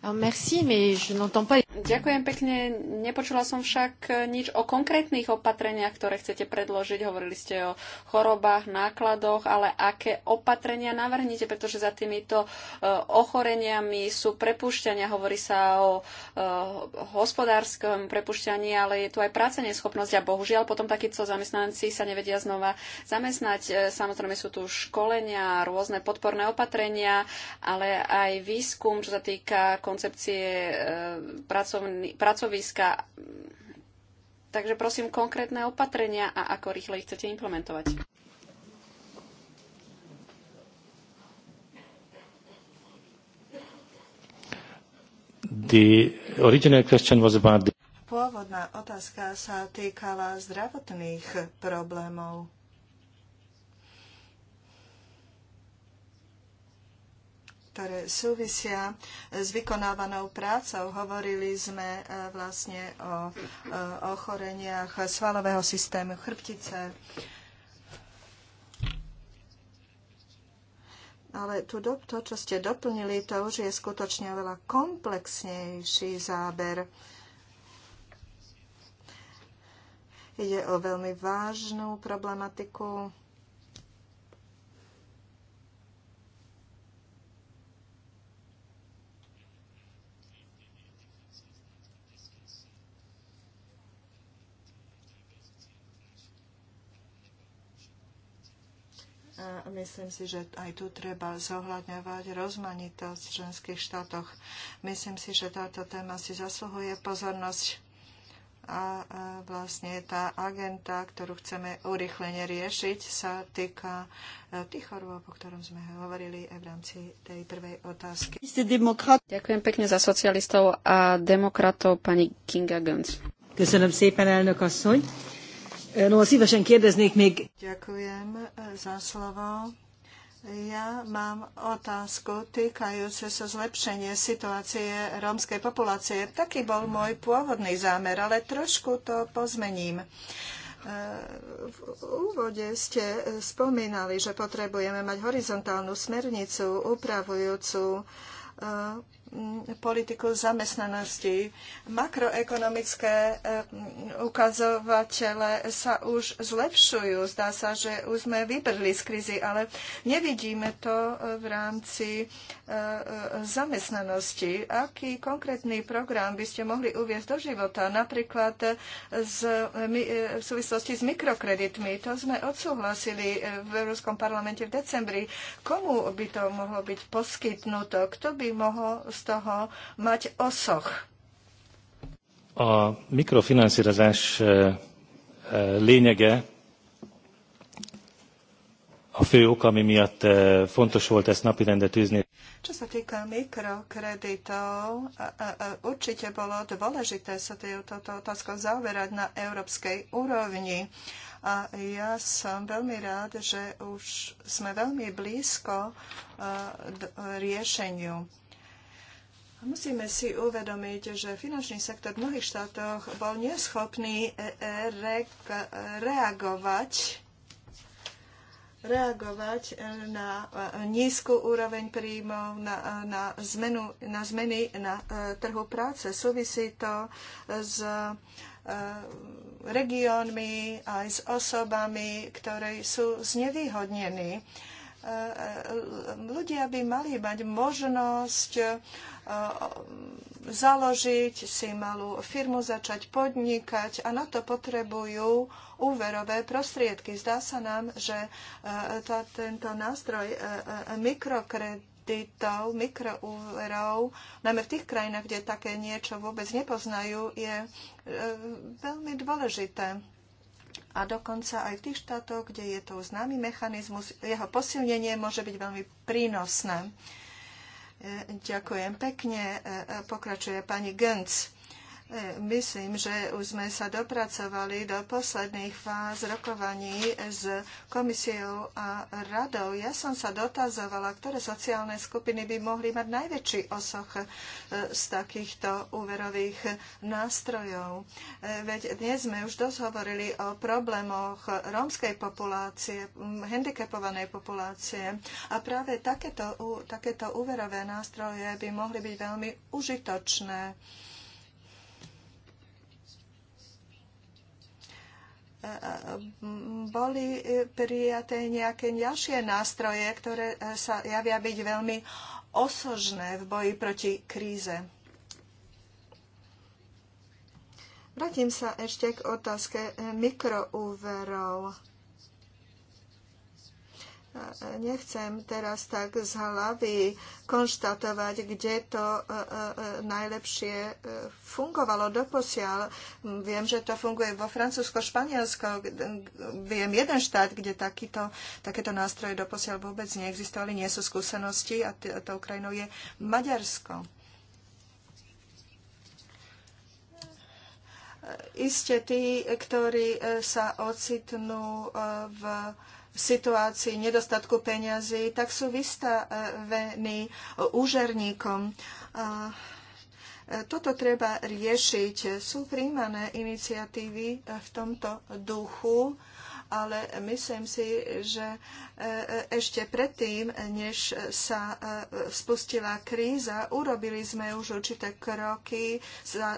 Oh, merci, mais je n'entends pas... Ďakujem pekne. Nepočula som však eh, nič o konkrétnych opatreniach, ktoré chcete predložiť. Hovorili ste o chorobách, nákladoch, ale aké opatrenia navrhnete, pretože za týmito eh, ochoreniami sú prepušťania. Hovorí sa o eh, hospodárskom prepušťaní, ale je tu aj práca neschopnosť a bohužiaľ potom takíto zamestnanci sa nevedia znova zamestnať. Samozrejme sú tu školenia, rôzne podporné opatrenia, ale aj výskum, čo sa týka koncepcie e, pracoviska. Takže prosím konkrétne opatrenia a ako rýchle ich chcete implementovať. The original question was about the... Pôvodná otázka sa týkala zdravotných problémov ktoré súvisia s vykonávanou prácou. Hovorili sme e, vlastne o e, ochoreniach svalového systému chrbtice. Ale tu, to, čo ste doplnili, to už je skutočne oveľa komplexnejší záber. Ide o veľmi vážnu problematiku myslím si, že aj tu treba zohľadňovať rozmanitosť v ženských štátoch. Myslím si, že táto téma si zasluhuje pozornosť a vlastne tá agenta, ktorú chceme urychlene riešiť, sa týka e, tých chorôb, o ktorom sme hovorili aj v rámci tej prvej otázky. Ďakujem pekne za socialistov a demokratov pani Kinga Gönc. Köszönöm szépen, elnök asszony. Eh, no, szívesen kérdeznék még... Ďakujem eh, za slovo. Ja mám otázku týkajúce sa zlepšenie situácie rómskej populácie. Taký bol môj pôvodný zámer, ale trošku to pozmením. Eh, v úvode ste spomínali, že potrebujeme mať horizontálnu smernicu upravujúcu Mm, politiku zamestnanosti. Makroekonomické mm, ukazovatele sa už zlepšujú. Zdá sa, že už sme vybrli z krízy, ale nevidíme to v rámci e, e, zamestnanosti. Aký konkrétny program by ste mohli uviezť do života? Napríklad z, e, v súvislosti s mikrokreditmi. To sme odsúhlasili v Európskom parlamente v decembri. Komu by to mohlo byť poskytnuto? Kto by mohol z toho mať osoch. A mikrofinanszírozás e, e, lényege, a fő ok, ami miatt e, fontos volt ezt napirendre tűzni. Čo sa týka mikrokreditov, a, a, a určite bolo dôležité sa touto otázkou zaoberať na európskej úrovni. A ja som veľmi rád, že už sme veľmi blízko a, d, riešeniu Musíme si uvedomiť, že finančný sektor v mnohých štátoch bol neschopný e, e, re- reagovať reagovať na e, nízku úroveň príjmov, na, na, zmenu, na zmeny na trhu práce. Súvisí to s regiónmi aj s osobami, ktoré sú znevýhodnení E, e, ľudia by mali mať možnosť e, založiť si malú firmu, začať podnikať a na to potrebujú úverové prostriedky. Zdá sa nám, že tá, tento nástroj mikrokredit mikroúverov, najmä v tých krajinách, kde také niečo vôbec nepoznajú, je veľmi dôležité a dokonca aj v tých štátoch, kde je to známy mechanizmus, jeho posilnenie môže byť veľmi prínosné. E, ďakujem pekne. E, e, pokračuje pani Gönc. Myslím, že už sme sa dopracovali do posledných fáz rokovaní s komisiou a radou. Ja som sa dotazovala, ktoré sociálne skupiny by mohli mať najväčší osoch e, z takýchto úverových nástrojov. E, veď dnes sme už dosť hovorili o problémoch rómskej populácie, handicapovanej populácie a práve takéto, takéto úverové nástroje by mohli byť veľmi užitočné. boli prijaté nejaké ďalšie nástroje, ktoré sa javia byť veľmi osožné v boji proti kríze. Vrátim sa ešte k otázke mikroúverov nechcem teraz tak z hlavy konštatovať, kde to e, e, e, najlepšie fungovalo doposiaľ. Viem, že to funguje vo Francúzsko, Španielsko. Viem jeden štát, kde takýto, takéto nástroje doposiaľ vôbec neexistovali, nie sú skúsenosti a tou krajinou je Maďarsko. Iste tí, ktorí sa ocitnú v situácii nedostatku peňazí, tak sú vystavení úžerníkom. E, toto treba riešiť. Sú príjmané iniciatívy e, v tomto duchu ale myslím si, že e, e, ešte predtým, než sa e, spustila kríza, urobili sme už určité kroky,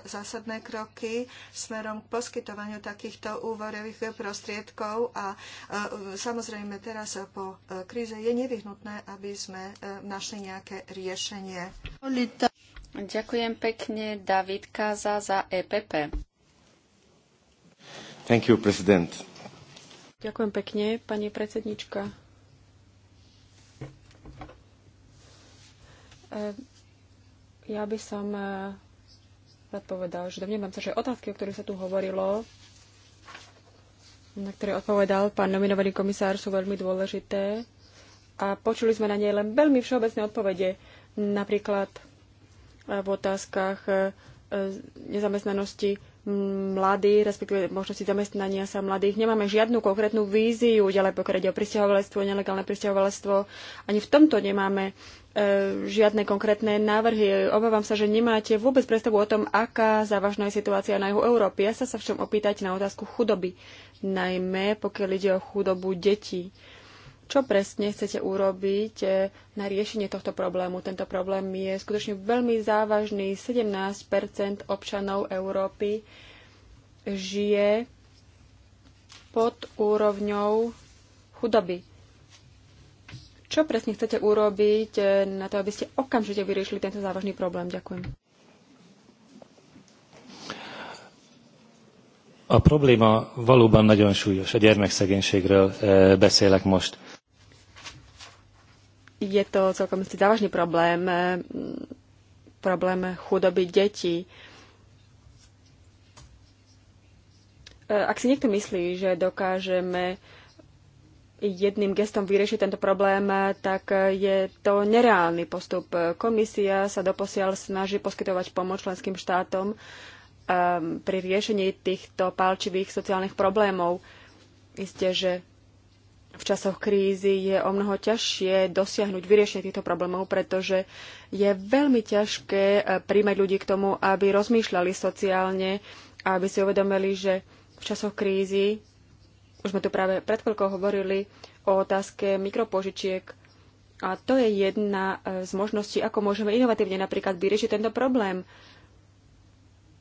zásadné kroky smerom k poskytovaniu takýchto úvorových prostriedkov a samozrejme teraz po kríze je nevyhnutné, aby sme našli nejaké riešenie. Ďakujem pekne David Kaza za EPP. Thank you, President. Ďakujem pekne, pani predsednička. E, ja by som e, rád povedal, že domnievam sa, že otázky, o ktorých sa tu hovorilo, na ktoré odpovedal pán nominovaný komisár, sú veľmi dôležité. A počuli sme na nej len veľmi všeobecné odpovede, napríklad e, v otázkach nezamestnanosti mladí, respektíve možnosti zamestnania sa mladých. Nemáme žiadnu konkrétnu víziu ďalej pokiaľ ide o pristahovalectvo, nelegálne pristahovalectvo. Ani v tomto nemáme e, žiadne konkrétne návrhy. Obávam sa, že nemáte vôbec predstavu o tom, aká závažná je situácia na juhu Európy. Ja sa sa všom opýtať na otázku chudoby, najmä pokiaľ ide o chudobu detí čo presne chcete urobiť e, na riešenie tohto problému. Tento problém je skutočne veľmi závažný. 17 občanov Európy žije pod úrovňou chudoby. Čo presne chcete urobiť e, na to, aby ste okamžite vyriešili tento závažný problém? Ďakujem. A probléma valóban nagyon súlyos. A gyermekszegénységről e, beszélek most je to celkom závažný problém, eh, problém chudoby detí. Eh, ak si niekto myslí, že dokážeme jedným gestom vyriešiť tento problém, eh, tak je to nereálny postup. Komisia sa doposiaľ snaží poskytovať pomoc členským štátom pri riešení týchto palčivých sociálnych problémov. Isté, že v časoch krízy je o mnoho ťažšie dosiahnuť vyriešenie týchto problémov, pretože je veľmi ťažké eh, príjmať ľudí k tomu, aby rozmýšľali sociálne a aby si uvedomili, že v časoch krízy, už sme tu práve pred chvíľkou hovorili o otázke mikropožičiek, a to je jedna eh, z možností, ako môžeme inovatívne napríklad vyriešiť tento problém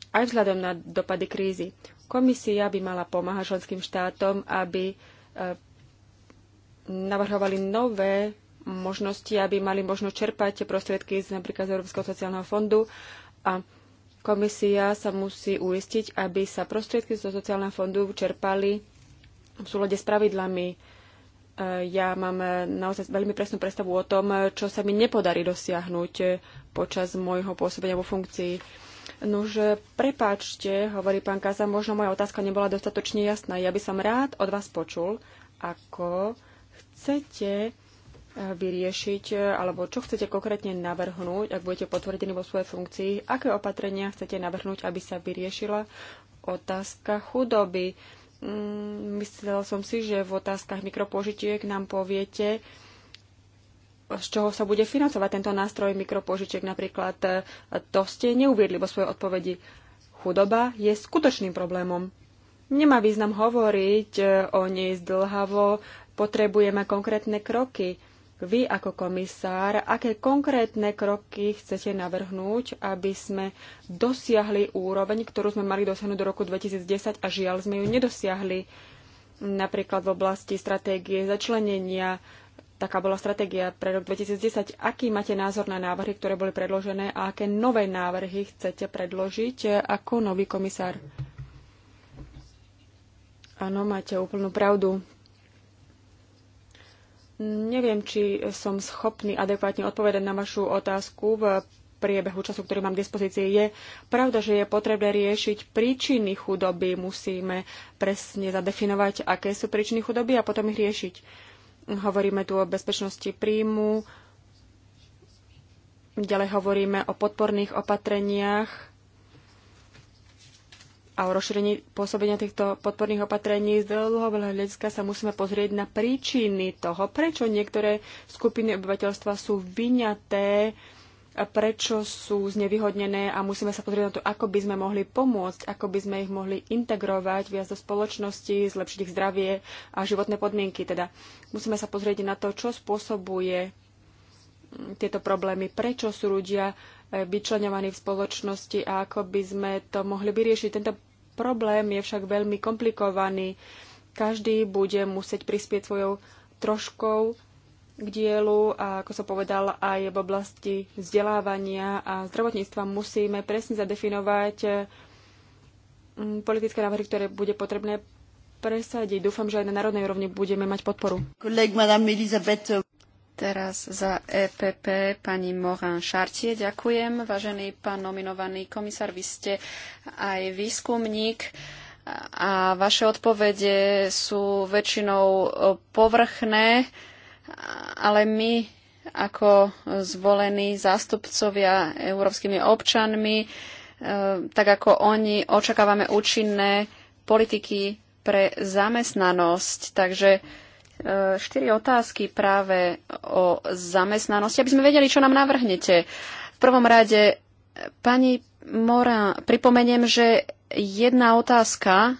aj vzhľadom na dopady krízy. Komisia by mala pomáhať členským štátom, aby eh, navrhovali nové možnosti, aby mali možno čerpať prostriedky z napríklad z Európskeho sociálneho fondu a komisia sa musí uistiť, aby sa prostriedky zo sociálneho fondu čerpali v súlade s pravidlami. E, ja mám e, naozaj veľmi presnú predstavu o tom, e, čo sa mi nepodarí dosiahnuť počas môjho pôsobenia vo funkcii. Nože, prepáčte, hovorí pán Kaza, možno moja otázka nebola dostatočne jasná. Ja by som rád od vás počul, ako chcete eh, vyriešiť, eh, alebo čo chcete konkrétne navrhnúť, ak budete potvrdení vo svojej funkcii, aké opatrenia chcete navrhnúť, aby sa vyriešila otázka chudoby. Mm, Myslela som si, že v otázkach mikropožitiek nám poviete, z čoho sa bude financovať tento nástroj mikropožičiek napríklad, eh, to ste neuviedli vo svojej odpovedi. Chudoba je skutočným problémom. Nemá význam hovoriť o nej zdlhavo, Potrebujeme konkrétne kroky. Vy ako komisár, aké konkrétne kroky chcete navrhnúť, aby sme dosiahli úroveň, ktorú sme mali dosiahnuť do roku 2010 a žiaľ sme ju nedosiahli napríklad v oblasti stratégie začlenenia. Taká bola stratégia pre rok 2010. Aký máte názor na návrhy, ktoré boli predložené a aké nové návrhy chcete predložiť ako nový komisár? Áno, máte úplnú pravdu. Neviem, či som schopný adekvátne odpovedať na vašu otázku v priebehu času, ktorý mám k dispozícii. Je pravda, že je potrebné riešiť príčiny chudoby. Musíme presne zadefinovať, aké sú príčiny chudoby a potom ich riešiť. Hovoríme tu o bezpečnosti príjmu, ďalej hovoríme o podporných opatreniach, a o rozšírení pôsobenia týchto podporných opatrení z dlhodobého hľadiska sa musíme pozrieť na príčiny toho, prečo niektoré skupiny obyvateľstva sú vyňaté, prečo sú znevýhodnené a musíme sa pozrieť na to, ako by sme mohli pomôcť, ako by sme ich mohli integrovať viac do spoločnosti, zlepšiť ich zdravie a životné podmienky. Teda musíme sa pozrieť na to, čo spôsobuje mm, tieto problémy, prečo sú ľudia eh, vyčlenovaní v spoločnosti a ako by sme to mohli vyriešiť. Tento Problém je však veľmi komplikovaný. Každý bude musieť prispieť svojou troškou k dielu a ako som povedal aj v oblasti vzdelávania a zdravotníctva musíme presne zadefinovať mm, politické návrhy, ktoré bude potrebné presadiť. Dúfam, že aj na národnej úrovni budeme mať podporu. Teraz za EPP pani Morin Chartier. Ďakujem, vážený pán nominovaný komisár. Vy ste aj výskumník a vaše odpovede sú väčšinou povrchné, ale my ako zvolení zástupcovia európskymi občanmi, e, tak ako oni očakávame účinné politiky pre zamestnanosť. Takže E, štyri otázky práve o zamestnanosti, aby sme vedeli, čo nám navrhnete. V prvom rade, pani Mora, pripomeniem, že jedna otázka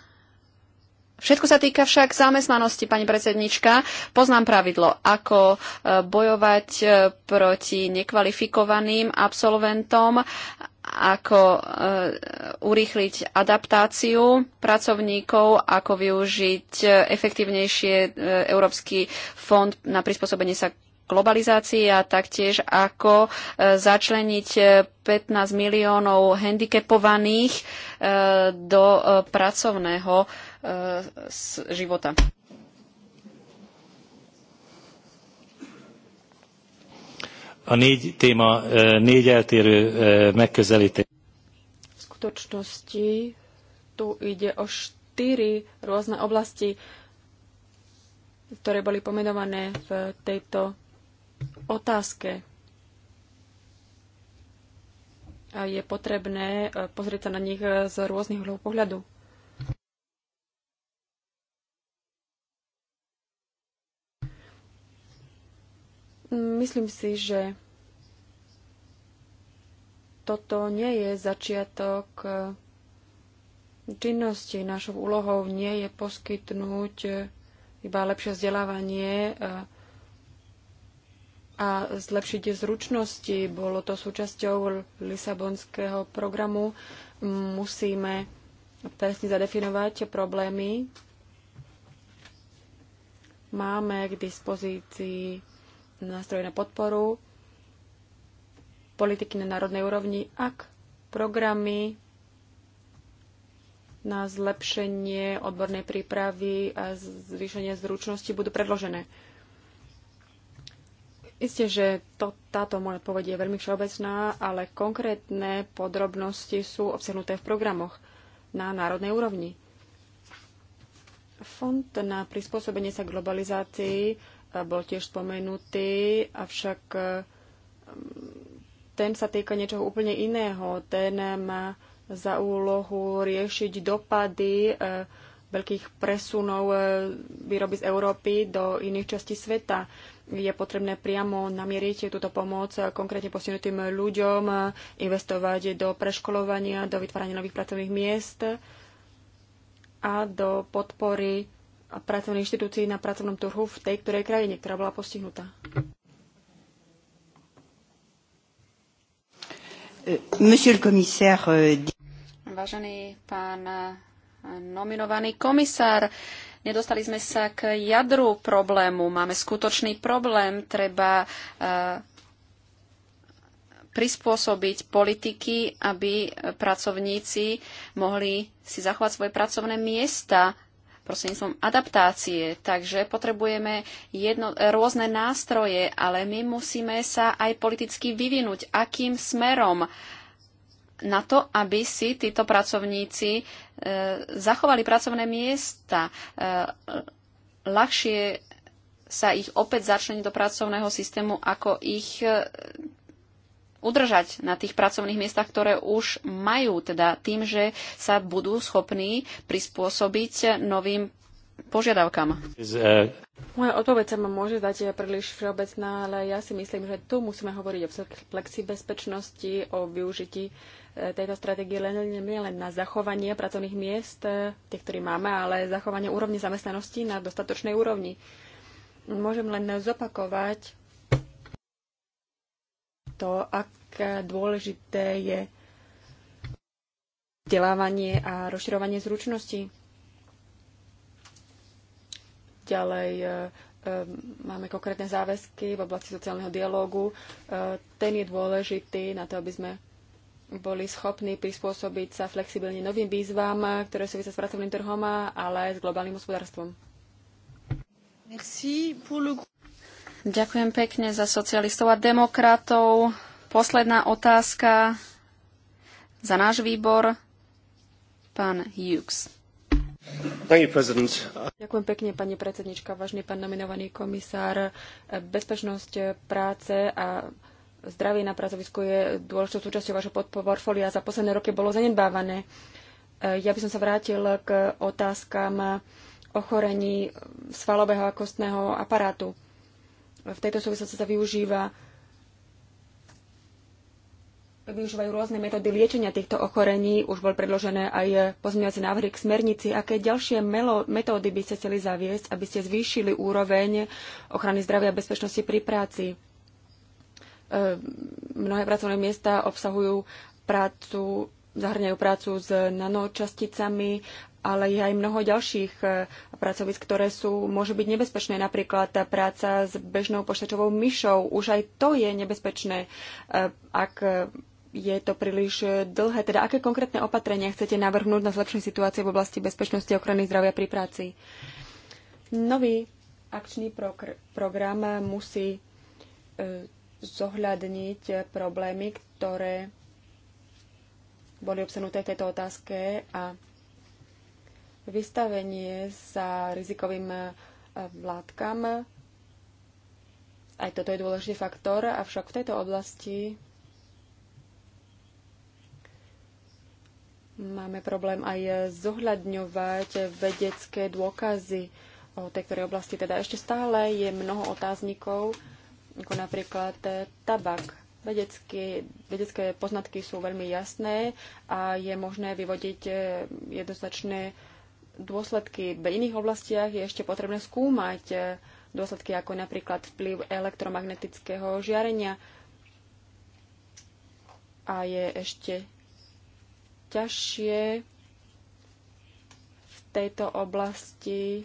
Všetko sa týka však zamestnanosti, pani predsednička. Poznám pravidlo, ako e, bojovať e, proti nekvalifikovaným absolventom ako eh, urýchliť adaptáciu pracovníkov, ako využiť eh, efektívnejšie eh, Európsky fond na prispôsobenie sa globalizácii a taktiež ako začleniť 15 miliónov handicapovaných do pracovného života. a négy téma e, négy eltérő e, megközelítés. V skutočnosti tu ide o štyri rôzne oblasti, ktoré boli pomenované v tejto otázke. A je potrebné e, pozrieť sa na nich z rôznych uhlov pohľadu. Myslím si, že toto nie je začiatok e, činnosti. Našou úlohou nie je poskytnúť e, iba lepšie vzdelávanie e, a zlepšiť zručnosti. Bolo to súčasťou Lisabonského programu. Musíme presne zadefinovať problémy. Máme k dispozícii nástroje na podporu politiky na národnej úrovni, ak programy na zlepšenie odbornej prípravy a zvýšenie zručnosti budú predložené. Isté, že to, táto moja odpoveď je veľmi všeobecná, ale konkrétne podrobnosti sú obsiahnuté v programoch na národnej úrovni. Fond na prispôsobenie sa globalizácii bol tiež spomenutý, avšak e, mm, ten sa týka niečoho úplne iného. Ten má za úlohu riešiť dopady e, veľkých presunov e, výroby z Európy do iných častí sveta. Je potrebné priamo namieriť túto pomoc konkrétne postihnutým ľuďom, investovať do preškolovania, do vytvárania nových pracovných miest a do podpory a pracovných inštitúcií na pracovnom trhu v tej ktorej krajine, ktorá bola postihnutá. Euh, euh, Vážený pán eh, nominovaný komisár, nedostali sme sa k jadru problému. Máme skutočný problém, treba eh, prispôsobiť politiky, aby pracovníci mohli si zachovať svoje pracovné miesta prostredníctvom adaptácie. Takže potrebujeme jedno, rôzne nástroje, ale my musíme sa aj politicky vyvinúť, akým smerom na to, aby si títo pracovníci e, zachovali pracovné miesta, e, ľahšie sa ich opäť začlení do pracovného systému, ako ich e, udržať na tých pracovných miestach, ktoré už majú, teda tým, že sa budú schopní prispôsobiť novým požiadavkám. Eh, Moja odpoveď sa ma môže zdať eh, príliš všeobecná, ale ja si myslím, že tu musíme hovoriť o flexibezpečnosti, o využití eh, tejto stratégie len, len na zachovanie pracovných miest, tých, ktorí máme, ale zachovanie úrovne zamestnanosti na dostatočnej úrovni. Môžem len zopakovať to, ak dôležité je vzdelávanie a rozširovanie zručností. Ďalej e, e, máme konkrétne záväzky v oblasti sociálneho dialógu. E, ten je dôležitý na to, aby sme boli schopní prispôsobiť sa flexibilne novým výzvam, ktoré súvisia s pracovným trhom, ale aj s globálnym hospodárstvom. Merci pour le... Ďakujem pekne za socialistov a demokratov. Posledná otázka za náš výbor. Pán Hughes. You, Ďakujem pekne, pani predsednička, vážny pán nominovaný komisár. Bezpečnosť práce a zdravie na pracovisku je dôležitou súčasťou vašho portfólia. Za posledné roky bolo zanedbávané. Ja by som sa vrátil k otázkam ochorení svalového a kostného aparátu. V tejto súvislosti sa využíva využívajú rôzne metódy liečenia týchto ochorení. Už bol predložené aj pozmeňovací návrhy k smernici. Aké ďalšie melo, metódy by ste chceli zaviesť, aby ste zvýšili úroveň ochrany zdravia a bezpečnosti pri práci? E, mnohé pracovné miesta obsahujú prácu zahrňajú prácu s nanočasticami ale je aj mnoho ďalších e, pracovisk, ktoré sú, môžu byť nebezpečné. Napríklad tá práca s bežnou poštačovou myšou, už aj to je nebezpečné, e, ak je to príliš dlhé. Teda aké konkrétne opatrenia chcete navrhnúť na zlepšenie situácie v oblasti bezpečnosti a ochrany zdravia pri práci? Nový akčný program musí e, zohľadniť problémy, ktoré boli obsenuté v tejto otázke a vystavenie sa rizikovým e, látkam. Aj toto je dôležitý faktor, avšak v tejto oblasti máme problém aj zohľadňovať vedecké dôkazy o tej ktorej oblasti. Teda ešte stále je mnoho otáznikov, ako napríklad e, tabak. Vedecké, vedecké poznatky sú veľmi jasné a je možné vyvodiť e, jednoznačné dôsledky v iných oblastiach je ešte potrebné skúmať eh, dôsledky ako napríklad vplyv elektromagnetického žiarenia. A je ešte ťažšie v tejto oblasti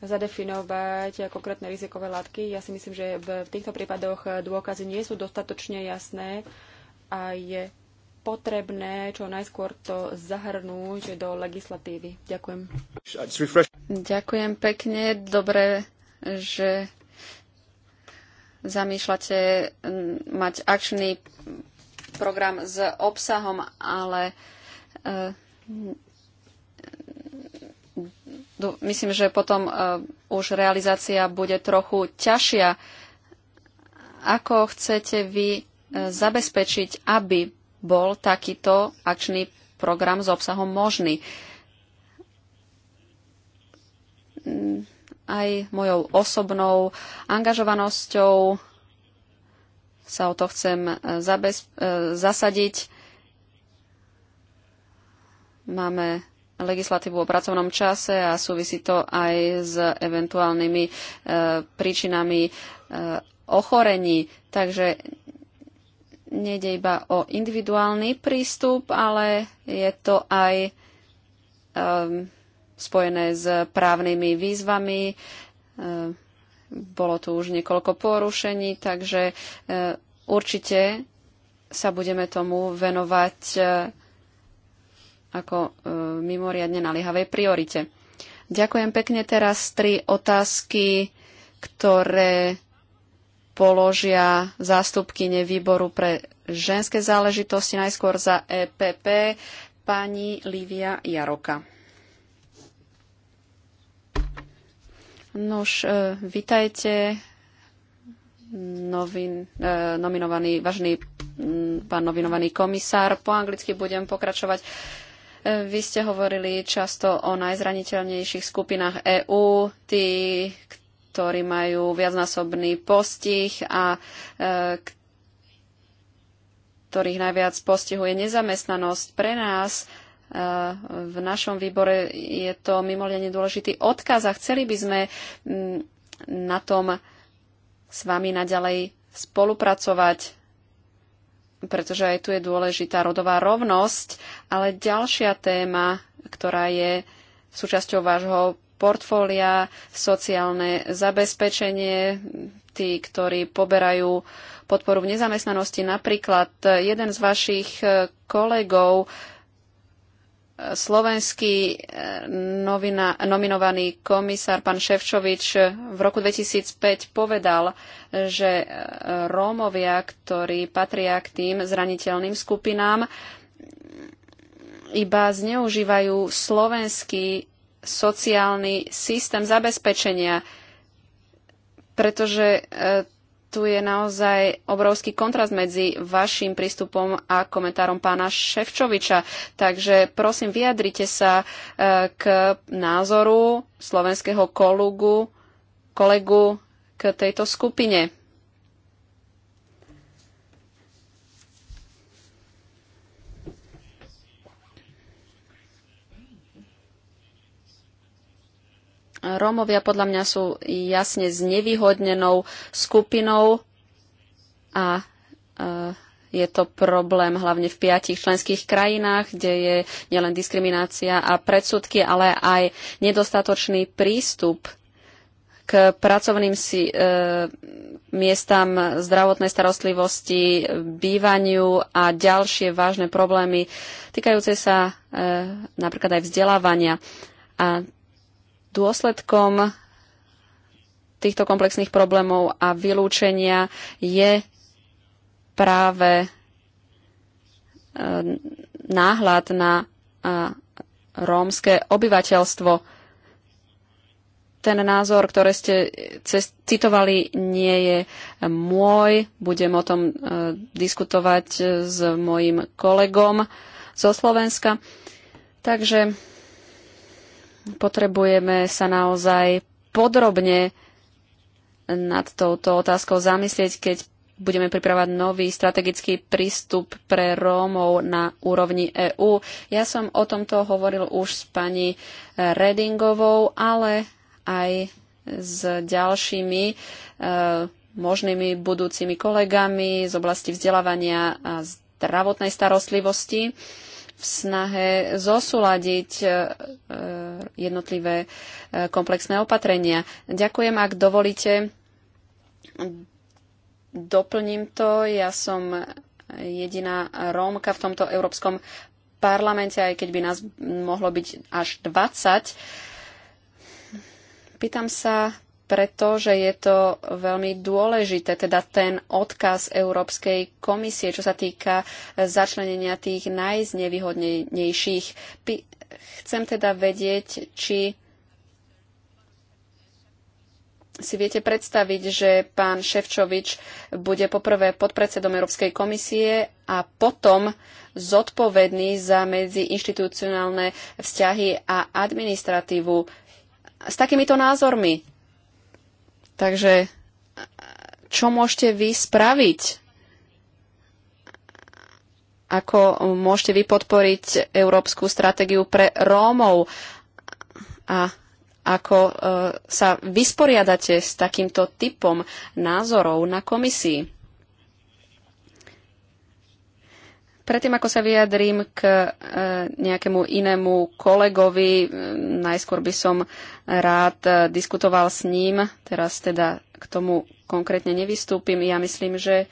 zadefinovať eh, konkrétne rizikové látky. Ja si myslím, že v týchto prípadoch eh, dôkazy nie sú dostatočne jasné a je potrebné čo najskôr to zahrnúť do legislatívy. Ďakujem. Ďakujem pekne. Dobre, že zamýšľate mať akčný program s obsahom, ale e, myslím, že potom e, už realizácia bude trochu ťažšia. Ako chcete vy e, zabezpečiť, aby bol takýto akčný program s obsahom možný. Aj mojou osobnou angažovanosťou sa o to chcem e, e, zasadiť. Máme legislatívu o pracovnom čase a súvisí to aj s eventuálnymi e, príčinami e, ochorení. Takže nejde iba o individuálny prístup, ale je to aj um, spojené s právnymi výzvami. Um, bolo tu už niekoľko porušení, takže um, určite sa budeme tomu venovať um, ako um, mimoriadne naliehavej priorite. Ďakujem pekne teraz tri otázky, ktoré položia zástupkyne výboru pre ženské záležitosti, najskôr za EPP, pani Livia Jaroka. Nož, e, vitajte, novin, e, nominovaný, vážny pán novinovaný komisár. Po anglicky budem pokračovať. E, vy ste hovorili často o najzraniteľnejších skupinách EÚ, tí, ktorí majú viacnásobný postih a e, ktorých najviac postihuje nezamestnanosť. Pre nás e, v našom výbore je to mimoriadne dôležitý odkaz a chceli by sme na tom s vami naďalej spolupracovať, pretože aj tu je dôležitá rodová rovnosť, ale ďalšia téma, ktorá je súčasťou vášho portfólia, sociálne zabezpečenie, tí, ktorí poberajú podporu v nezamestnanosti. Napríklad eh, jeden z vašich eh, kolegov, eh, slovenský novina, nominovaný komisár pán Ševčovič v roku 2005 povedal, že Rómovia, ktorí patria k tým zraniteľným skupinám, iba zneužívajú slovenský sociálny systém zabezpečenia, pretože e, tu je naozaj obrovský kontrast medzi vašim prístupom a komentárom pána Ševčoviča. Takže prosím, vyjadrite sa e, k názoru slovenského kolegu, kolegu k tejto skupine. Rómovia podľa mňa sú jasne znevýhodnenou skupinou a e, je to problém hlavne v piatich členských krajinách, kde je nielen diskriminácia a predsudky, ale aj nedostatočný prístup k pracovným si, e, miestam zdravotnej starostlivosti, bývaniu a ďalšie vážne problémy týkajúce sa e, napríklad aj vzdelávania. A Dôsledkom týchto komplexných problémov a vylúčenia je práve e, náhľad na e, rómske obyvateľstvo. Ten názor, ktoré ste citovali, nie je môj. Budem o tom e, diskutovať s mojim kolegom zo Slovenska. Takže potrebujeme sa naozaj podrobne nad touto otázkou zamyslieť, keď budeme pripravať nový strategický prístup pre Rómov na úrovni EÚ. Ja som o tomto hovoril už s pani Redingovou, ale aj s ďalšími e, možnými budúcimi kolegami z oblasti vzdelávania a zdravotnej starostlivosti. E, v snahe zosúladiť e, e, jednotlivé e, komplexné opatrenia. Ďakujem, ak dovolíte. Doplním to. Ja som jediná Rómka v tomto Európskom parlamente, aj keď by nás mohlo byť až 20. Pýtam sa pretože je to veľmi dôležité, teda ten odkaz Európskej komisie, čo sa týka e, začlenenia tých najznevýhodnejších. Chcem teda vedieť, či si viete predstaviť, že pán Ševčovič bude poprvé podpredsedom Európskej komisie a potom zodpovedný za medziinštitucionálne vzťahy a administratívu. S takýmito názormi Takže e, čo môžete vy spraviť? Ako môžete vy podporiť európsku stratégiu pre Rómov? A ako e, sa vysporiadate s takýmto typom názorov na komisii? Predtým, ako sa vyjadrím k e, nejakému inému kolegovi, e, najskôr by som rád e, diskutoval s ním. Teraz teda k tomu konkrétne nevystúpim. Ja myslím, že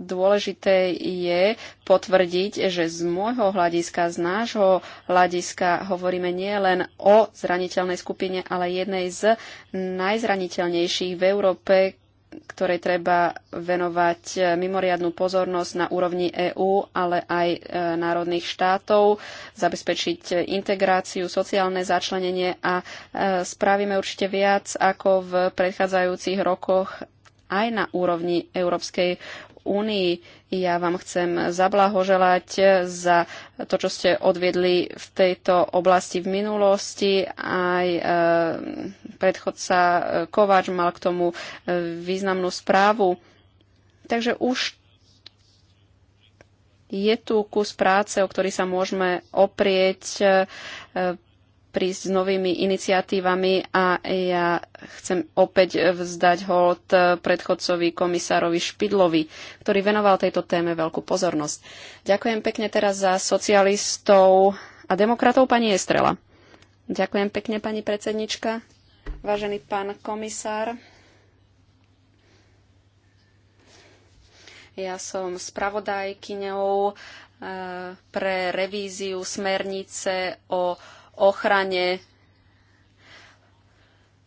dôležité je potvrdiť, že z môjho hľadiska, z nášho hľadiska hovoríme nie len o zraniteľnej skupine, ale jednej z najzraniteľnejších v Európe, ktorej treba venovať e, mimoriadnú pozornosť na úrovni EÚ, ale aj e, národných štátov, zabezpečiť e, integráciu, sociálne začlenenie a spravíme určite viac ako v predchádzajúcich rokoch aj na úrovni Európskej únii. Ja vám chcem zablahoželať za to, čo ste odviedli v tejto oblasti v minulosti. Aj e, predchodca e, Kováč mal k tomu e, významnú správu. Takže už je tu kus práce, o ktorý sa môžeme oprieť prísť s novými iniciatívami a ja chcem opäť vzdať hold predchodcovi komisárovi Špidlovi, ktorý venoval tejto téme veľkú pozornosť. Ďakujem pekne teraz za socialistov a demokratov pani Estrela. Ďakujem pekne pani predsednička, vážený pán komisár. Ja som spravodajkyňou eh, pre revíziu smernice o ochrane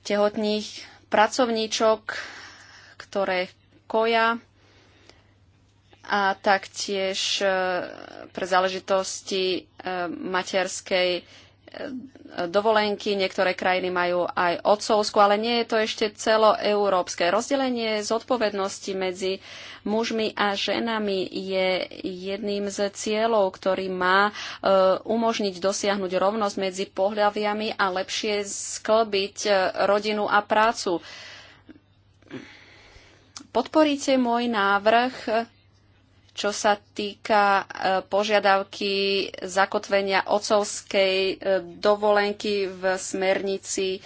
tehotných pracovníčok, ktoré koja a taktiež eh, pre záležitosti eh, materskej dovolenky, niektoré krajiny majú aj otcovskú, ale nie je to ešte celoeurópske. Rozdelenie zodpovednosti medzi mužmi a ženami je jedným z cieľov, ktorý má e, umožniť dosiahnuť rovnosť medzi pohľaviami a lepšie sklbiť e, rodinu a prácu. Podporíte môj návrh čo sa týka e, požiadavky zakotvenia ocovskej e, dovolenky v smernici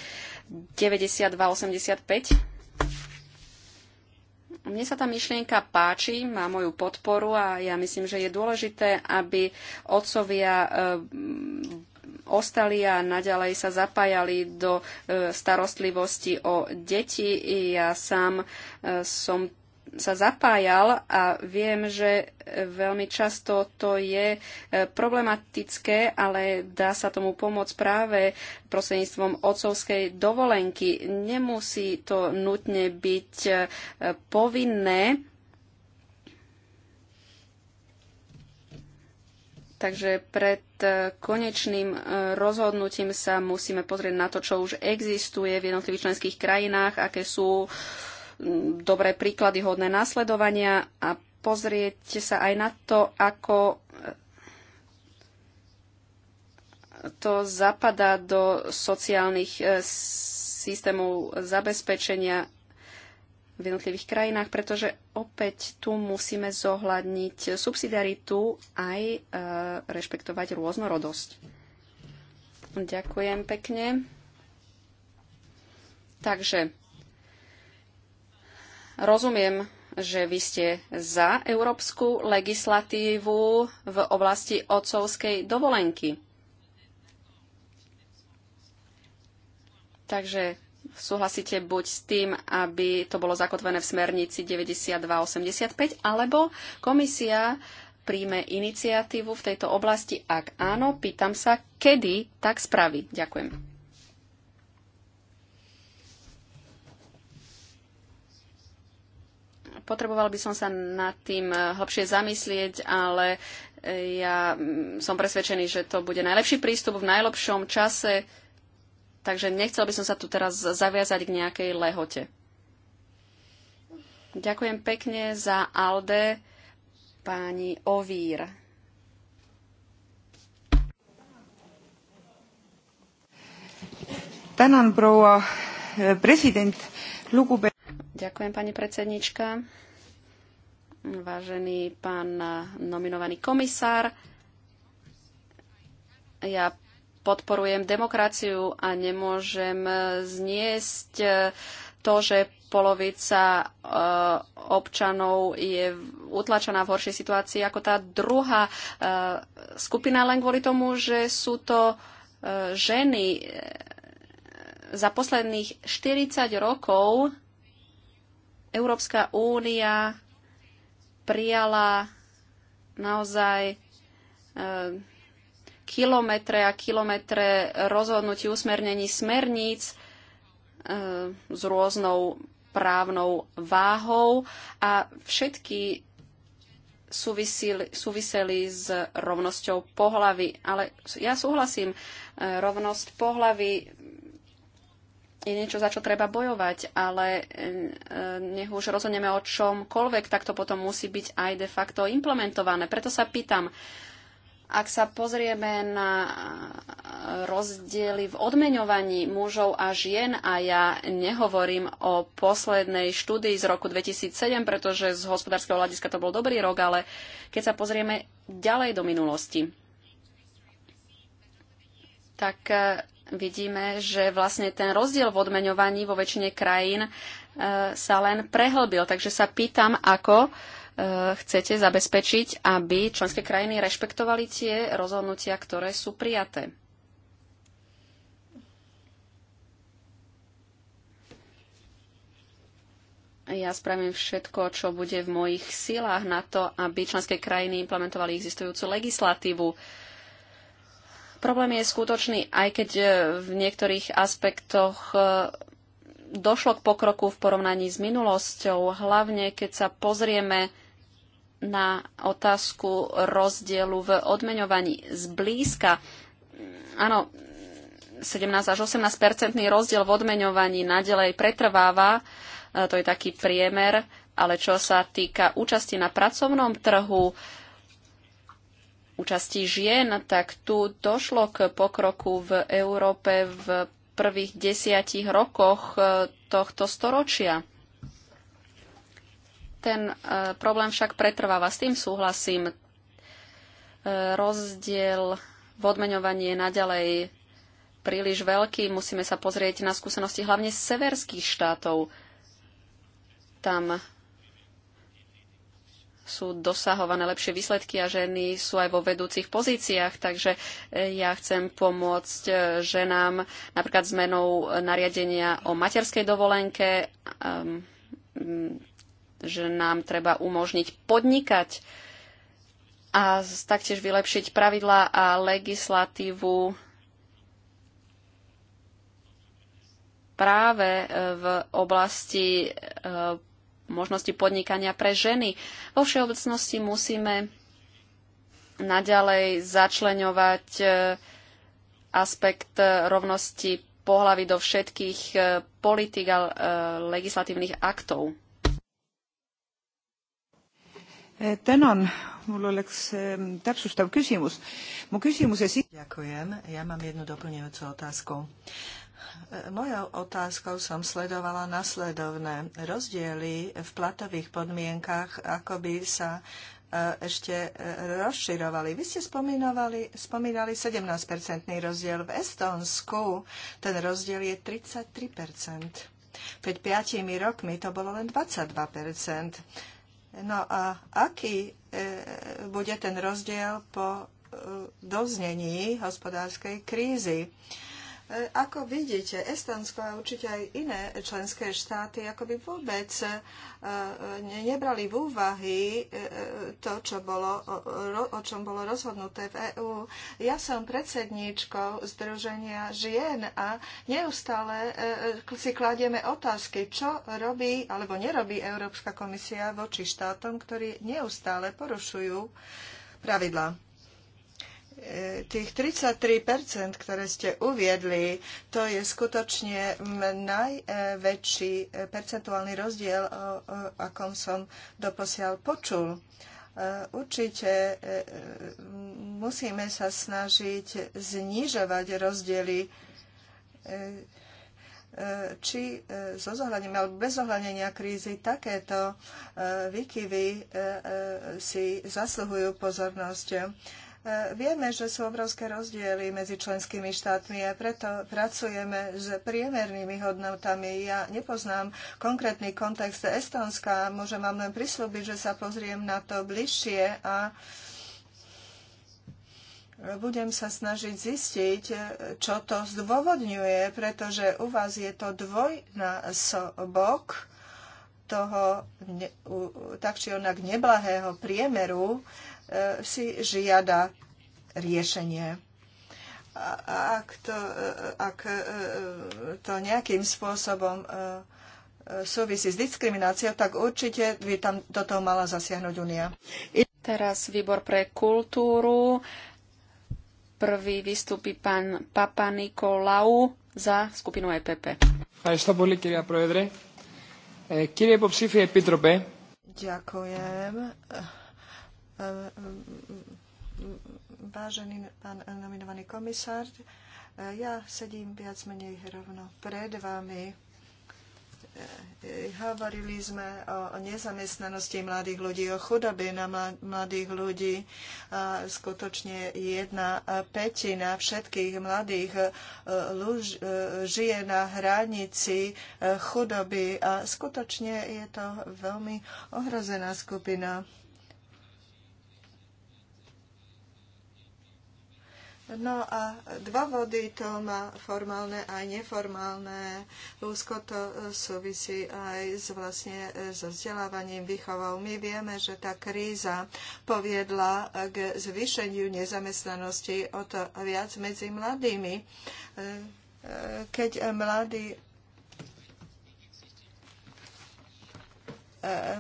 9285. Mne sa tá myšlienka páči, má moju podporu a ja myslím, že je dôležité, aby otcovia e, ostali a naďalej sa zapájali do starostlivosti o deti. Ja sám som sa zapájal a viem, že e, veľmi často to je e, problematické, ale dá sa tomu pomôcť práve prostredníctvom otcovskej dovolenky. Nemusí to nutne byť e, povinné. Takže pred konečným rozhodnutím sa musíme pozrieť na to, čo už existuje v jednotlivých členských krajinách, aké sú uh, Mm, dobré príklady hodné následovania a pozrieť sa aj na to, ako e, to zapadá do sociálnych e, systémov zabezpečenia v jednotlivých krajinách, pretože opäť tu musíme zohľadniť subsidiaritu aj e, rešpektovať rôznorodosť. Ďakujem pekne. Takže Rozumiem, že vy ste za európsku legislatívu v oblasti otcovskej dovolenky. Takže súhlasíte buď s tým, aby to bolo zakotvené v smernici 9285, alebo komisia príjme iniciatívu v tejto oblasti. Ak áno, pýtam sa, kedy tak spraví. Ďakujem. Potreboval by som sa nad tým e, hlbšie zamyslieť, ale e, ja mm, som presvedčený, že to bude najlepší prístup v najlepšom čase, takže nechcel by som sa tu teraz zaviazať k nejakej lehote. Ďakujem pekne za Alde pani Ovír. Tänan, proua e, president. Lugube... Ďakujem, pani predsednička. Vážený pán nominovaný komisár, ja podporujem demokraciu a nemôžem zniesť to, že polovica eh, občanov je utlačená v horšej situácii ako tá druhá eh, skupina len kvôli tomu, že sú to eh, ženy. Za posledných 40 rokov Európska únia prijala naozaj e, kilometre a kilometre rozhodnutí usmernení smerníc e, s rôznou právnou váhou a všetky súviseli, súviseli s rovnosťou pohlavy. Ale ja súhlasím, e, rovnosť pohlavy je niečo, za čo treba bojovať, ale nech už rozhodneme o čomkoľvek, tak to potom musí byť aj de facto implementované. Preto sa pýtam, ak sa pozrieme na rozdiely v odmeňovaní mužov a žien, a ja nehovorím o poslednej štúdii z roku 2007, pretože z hospodárskeho hľadiska to bol dobrý rok, ale keď sa pozrieme ďalej do minulosti, tak vidíme, že vlastne ten rozdiel v odmeňovaní vo väčšine krajín e, sa len prehlbil. Takže sa pýtam, ako e, chcete zabezpečiť, aby členské krajiny rešpektovali tie rozhodnutia, ktoré sú prijaté. ja spravím všetko, čo bude v mojich silách na to, aby členské krajiny implementovali existujúcu legislatívu. Problém je skutočný, aj keď e, v niektorých aspektoch e, došlo k pokroku v porovnaní s minulosťou, hlavne keď sa pozrieme na otázku rozdielu v odmeňovaní zblízka. Áno, 17 až 18 percentný rozdiel v odmeňovaní nadalej pretrváva, e, to je taký priemer, ale čo sa týka účasti na pracovnom trhu, účasti žien, tak tu došlo k pokroku v Európe v prvých desiatich rokoch e, tohto storočia. Ten e, problém však pretrváva, s tým súhlasím. E, rozdiel v odmeňovaní je naďalej príliš veľký. Musíme sa pozrieť na skúsenosti hlavne severských štátov. Tam sú dosahované lepšie výsledky a ženy sú aj vo vedúcich pozíciách, takže e, ja chcem pomôcť e, ženám napríklad zmenou nariadenia o materskej dovolenke, ehm, že nám treba umožniť podnikať a taktiež vylepšiť pravidlá a legislatívu práve e, v oblasti možnosti podnikania pre ženy. Vo všeobecnosti musíme naďalej začleňovať e, aspekt e, rovnosti pohlavy do všetkých e, politik a legislatívnych aktov. Tenon, oleks täpsustav küsimus. Mu küsimuse Ďakujem. Ja mám jednu doplňujúcu otázku. Mojou otázkou som sledovala nasledovné rozdiely v platových podmienkach, ako by sa e, ešte e, rozširovali. Vy ste spomínali, 17-percentný rozdiel. V Estonsku ten rozdiel je 33 Pred piatimi rokmi to bolo len 22 No a aký e, bude ten rozdiel po doznení hospodárskej krízy? E, ako vidíte, Estonsko a určite aj iné členské štáty ako by vôbec e, nebrali v úvahy e, to, čo bolo, o čom bolo rozhodnuté v EÚ. Ja som predsedníčkou Združenia žien a neustále si kladieme otázky, čo robí alebo nerobí Európska komisia voči štátom, ktorí neustále porušujú pravidlá tých 33%, ktoré ste uviedli, to je skutočne najväčší percentuálny rozdiel, o akom som doposiaľ počul. E, určite e, musíme sa snažiť znižovať rozdiely e, či so zohľadením alebo bez ohľadenia krízy takéto výkyvy si zasluhujú pozornosť E, vieme, že sú obrovské rozdiely medzi členskými štátmi a preto pracujeme s priemernými hodnotami. Ja nepoznám konkrétny kontext Estónska, môžem vám len prislúbiť, že sa pozriem na to bližšie a budem sa snažiť zistiť, čo to zdôvodňuje, pretože u vás je to dvojnásobok toho tak či onak neblahého priemeru, E, si žiada riešenie. A ak to, e, ak e, to nejakým spôsobom súvisí s diskrimináciou, tak určite by tam do toho mala zasiahnuť Unia. Teraz výbor pre kultúru. Prvý vystúpi pán Papa Nikolau za skupinu EPP. Ďakujem. Vážený pán nominovaný komisár, ja sedím viac menej rovno pred vami. Hovorili sme o nezamestnanosti mladých ľudí, o chudobe na mladých ľudí. skutočne jedna petina všetkých mladých e, e, žije na hranici e, chudoby a skutočne je to veľmi ohrozená skupina No a dôvody to má formálne aj neformálne. Úzko to e, súvisí aj s, vlastne, e, so vzdelávaním výchovou. My vieme, že tá kríza poviedla e, k zvýšeniu nezamestnanosti o to viac medzi mladými. Keď mladí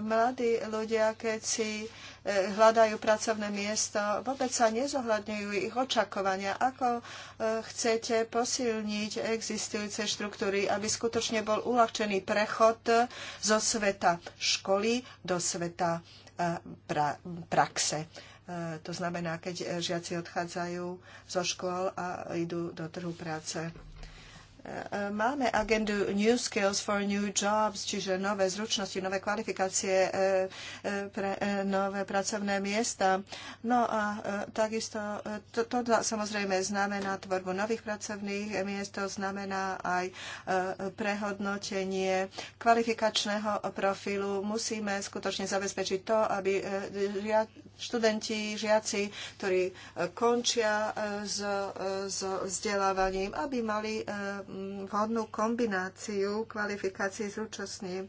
mladí ľudia, keď si E, hľadajú pracovné miesto, vôbec sa nezohľadňujú ich očakovania. Ako e, chcete posilniť existujúce štruktúry, aby skutočne bol uľahčený prechod zo sveta školy do sveta e, pra- praxe. To znamená, keď žiaci odchádzajú zo škôl a idú do trhu práce. E, máme agendu New Skills for New Jobs, čiže nové zručnosti, nové kvalifikácie e, e, pre nové pracovné miesta. No a takisto to, to samozrejme znamená tvorbu nových pracovných miest, to znamená aj prehodnotenie kvalifikačného profilu. Musíme skutočne zabezpečiť to, aby študenti, žiaci, ktorí e, končia e, s, e, s vzdelávaním, aby mali vhodnú kombináciu kvalifikácií zúčastní.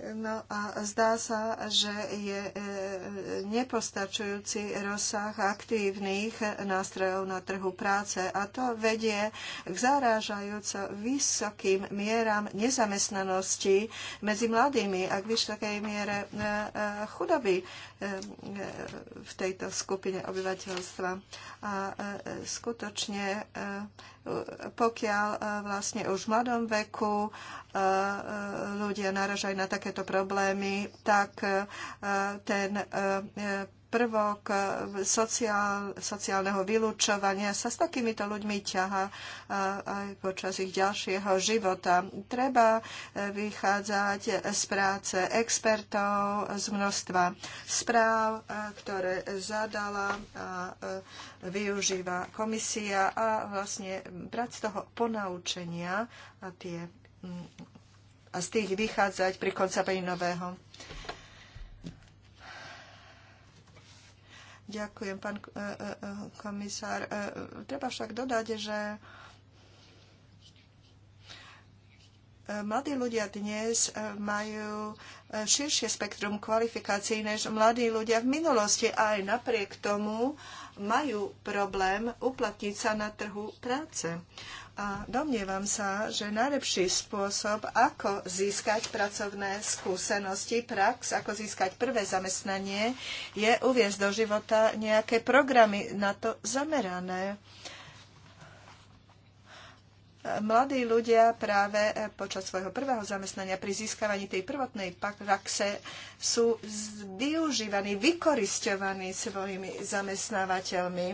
No a zdá sa, že je nepostačujúci rozsah aktívnych nástrojov na trhu práce a to vedie k zarážajúco vysokým mieram nezamestnanosti medzi mladými a k vysokej miere chudoby v tejto skupine obyvateľstva. A e, skutočne, e, pokiaľ e, vlastne už v mladom veku ľudia naražajú na takéto problémy, tak ten prvok eh, sociál, sociálneho vylúčovania sa s takýmito ľuďmi ťaha eh, aj počas ich ďalšieho života. Treba eh, vychádzať z práce expertov, z množstva správ, ktoré zadala a využíva komisia a vlastne brať z toho ponaučenia a, tie, mm, a z tých vychádzať pri koncepení nového Ďakujem, pán e, e, e, komisár. Treba však dodať, že mladí ľudia dnes majú širšie spektrum kvalifikácií než mladí ľudia v minulosti a aj napriek tomu majú problém uplatniť sa na trhu práce. A domnievam sa, že najlepší spôsob, ako získať pracovné skúsenosti, prax, ako získať prvé zamestnanie, je uviezť do života nejaké programy na to zamerané. Mladí ľudia práve počas svojho prvého zamestnania pri získavaní tej prvotnej praxe sú využívaní, vykoristovaní svojimi zamestnávateľmi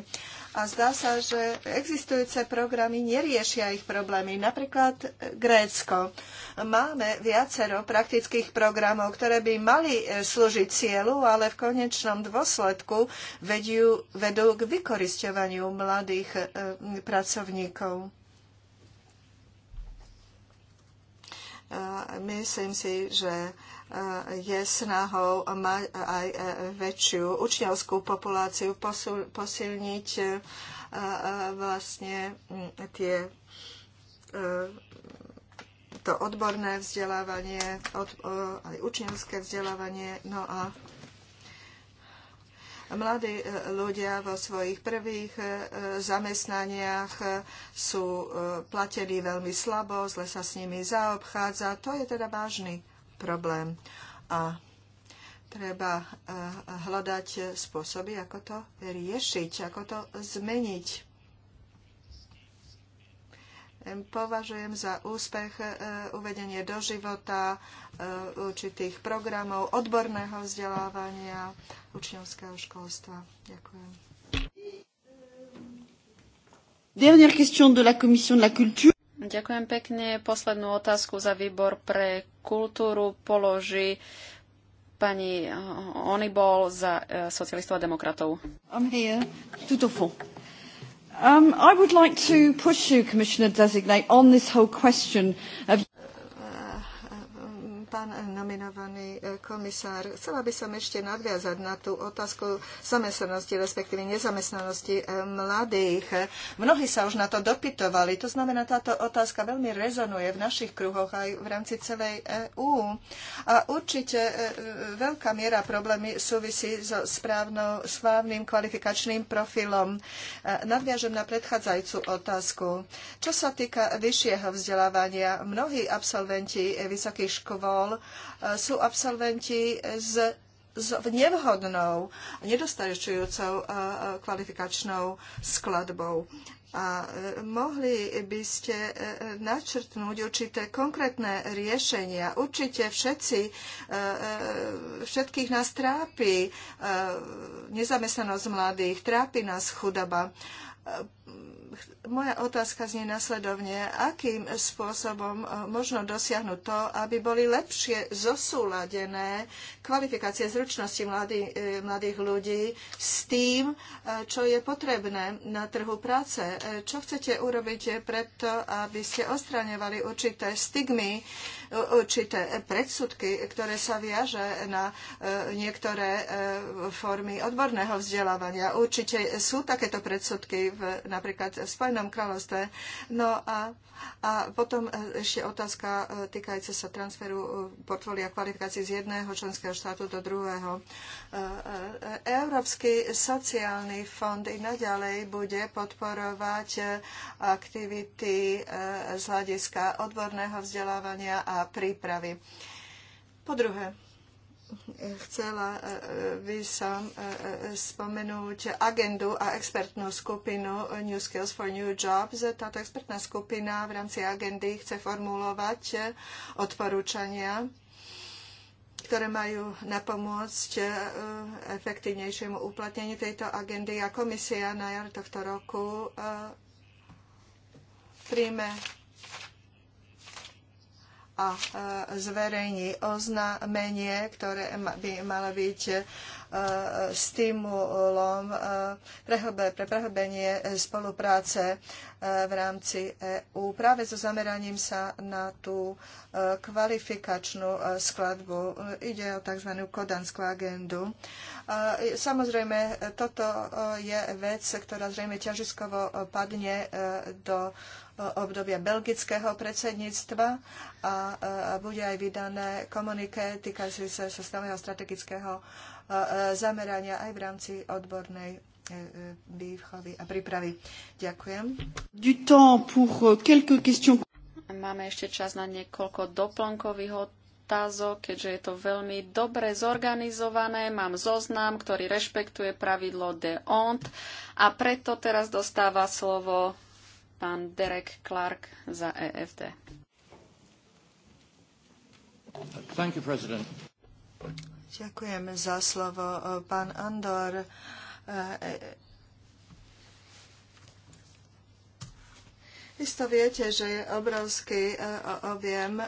a zdá sa, že existujúce programy neriešia ich problémy. Napríklad Grécko. Máme viacero praktických programov, ktoré by mali e, slúžiť cieľu, ale v konečnom dôsledku vedú, vedú k vykoristovaniu mladých e, pracovníkov. A myslím si, že je snahou mať aj e, väčšiu učňovskú populáciu, posilniť e, vlastne tie e, to odborné vzdelávanie, aj učňovské vzdelávanie. No a mladí ľudia vo svojich prvých zamestnaniach sú platení veľmi slabo, zle sa s nimi zaobchádza. To je teda vážny problém a treba eh, hľadať spôsoby, ako to riešiť, ako to zmeniť. Považujem za úspech eh, uvedenie do života eh, určitých programov odborného vzdelávania učňovského školstva. Ďakujem. Dernière question de la Commission de la Culture. Ďakujem pekne. Poslednú otázku za výbor pre kultúru položí pani Onibol za e, socialistov a demokratov. I'm here. Tout au fond. Um, I would like to push you, Commissioner Designate, on this whole question of pán nominovaný e, komisár, chcela by som ešte nadviazať na tú otázku zamestnanosti, respektíve nezamestnanosti e, mladých. Mnohí sa už na to dopytovali. To znamená, táto otázka veľmi rezonuje v našich kruhoch aj v rámci celej EÚ. A určite e, veľká miera problémy súvisí so správnou, správnym kvalifikačným profilom. Nadviažem na predchádzajúcu otázku. Čo sa týka vyššieho vzdelávania, mnohí absolventi vysokých škôl škôl e, sú absolventi z s nevhodnou, nedostarečujúcou e, e, kvalifikačnou skladbou. A mohli by ste načrtnúť určité konkrétne riešenia. Určite všetci, všetkých nás trápi nezamestnanosť mladých, trápi nás chudoba moja otázka znie nasledovne, akým spôsobom e, možno dosiahnuť to, aby boli lepšie zosúladené kvalifikácie zručnosti mladý, e, mladých ľudí s tým, e, čo je potrebné na trhu práce. Čo chcete urobiť preto, aby ste ostraňovali určité stigmy, určité predsudky, ktoré sa viaže na niektoré formy odborného vzdelávania. Určite sú takéto predsudky v, na napríklad v Spojenom kráľovstve. No a, a potom e, ešte otázka e, týkajúca sa transferu e, portfólia kvalifikácií z jedného členského štátu do druhého. Európsky sociálny fond i naďalej bude podporovať aktivity z hľadiska odborného vzdelávania a prípravy. Po druhé, chcela e, e, by som e, spomenúť agendu a expertnú skupinu New Skills for New Jobs. Táto expertná skupina v rámci agendy chce formulovať odporúčania ktoré majú napomôcť efektívnejšiemu uplatneniu tejto agendy a komisia na jar tohto roku príjme a e, zverejní oznámenie, ktoré by malo byť e, stimulom e, pre prehlbenie spolupráce v rámci EÚ práve so zameraním sa na tú kvalifikačnú skladbu. Ide o tzv. kodanskú agendu. Samozrejme, toto je vec, ktorá zrejme ťažiskovo padne do obdobia belgického predsedníctva a bude aj vydané komuniké týkajúce sa sústavného strategického zamerania aj v rámci odbornej e, e, výchovy a prípravy. Ďakujem. Du temps pour euh, quelques questions. Máme ešte čas na niekoľko doplnkových otázok, keďže je to veľmi dobre zorganizované. Mám zoznam, ktorý rešpektuje pravidlo de ont a preto teraz dostáva slovo pán Derek Clark za EFD. You, Ďakujem za slovo, pán Andor. Isto viete, že je obrovský e, objem e,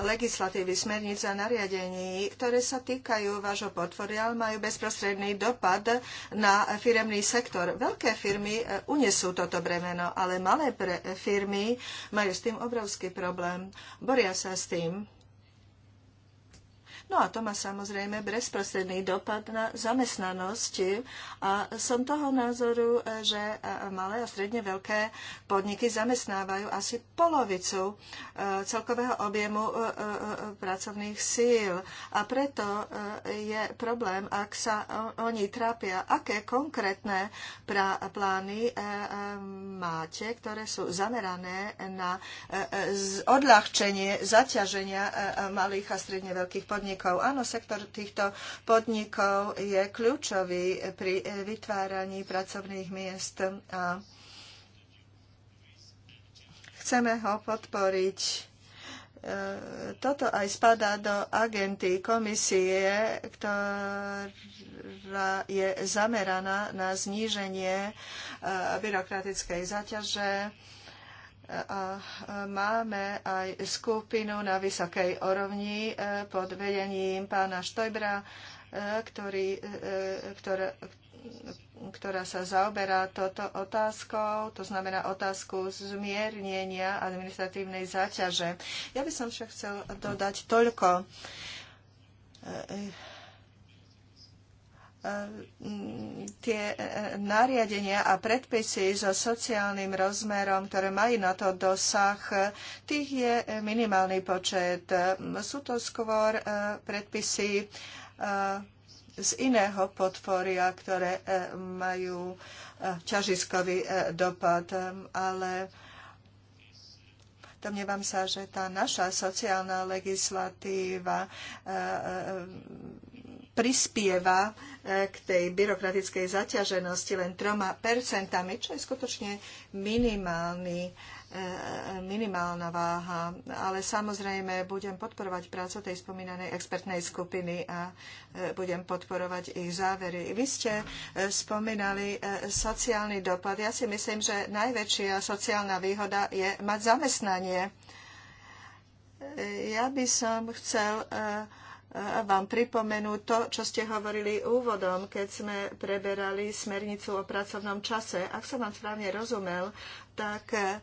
legislatívy, smerníc a nariadení, ktoré sa týkajú vášho portfória, ale majú bezprostredný dopad na firemný sektor. Veľké firmy e, unesú toto bremeno, ale malé firmy majú s tým obrovský problém. Boria sa s tým. No a to má samozrejme bezprostredný dopad na zamestnanosť a som toho názoru, že e, malé a stredne veľké podniky zamestnávajú asi polovicu e, celkového objemu e, pracovných síl a preto je problém, ak sa oni trápia, aké konkrétne plány máte, ktoré sú zamerané na odľahčenie zaťaženia malých a stredne veľkých podnikov podnikov. Áno, sektor týchto podnikov je kľúčový pri eh, vytváraní pracovných miest a chceme ho podporiť eh, toto aj spadá do agenty komisie, ktorá je zameraná na zníženie eh, byrokratickej zaťaže a máme aj skupinu na vysokej úrovni e, pod vedením pána Štojbra, e, ktorý, e, ktorá, ktorá sa zaoberá toto otázkou, to znamená otázku zmiernenia administratívnej záťaže. Ja by som však chcel dodať toľko tie e, e, nariadenia a predpisy so sociálnym rozmerom, ktoré majú na to dosah, tých je minimálny počet. Sú to skôr e, predpisy z iného podporia, ktoré majú ťažiskový dopad, ale Domnievam sa, že tá naša sociálna legislatíva prispieva e, k tej byrokratickej zaťaženosti len troma percentami, čo je skutočne minimálny, e, minimálna váha. Ale samozrejme budem podporovať prácu tej spomínanej expertnej skupiny a e, budem podporovať ich závery. Vy ste spomínali sociálny dopad. Ja si myslím, že najväčšia sociálna výhoda je mať zamestnanie. Ja by som chcel vám pripomenú to, čo ste hovorili úvodom, keď sme preberali smernicu o pracovnom čase. Ak som vám správne rozumel, tak eh,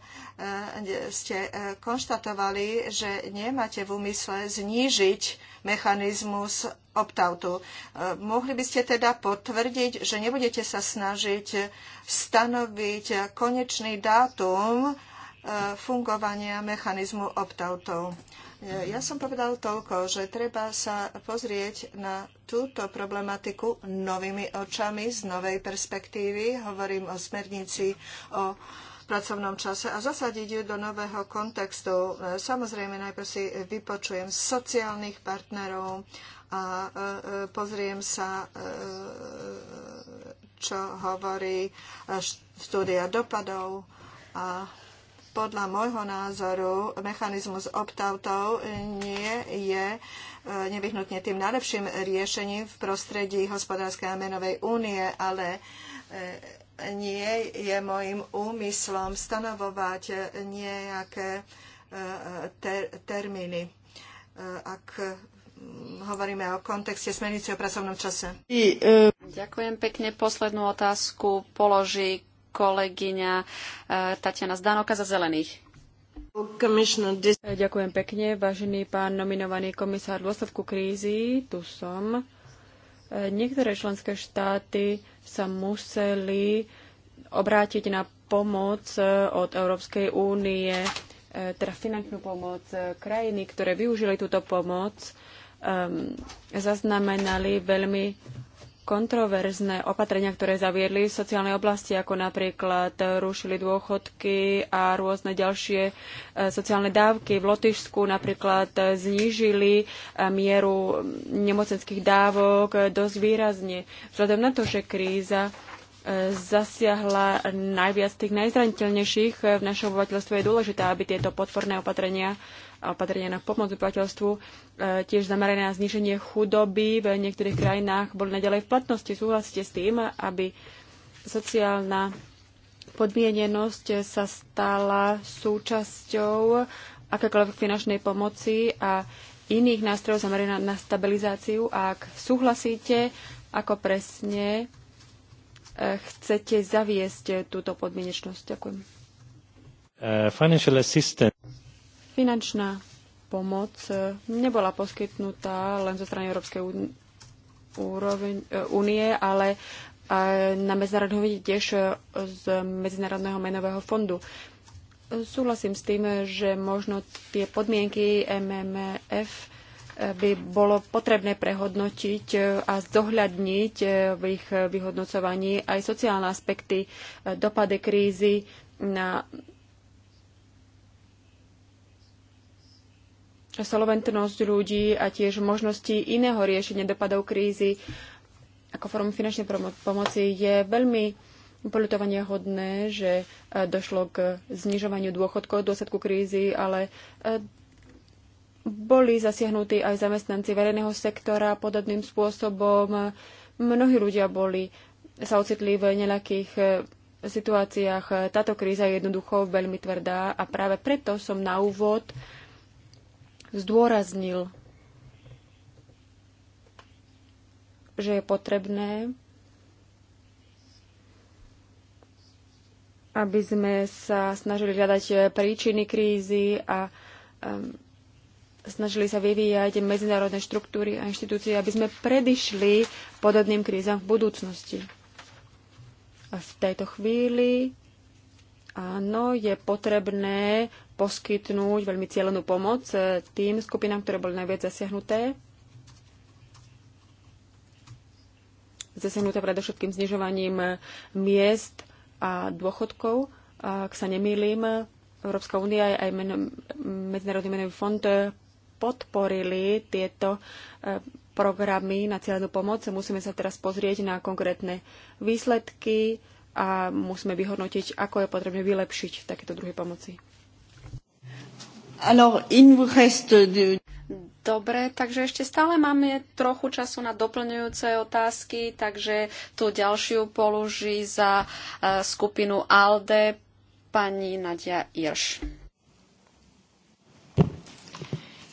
ste eh, konštatovali, že nemáte v úmysle znížiť mechanizmus opt-outu. Eh, mohli by ste teda potvrdiť, že nebudete sa snažiť stanoviť konečný dátum fungovania mechanizmu opt outu Eh, ja som povedal toľko, že treba sa pozrieť na túto problematiku novými očami, z novej perspektívy. Hovorím o smernici, o pracovnom čase a zasadiť ju do nového kontextu. Eh, samozrejme, najprv si vypočujem sociálnych partnerov a eh, pozriem sa, čo hovorí štúdia dopadov a podľa môjho názoru mechanizmus opt-outov nie je e, nevyhnutne tým najlepším riešením v prostredí hospodárskej a menovej únie, ale e, nie je môjim úmyslom stanovovať nejaké e, ter- termíny. Ak hovoríme o kontexte smernice o pracovnom čase. Ďakujem pekne. Poslednú otázku položí kolegyňa e, Tatiana Zdanoka za zelených. E, ďakujem pekne, vážený pán nominovaný komisár. V dôsledku krízy, tu som, e, niektoré členské štáty sa museli obrátiť na pomoc od Európskej únie, teda finančnú pomoc. Krajiny, ktoré využili túto pomoc, zaznamenali veľmi kontroverzné opatrenia, ktoré zaviedli v sociálnej oblasti, ako napríklad rušili dôchodky a rôzne ďalšie e, sociálne dávky. V Lotyšsku napríklad znížili e, mieru nemocenských dávok dosť výrazne. Vzhľadom na to, že kríza e, zasiahla najviac tých najzraniteľnejších v našom obyvateľstve, je dôležité, aby tieto podporné opatrenia a opatrenia na pomoc obyvateľstvu, e, tiež zamerané na zníženie chudoby v niektorých krajinách boli naďalej v platnosti. Súhlasíte s tým, aby sociálna podmienenosť sa stala súčasťou akékoľvek finančnej pomoci a iných nástrojov zameraných na stabilizáciu. A ak súhlasíte, ako presne e, chcete zaviesť túto podmienečnosť? Ďakujem. Uh, Finančná pomoc e, nebola poskytnutá len zo strany Európskej e, únie, ale e, na medzinárodnú vidí tiež z Medzinárodného menového fondu. Súhlasím s tým, že možno tie podmienky MMF by bolo potrebné prehodnotiť a zohľadniť v ich vyhodnocovaní aj sociálne aspekty, dopady krízy na solventnosť ľudí a tiež možnosti iného riešenia dopadov krízy ako formu finančnej pomoci je veľmi politovanie hodné, že e, došlo k znižovaniu dôchodkov v dôsledku krízy, ale e, boli zasiahnutí aj zamestnanci verejného sektora podobným spôsobom. Mnohí ľudia boli, sa ocitli v nejakých e, situáciách táto kríza je jednoducho veľmi tvrdá a práve preto som na úvod zdôraznil, že je potrebné, aby sme sa snažili hľadať príčiny krízy a um, snažili sa vyvíjať medzinárodné štruktúry a inštitúcie, aby sme predišli podobným krízam v budúcnosti. A v tejto chvíli Áno, je potrebné poskytnúť veľmi cieľenú pomoc eh, tým skupinám, ktoré boli najviac zasiahnuté. Zasiahnuté predovšetkým znižovaním eh, miest a dôchodkov. Ak sa nemýlim, Európska únia aj Medzinárodný menový fond eh, podporili tieto programy na cieľenú pomoc. Musíme sa teraz pozrieť na konkrétne výsledky a musíme vyhodnotiť, ako je potrebné vylepšiť takéto druhy pomoci. Dobre, takže ešte stále máme trochu času na doplňujúce otázky, takže tú ďalšiu položí za e, skupinu ALDE pani Nadia Irš.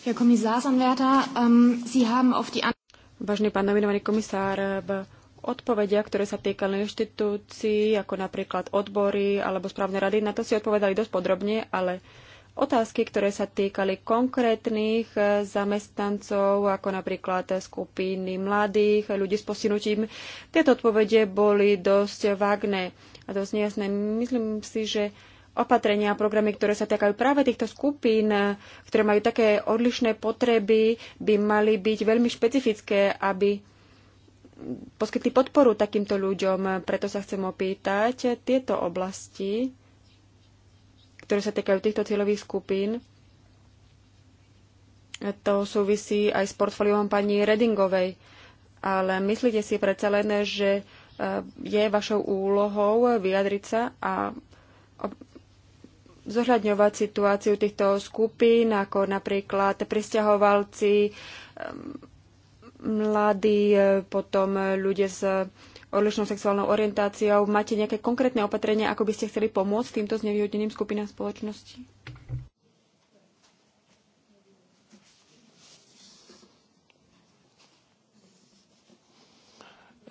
Herr Kommissarsanwärter, ähm, Sie haben auf die Vážený pán nominovaný komisár, v odpovedia, ktoré sa týkali inštitúcií, ako napríklad odbory alebo správne rady. Na to si odpovedali dosť podrobne, ale otázky, ktoré sa týkali konkrétnych eh, zamestnancov, ako napríklad skupiny mladých, ľudí s postihnutím. Tieto odpovede boli dosť vágne a dosť nejasné. Myslím si, že opatrenia a programy, ktoré sa týkajú práve týchto skupín, eh, ktoré majú také odlišné potreby, by mali byť veľmi špecifické, aby poskytli podporu takýmto ľuďom. Preto sa chcem opýtať, tieto oblasti, ktoré sa týkajú týchto cieľových skupín, to súvisí aj s portfóliom pani Redingovej. Ale myslíte si predsa len, že e, je vašou úlohou vyjadriť sa a zohľadňovať situáciu týchto skupín, ako napríklad pristahovalci, mladí, e, potom ľudia s odlišnou sexuálnou orientáciou. Máte nejaké konkrétne opatrenia, ako by ste chceli pomôcť týmto znevýhodneným skupinám spoločnosti?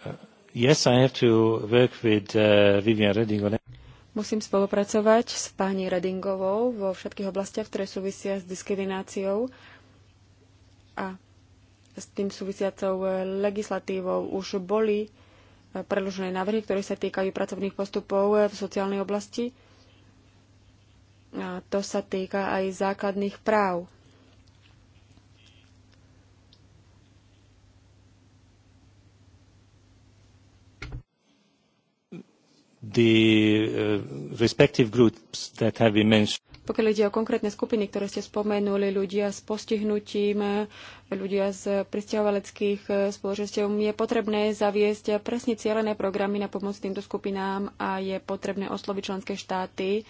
Uh, yes, I have to work with uh, Vivian Redding Musím spolupracovať s pani Redingovou vo všetkých oblastiach, ktoré súvisia s diskrimináciou. A s tým súvisiacou e, legislatívou. Už boli e, predložené návrhy, ktoré sa týkajú pracovných postupov e, v sociálnej oblasti. A to sa týka aj základných práv. The uh, respective groups that have been mentioned pokiaľ ide o konkrétne skupiny, ktoré ste spomenuli, ľudia s postihnutím, ľudia z pristahovaleckých spoločenstiev, je potrebné zaviesť presne cieľené programy na pomoc týmto skupinám a je potrebné osloviť členské štáty,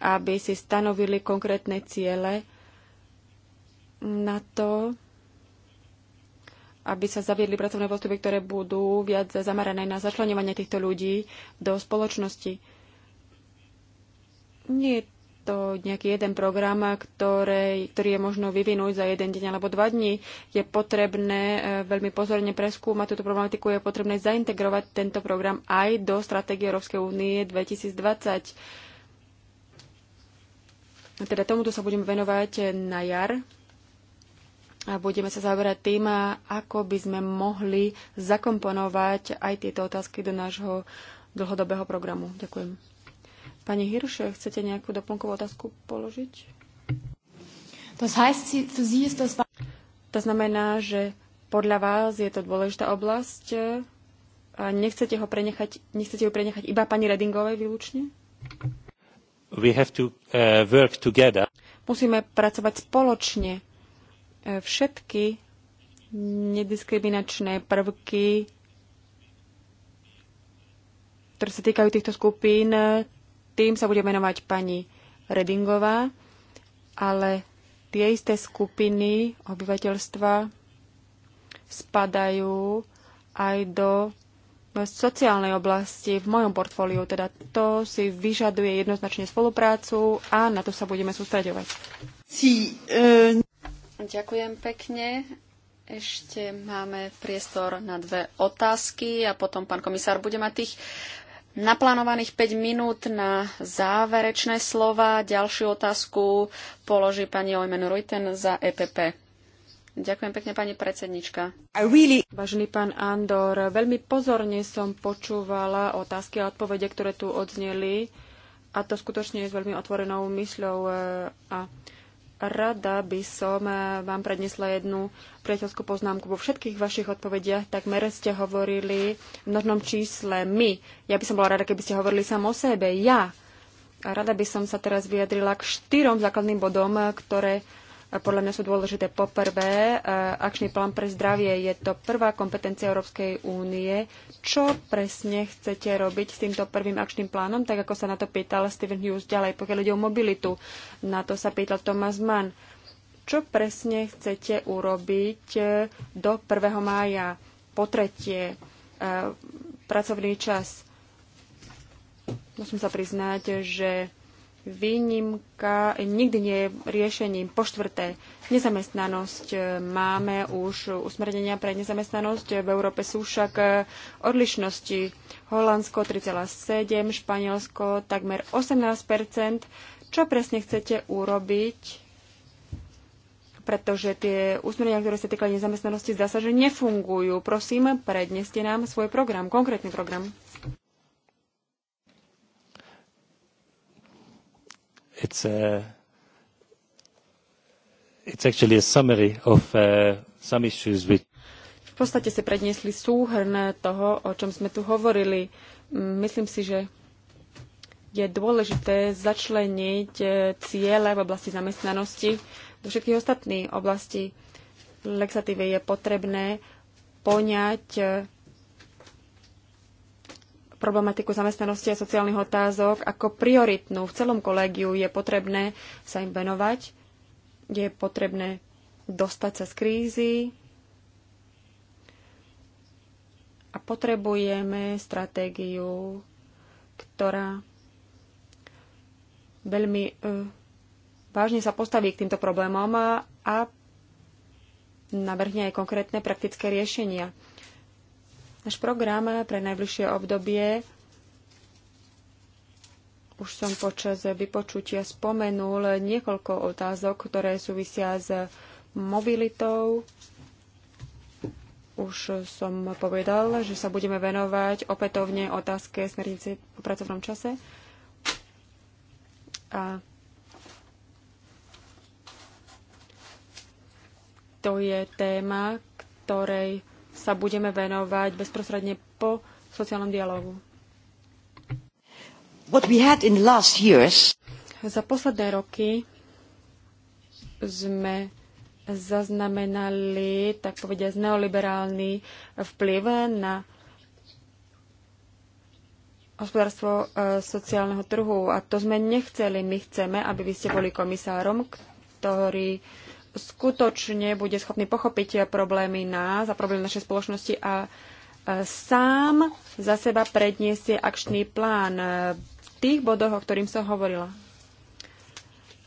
aby si stanovili konkrétne ciele na to, aby sa zaviedli pracovné postupy, ktoré budú viac zamerané na začlenovanie týchto ľudí do spoločnosti. Nie je to nejaký jeden program, ktorý, ktorý je možno vyvinúť za jeden deň alebo dva dní. Je potrebné e, veľmi pozorne preskúmať túto problematiku, je potrebné zaintegrovať tento program aj do stratégie Európskej únie 2020. Teda tomuto sa budeme venovať na jar a budeme sa zaoberať tým, ako by sme mohli zakomponovať aj tieto otázky do nášho dlhodobého programu. Ďakujem. Pani Hirš, chcete nejakú doplnkovú otázku položiť? Das heißt, sie, für sie ist das... To znamená, že podľa vás je to dôležitá oblasť a nechcete, ho prenechať, nechcete ju prenechať iba pani Redingovej výlučne? We have to, uh, work together. Musíme pracovať spoločne. E, všetky nediskriminačné prvky, ktoré sa týkajú týchto skupín, tým sa bude menovať pani Redingová, ale tie isté skupiny obyvateľstva spadajú aj do sociálnej oblasti v mojom portfóliu. Teda to si vyžaduje jednoznačne spoluprácu a na to sa budeme sústreďovať. Sí, e... Ďakujem pekne. Ešte máme priestor na dve otázky a potom pán komisár bude mať tých naplánovaných 5 minút na záverečné slova. Ďalšiu otázku položí pani Ojmen Rujten za EPP. Ďakujem pekne, pani predsednička. Really... Vážený pán Andor, veľmi pozorne som počúvala otázky a odpovede, ktoré tu odzneli a to skutočne je s veľmi otvorenou mysľou e, a Rada by som eh, vám prednesla jednu priateľskú poznámku. Vo všetkých vašich odpovediach takmer ste hovorili v množnom čísle my. Ja by som bola rada, keby ste hovorili sám o sebe. Ja. A rada by som sa teraz vyjadrila k štyrom základným bodom, eh, ktoré podľa mňa sú dôležité. Poprvé, e, akčný plán pre zdravie je to prvá kompetencia Európskej únie. Čo presne chcete robiť s týmto prvým akčným plánom, tak ako sa na to pýtal Steven Hughes ďalej, pokiaľ ide o mobilitu. Na to sa pýtal Thomas Mann. Čo presne chcete urobiť e, do 1. mája? Po tretie, e, pracovný čas. Musím sa priznať, že Výnimka nikdy nie je riešením. Po štvrté, nezamestnanosť. Máme už usmernenia pre nezamestnanosť. V Európe sú však odlišnosti. Holandsko 3,7, Španielsko takmer 18 Čo presne chcete urobiť? Pretože tie usmernenia, ktoré sa týkajú nezamestnanosti, zdá sa, že nefungujú. Prosím, predneste nám svoj program, konkrétny program. it's a it's actually a summary of uh, some issues which v podstate ste predniesli súhrn toho, o čom sme tu hovorili. Myslím si, že je dôležité začleniť eh, ciele v oblasti zamestnanosti do všetkých ostatných oblastí legislatívy. Je potrebné poňať eh, problematiku zamestnanosti a sociálnych otázok ako prioritnú. V celom kolégiu je potrebné sa im venovať, je potrebné dostať sa z krízy a potrebujeme stratégiu, ktorá veľmi uh, vážne sa postaví k týmto problémom a, a navrhne aj konkrétne praktické riešenia. Náš program pre najbližšie obdobie už som počas vypočutia spomenul niekoľko otázok, ktoré súvisia s mobilitou. Už som povedal, že sa budeme venovať opätovne otázke smernice o pracovnom čase. A to je téma, ktorej sa budeme venovať bezprostredne po sociálnom dialogu. What we had in last years... Za posledné roky sme zaznamenali, tak povediať, neoliberálny vplyv na hospodárstvo e, sociálneho trhu. A to sme nechceli. My chceme, aby vy ste boli komisárom, ktorý skutočne bude schopný pochopiť problémy nás a problémy našej spoločnosti a e, sám za seba predniesie akčný plán e, v tých bodoch, o ktorým som hovorila.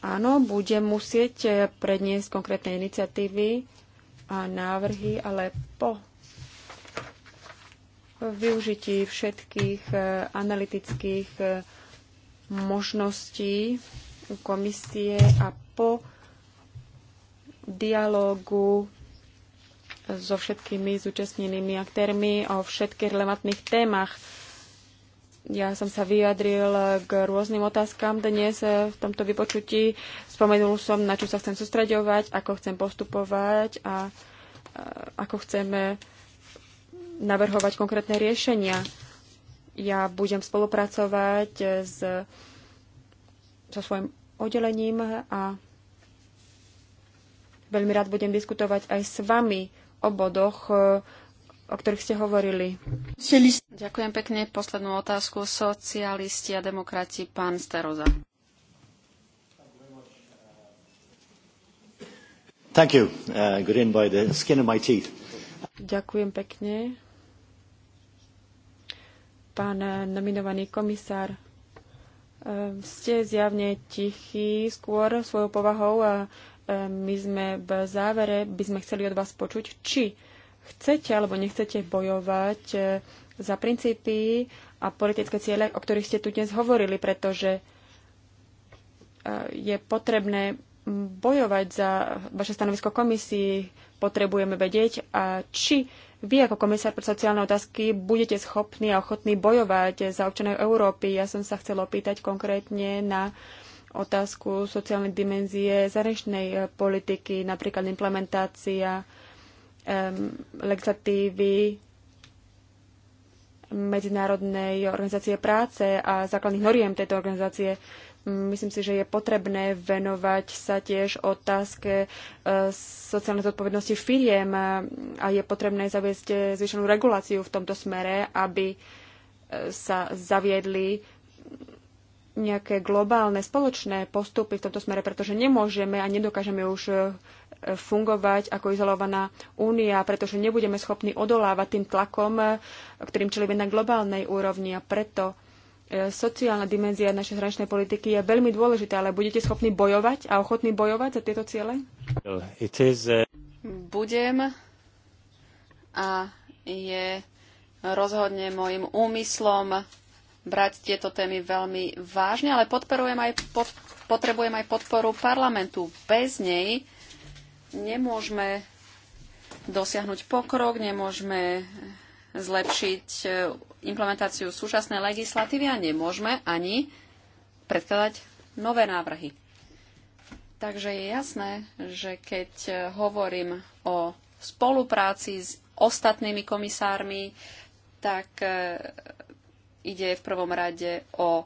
Áno, bude musieť e, predniesť konkrétne iniciatívy a návrhy, ale po využití všetkých analytických možností komisie a po dialógu so všetkými zúčastnenými aktérmi o všetkých relevantných témach. Ja som sa vyjadril k rôznym otázkam dnes v tomto vypočutí. Spomenul som, na čo sa chcem sústraďovať, ako chcem postupovať a ako chceme navrhovať konkrétne riešenia. Ja budem spolupracovať s, so svojim oddelením a Veľmi rád budem diskutovať aj s vami o bodoch, e, o ktorých ste hovorili. Ďakujem pekne. Poslednú otázku socialisti a demokrati, pán Steroza. Thank you. Uh, good in by the skin of my teeth. Ďakujem pekne. Pán nominovaný komisár, e, ste zjavne tichý skôr svojou povahou a E, my sme v závere by sme chceli od vás počuť, či chcete alebo nechcete bojovať e, za princípy a politické ciele, o ktorých ste tu dnes hovorili, pretože e, je potrebné bojovať za vaše stanovisko komisii, potrebujeme vedieť, a či vy ako komisár pre sociálne otázky budete schopní a ochotní bojovať za občanov Európy. Ja som sa chcela opýtať konkrétne na uh, otázku sociálnej dimenzie zahraničnej eh, politiky, napríklad implementácia um, legislatívy Medzinárodnej organizácie práce a základných noriem tejto organizácie. Mm, myslím si, že je potrebné venovať sa tiež otázke eh, sociálnej zodpovednosti firiem a je potrebné zaviesť eh, zvýšenú reguláciu v tomto smere, aby sa zaviedli nejaké globálne spoločné postupy v tomto smere, pretože nemôžeme a nedokážeme už e, fungovať ako izolovaná únia, pretože nebudeme schopní odolávať tým tlakom, e, ktorým čelíme na globálnej úrovni a preto e, sociálna dimenzia našej zraničnej politiky je veľmi dôležitá, ale budete schopní bojovať a ochotní bojovať za tieto ciele? Is, Budem a je rozhodne môjim úmyslom brať tieto témy veľmi vážne, ale podporujem aj pod, potrebujem aj podporu parlamentu. Bez nej nemôžeme dosiahnuť pokrok, nemôžeme zlepšiť e, implementáciu súčasnej legislatívy a nemôžeme ani predkladať nové návrhy. Takže je jasné, že keď e, hovorím o spolupráci s ostatnými komisármi, tak e, ide v prvom rade o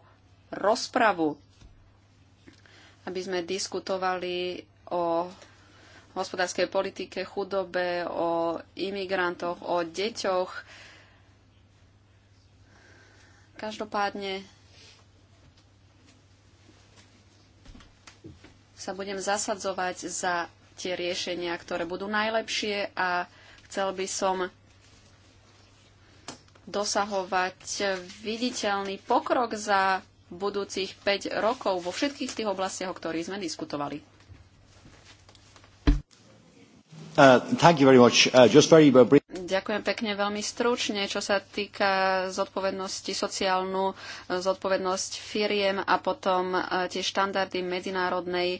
rozpravu, aby sme diskutovali o hospodárskej politike, chudobe, o imigrantoch, o deťoch. Každopádne sa budem zasadzovať za tie riešenia, ktoré budú najlepšie a chcel by som dosahovať viditeľný pokrok za budúcich 5 rokov vo všetkých tých oblastiach, o ktorých sme diskutovali. Uh, thank you very much. Uh, just very brief... Ďakujem pekne veľmi stručne, čo sa týka zodpovednosti sociálnu, e, zodpovednosť firiem a potom e, tie štandardy Medzinárodnej e,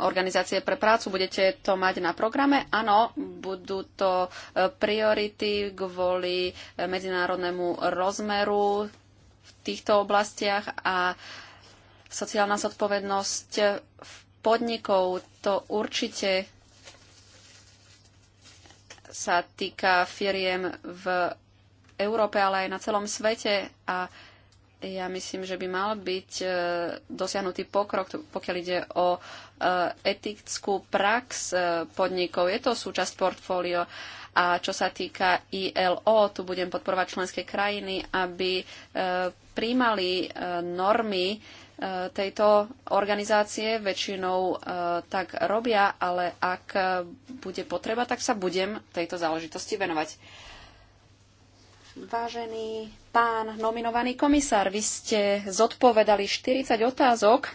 organizácie pre prácu. Budete to mať na programe? Áno, budú to priority kvôli medzinárodnému rozmeru v týchto oblastiach a sociálna zodpovednosť v podnikov to určite sa týka firiem v Európe, ale aj na celom svete a ja myslím, že by mal byť e, dosiahnutý pokrok, pokiaľ ide o e, etickú prax e, podnikov. Je to súčasť portfólio. A čo sa týka ILO, tu budem podporovať členské krajiny, aby príjmali normy, tejto organizácie väčšinou e, tak robia, ale ak bude potreba, tak sa budem tejto záležitosti venovať. Vážený pán nominovaný komisár, vy ste zodpovedali 40 otázok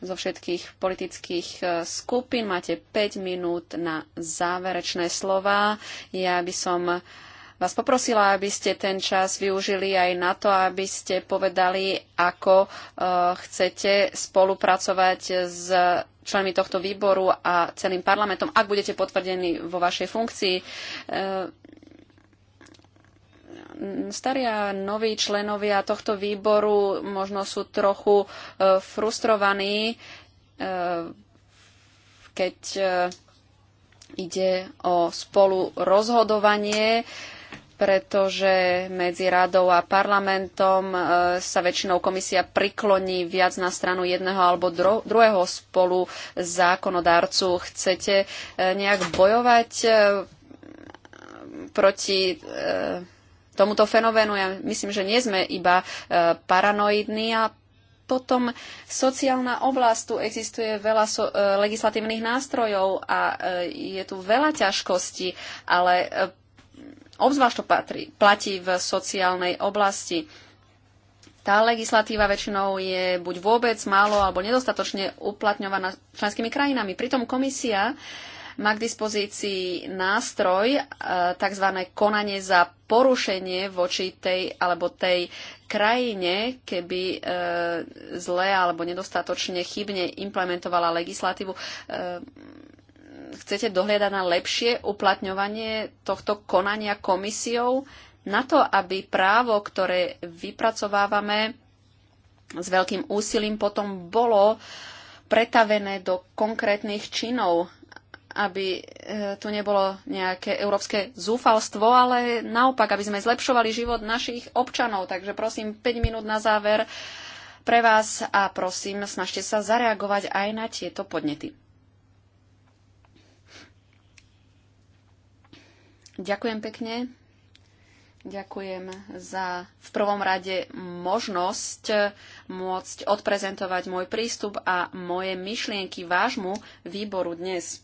zo všetkých politických e, skupín. Máte 5 minút na záverečné slova. Ja by som uh, vás poprosila, aby ste ten čas využili aj na to, aby ste povedali, ako e, chcete spolupracovať s členmi tohto výboru a celým parlamentom, ak budete potvrdení vo vašej funkcii e, starí a noví členovia tohto výboru možno sú trochu e, frustrovaní, keď ide o spolu rozhodovanie pretože medzi radou a parlamentom e, sa väčšinou komisia prikloní viac na stranu jedného alebo druhého spolu zákonodárcu. Chcete e, nejak bojovať e, proti tomuto fenoménu? Ja myslím, že nie sme iba paranoidní a potom sociálna oblasť, tu existuje veľa so, e, legislatívnych nástrojov a e, je tu veľa ťažkostí, ale e, Obzvlášť to patrí, platí v sociálnej oblasti. Tá legislatíva väčšinou je buď vôbec málo alebo nedostatočne uplatňovaná členskými krajinami. Pritom komisia má k dispozícii nástroj, e, tzv. konanie za porušenie voči tej alebo tej krajine, keby e, zle alebo nedostatočne chybne implementovala legislatívu. E, chcete dohliadať na lepšie uplatňovanie tohto konania komisiou na to, aby právo, ktoré vypracovávame s veľkým úsilím, potom bolo pretavené do konkrétnych činov, aby e, tu nebolo nejaké európske zúfalstvo, ale naopak, aby sme zlepšovali život našich občanov. Takže prosím, 5 minút na záver pre vás a prosím, snažte sa zareagovať aj na tieto podnety. Ďakujem pekne. Ďakujem za v prvom rade možnosť môcť odprezentovať môj prístup a moje myšlienky vášmu výboru dnes.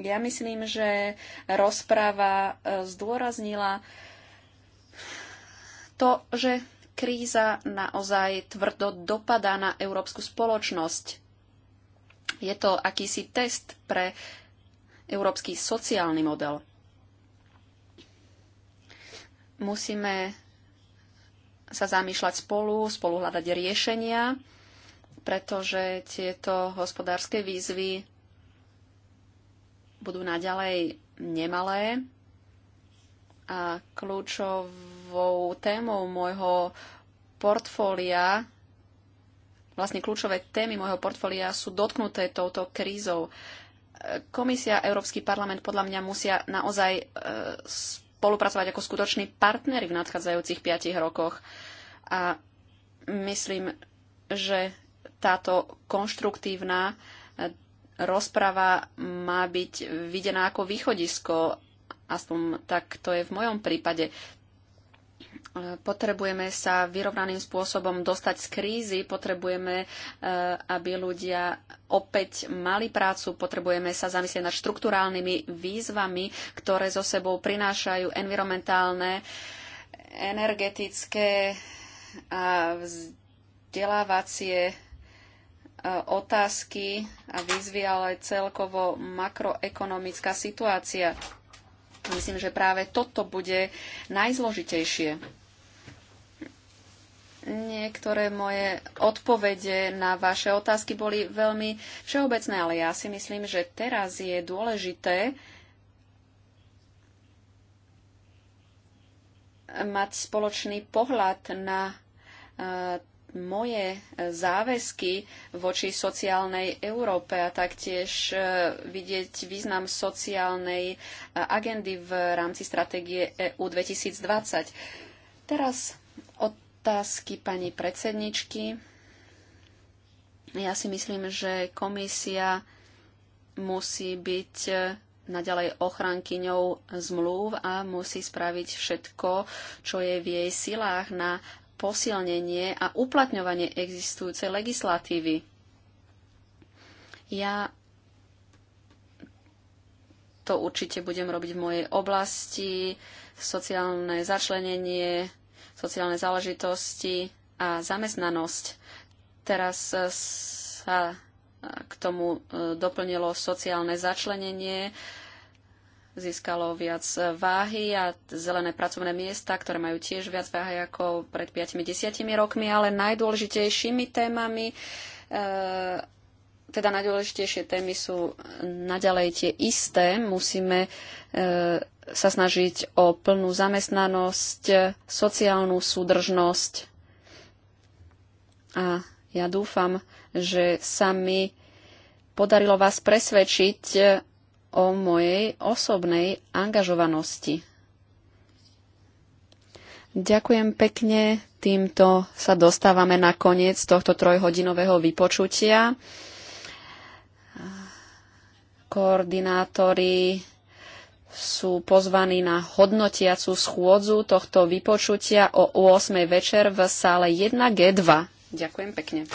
Ja myslím, že rozpráva e, zdôraznila to, že kríza naozaj tvrdo dopadá na európsku spoločnosť. Je to akýsi test pre európsky sociálny model. Musíme sa zamýšľať spolu, spolu hľadať riešenia, pretože tieto hospodárske výzvy budú naďalej nemalé. A kľúčovou témou môjho portfólia, vlastne kľúčové témy môjho portfólia sú dotknuté touto krízou komisia, a Európsky parlament podľa mňa musia naozaj e, spolupracovať ako skutoční partnery v nadchádzajúcich piatich rokoch. A myslím, že táto konštruktívna e, rozprava má byť videná ako východisko, aspoň tak to je v mojom prípade potrebujeme sa vyrovnaným spôsobom dostať z krízy, potrebujeme, e, aby ľudia opäť mali prácu, potrebujeme sa zamyslieť nad štruktúrálnymi výzvami, ktoré so sebou prinášajú environmentálne, energetické a vzdelávacie e, otázky a výzvy, ale celkovo makroekonomická situácia. Myslím, že práve toto bude najzložitejšie. Niektoré moje odpovede na vaše otázky boli veľmi všeobecné, ale ja si myslím, že teraz je dôležité mať spoločný pohľad na eh, moje e, záväzky voči sociálnej Európe a taktiež e, vidieť význam sociálnej e, agendy v rámci stratégie EU 2020. Teraz otázky pani predsedničky. Ja si myslím, že komisia musí byť naďalej ochrankyňou zmluv a musí spraviť všetko, čo je v jej silách na posilnenie a uplatňovanie existujúcej legislatívy. Ja to určite budem robiť v mojej oblasti, sociálne začlenenie, sociálne záležitosti a zamestnanosť. Teraz e, sa k tomu e, doplnilo sociálne začlenenie, získalo viac váhy a zelené pracovné miesta, ktoré majú tiež viac váhy ako pred 5-10 rokmi, ale najdôležitejšími témami, e, teda najdôležitejšie témy sú naďalej tie isté. Musíme e, sa snažiť o plnú zamestnanosť, sociálnu súdržnosť. A ja dúfam, že sa mi podarilo vás presvedčiť o mojej osobnej angažovanosti. Ďakujem pekne. Týmto sa dostávame na koniec tohto trojhodinového vypočutia. Koordinátori sú pozvaní na hodnotiacu schôdzu tohto vypočutia o 8. večer v sále 1G2. Ďakujem pekne.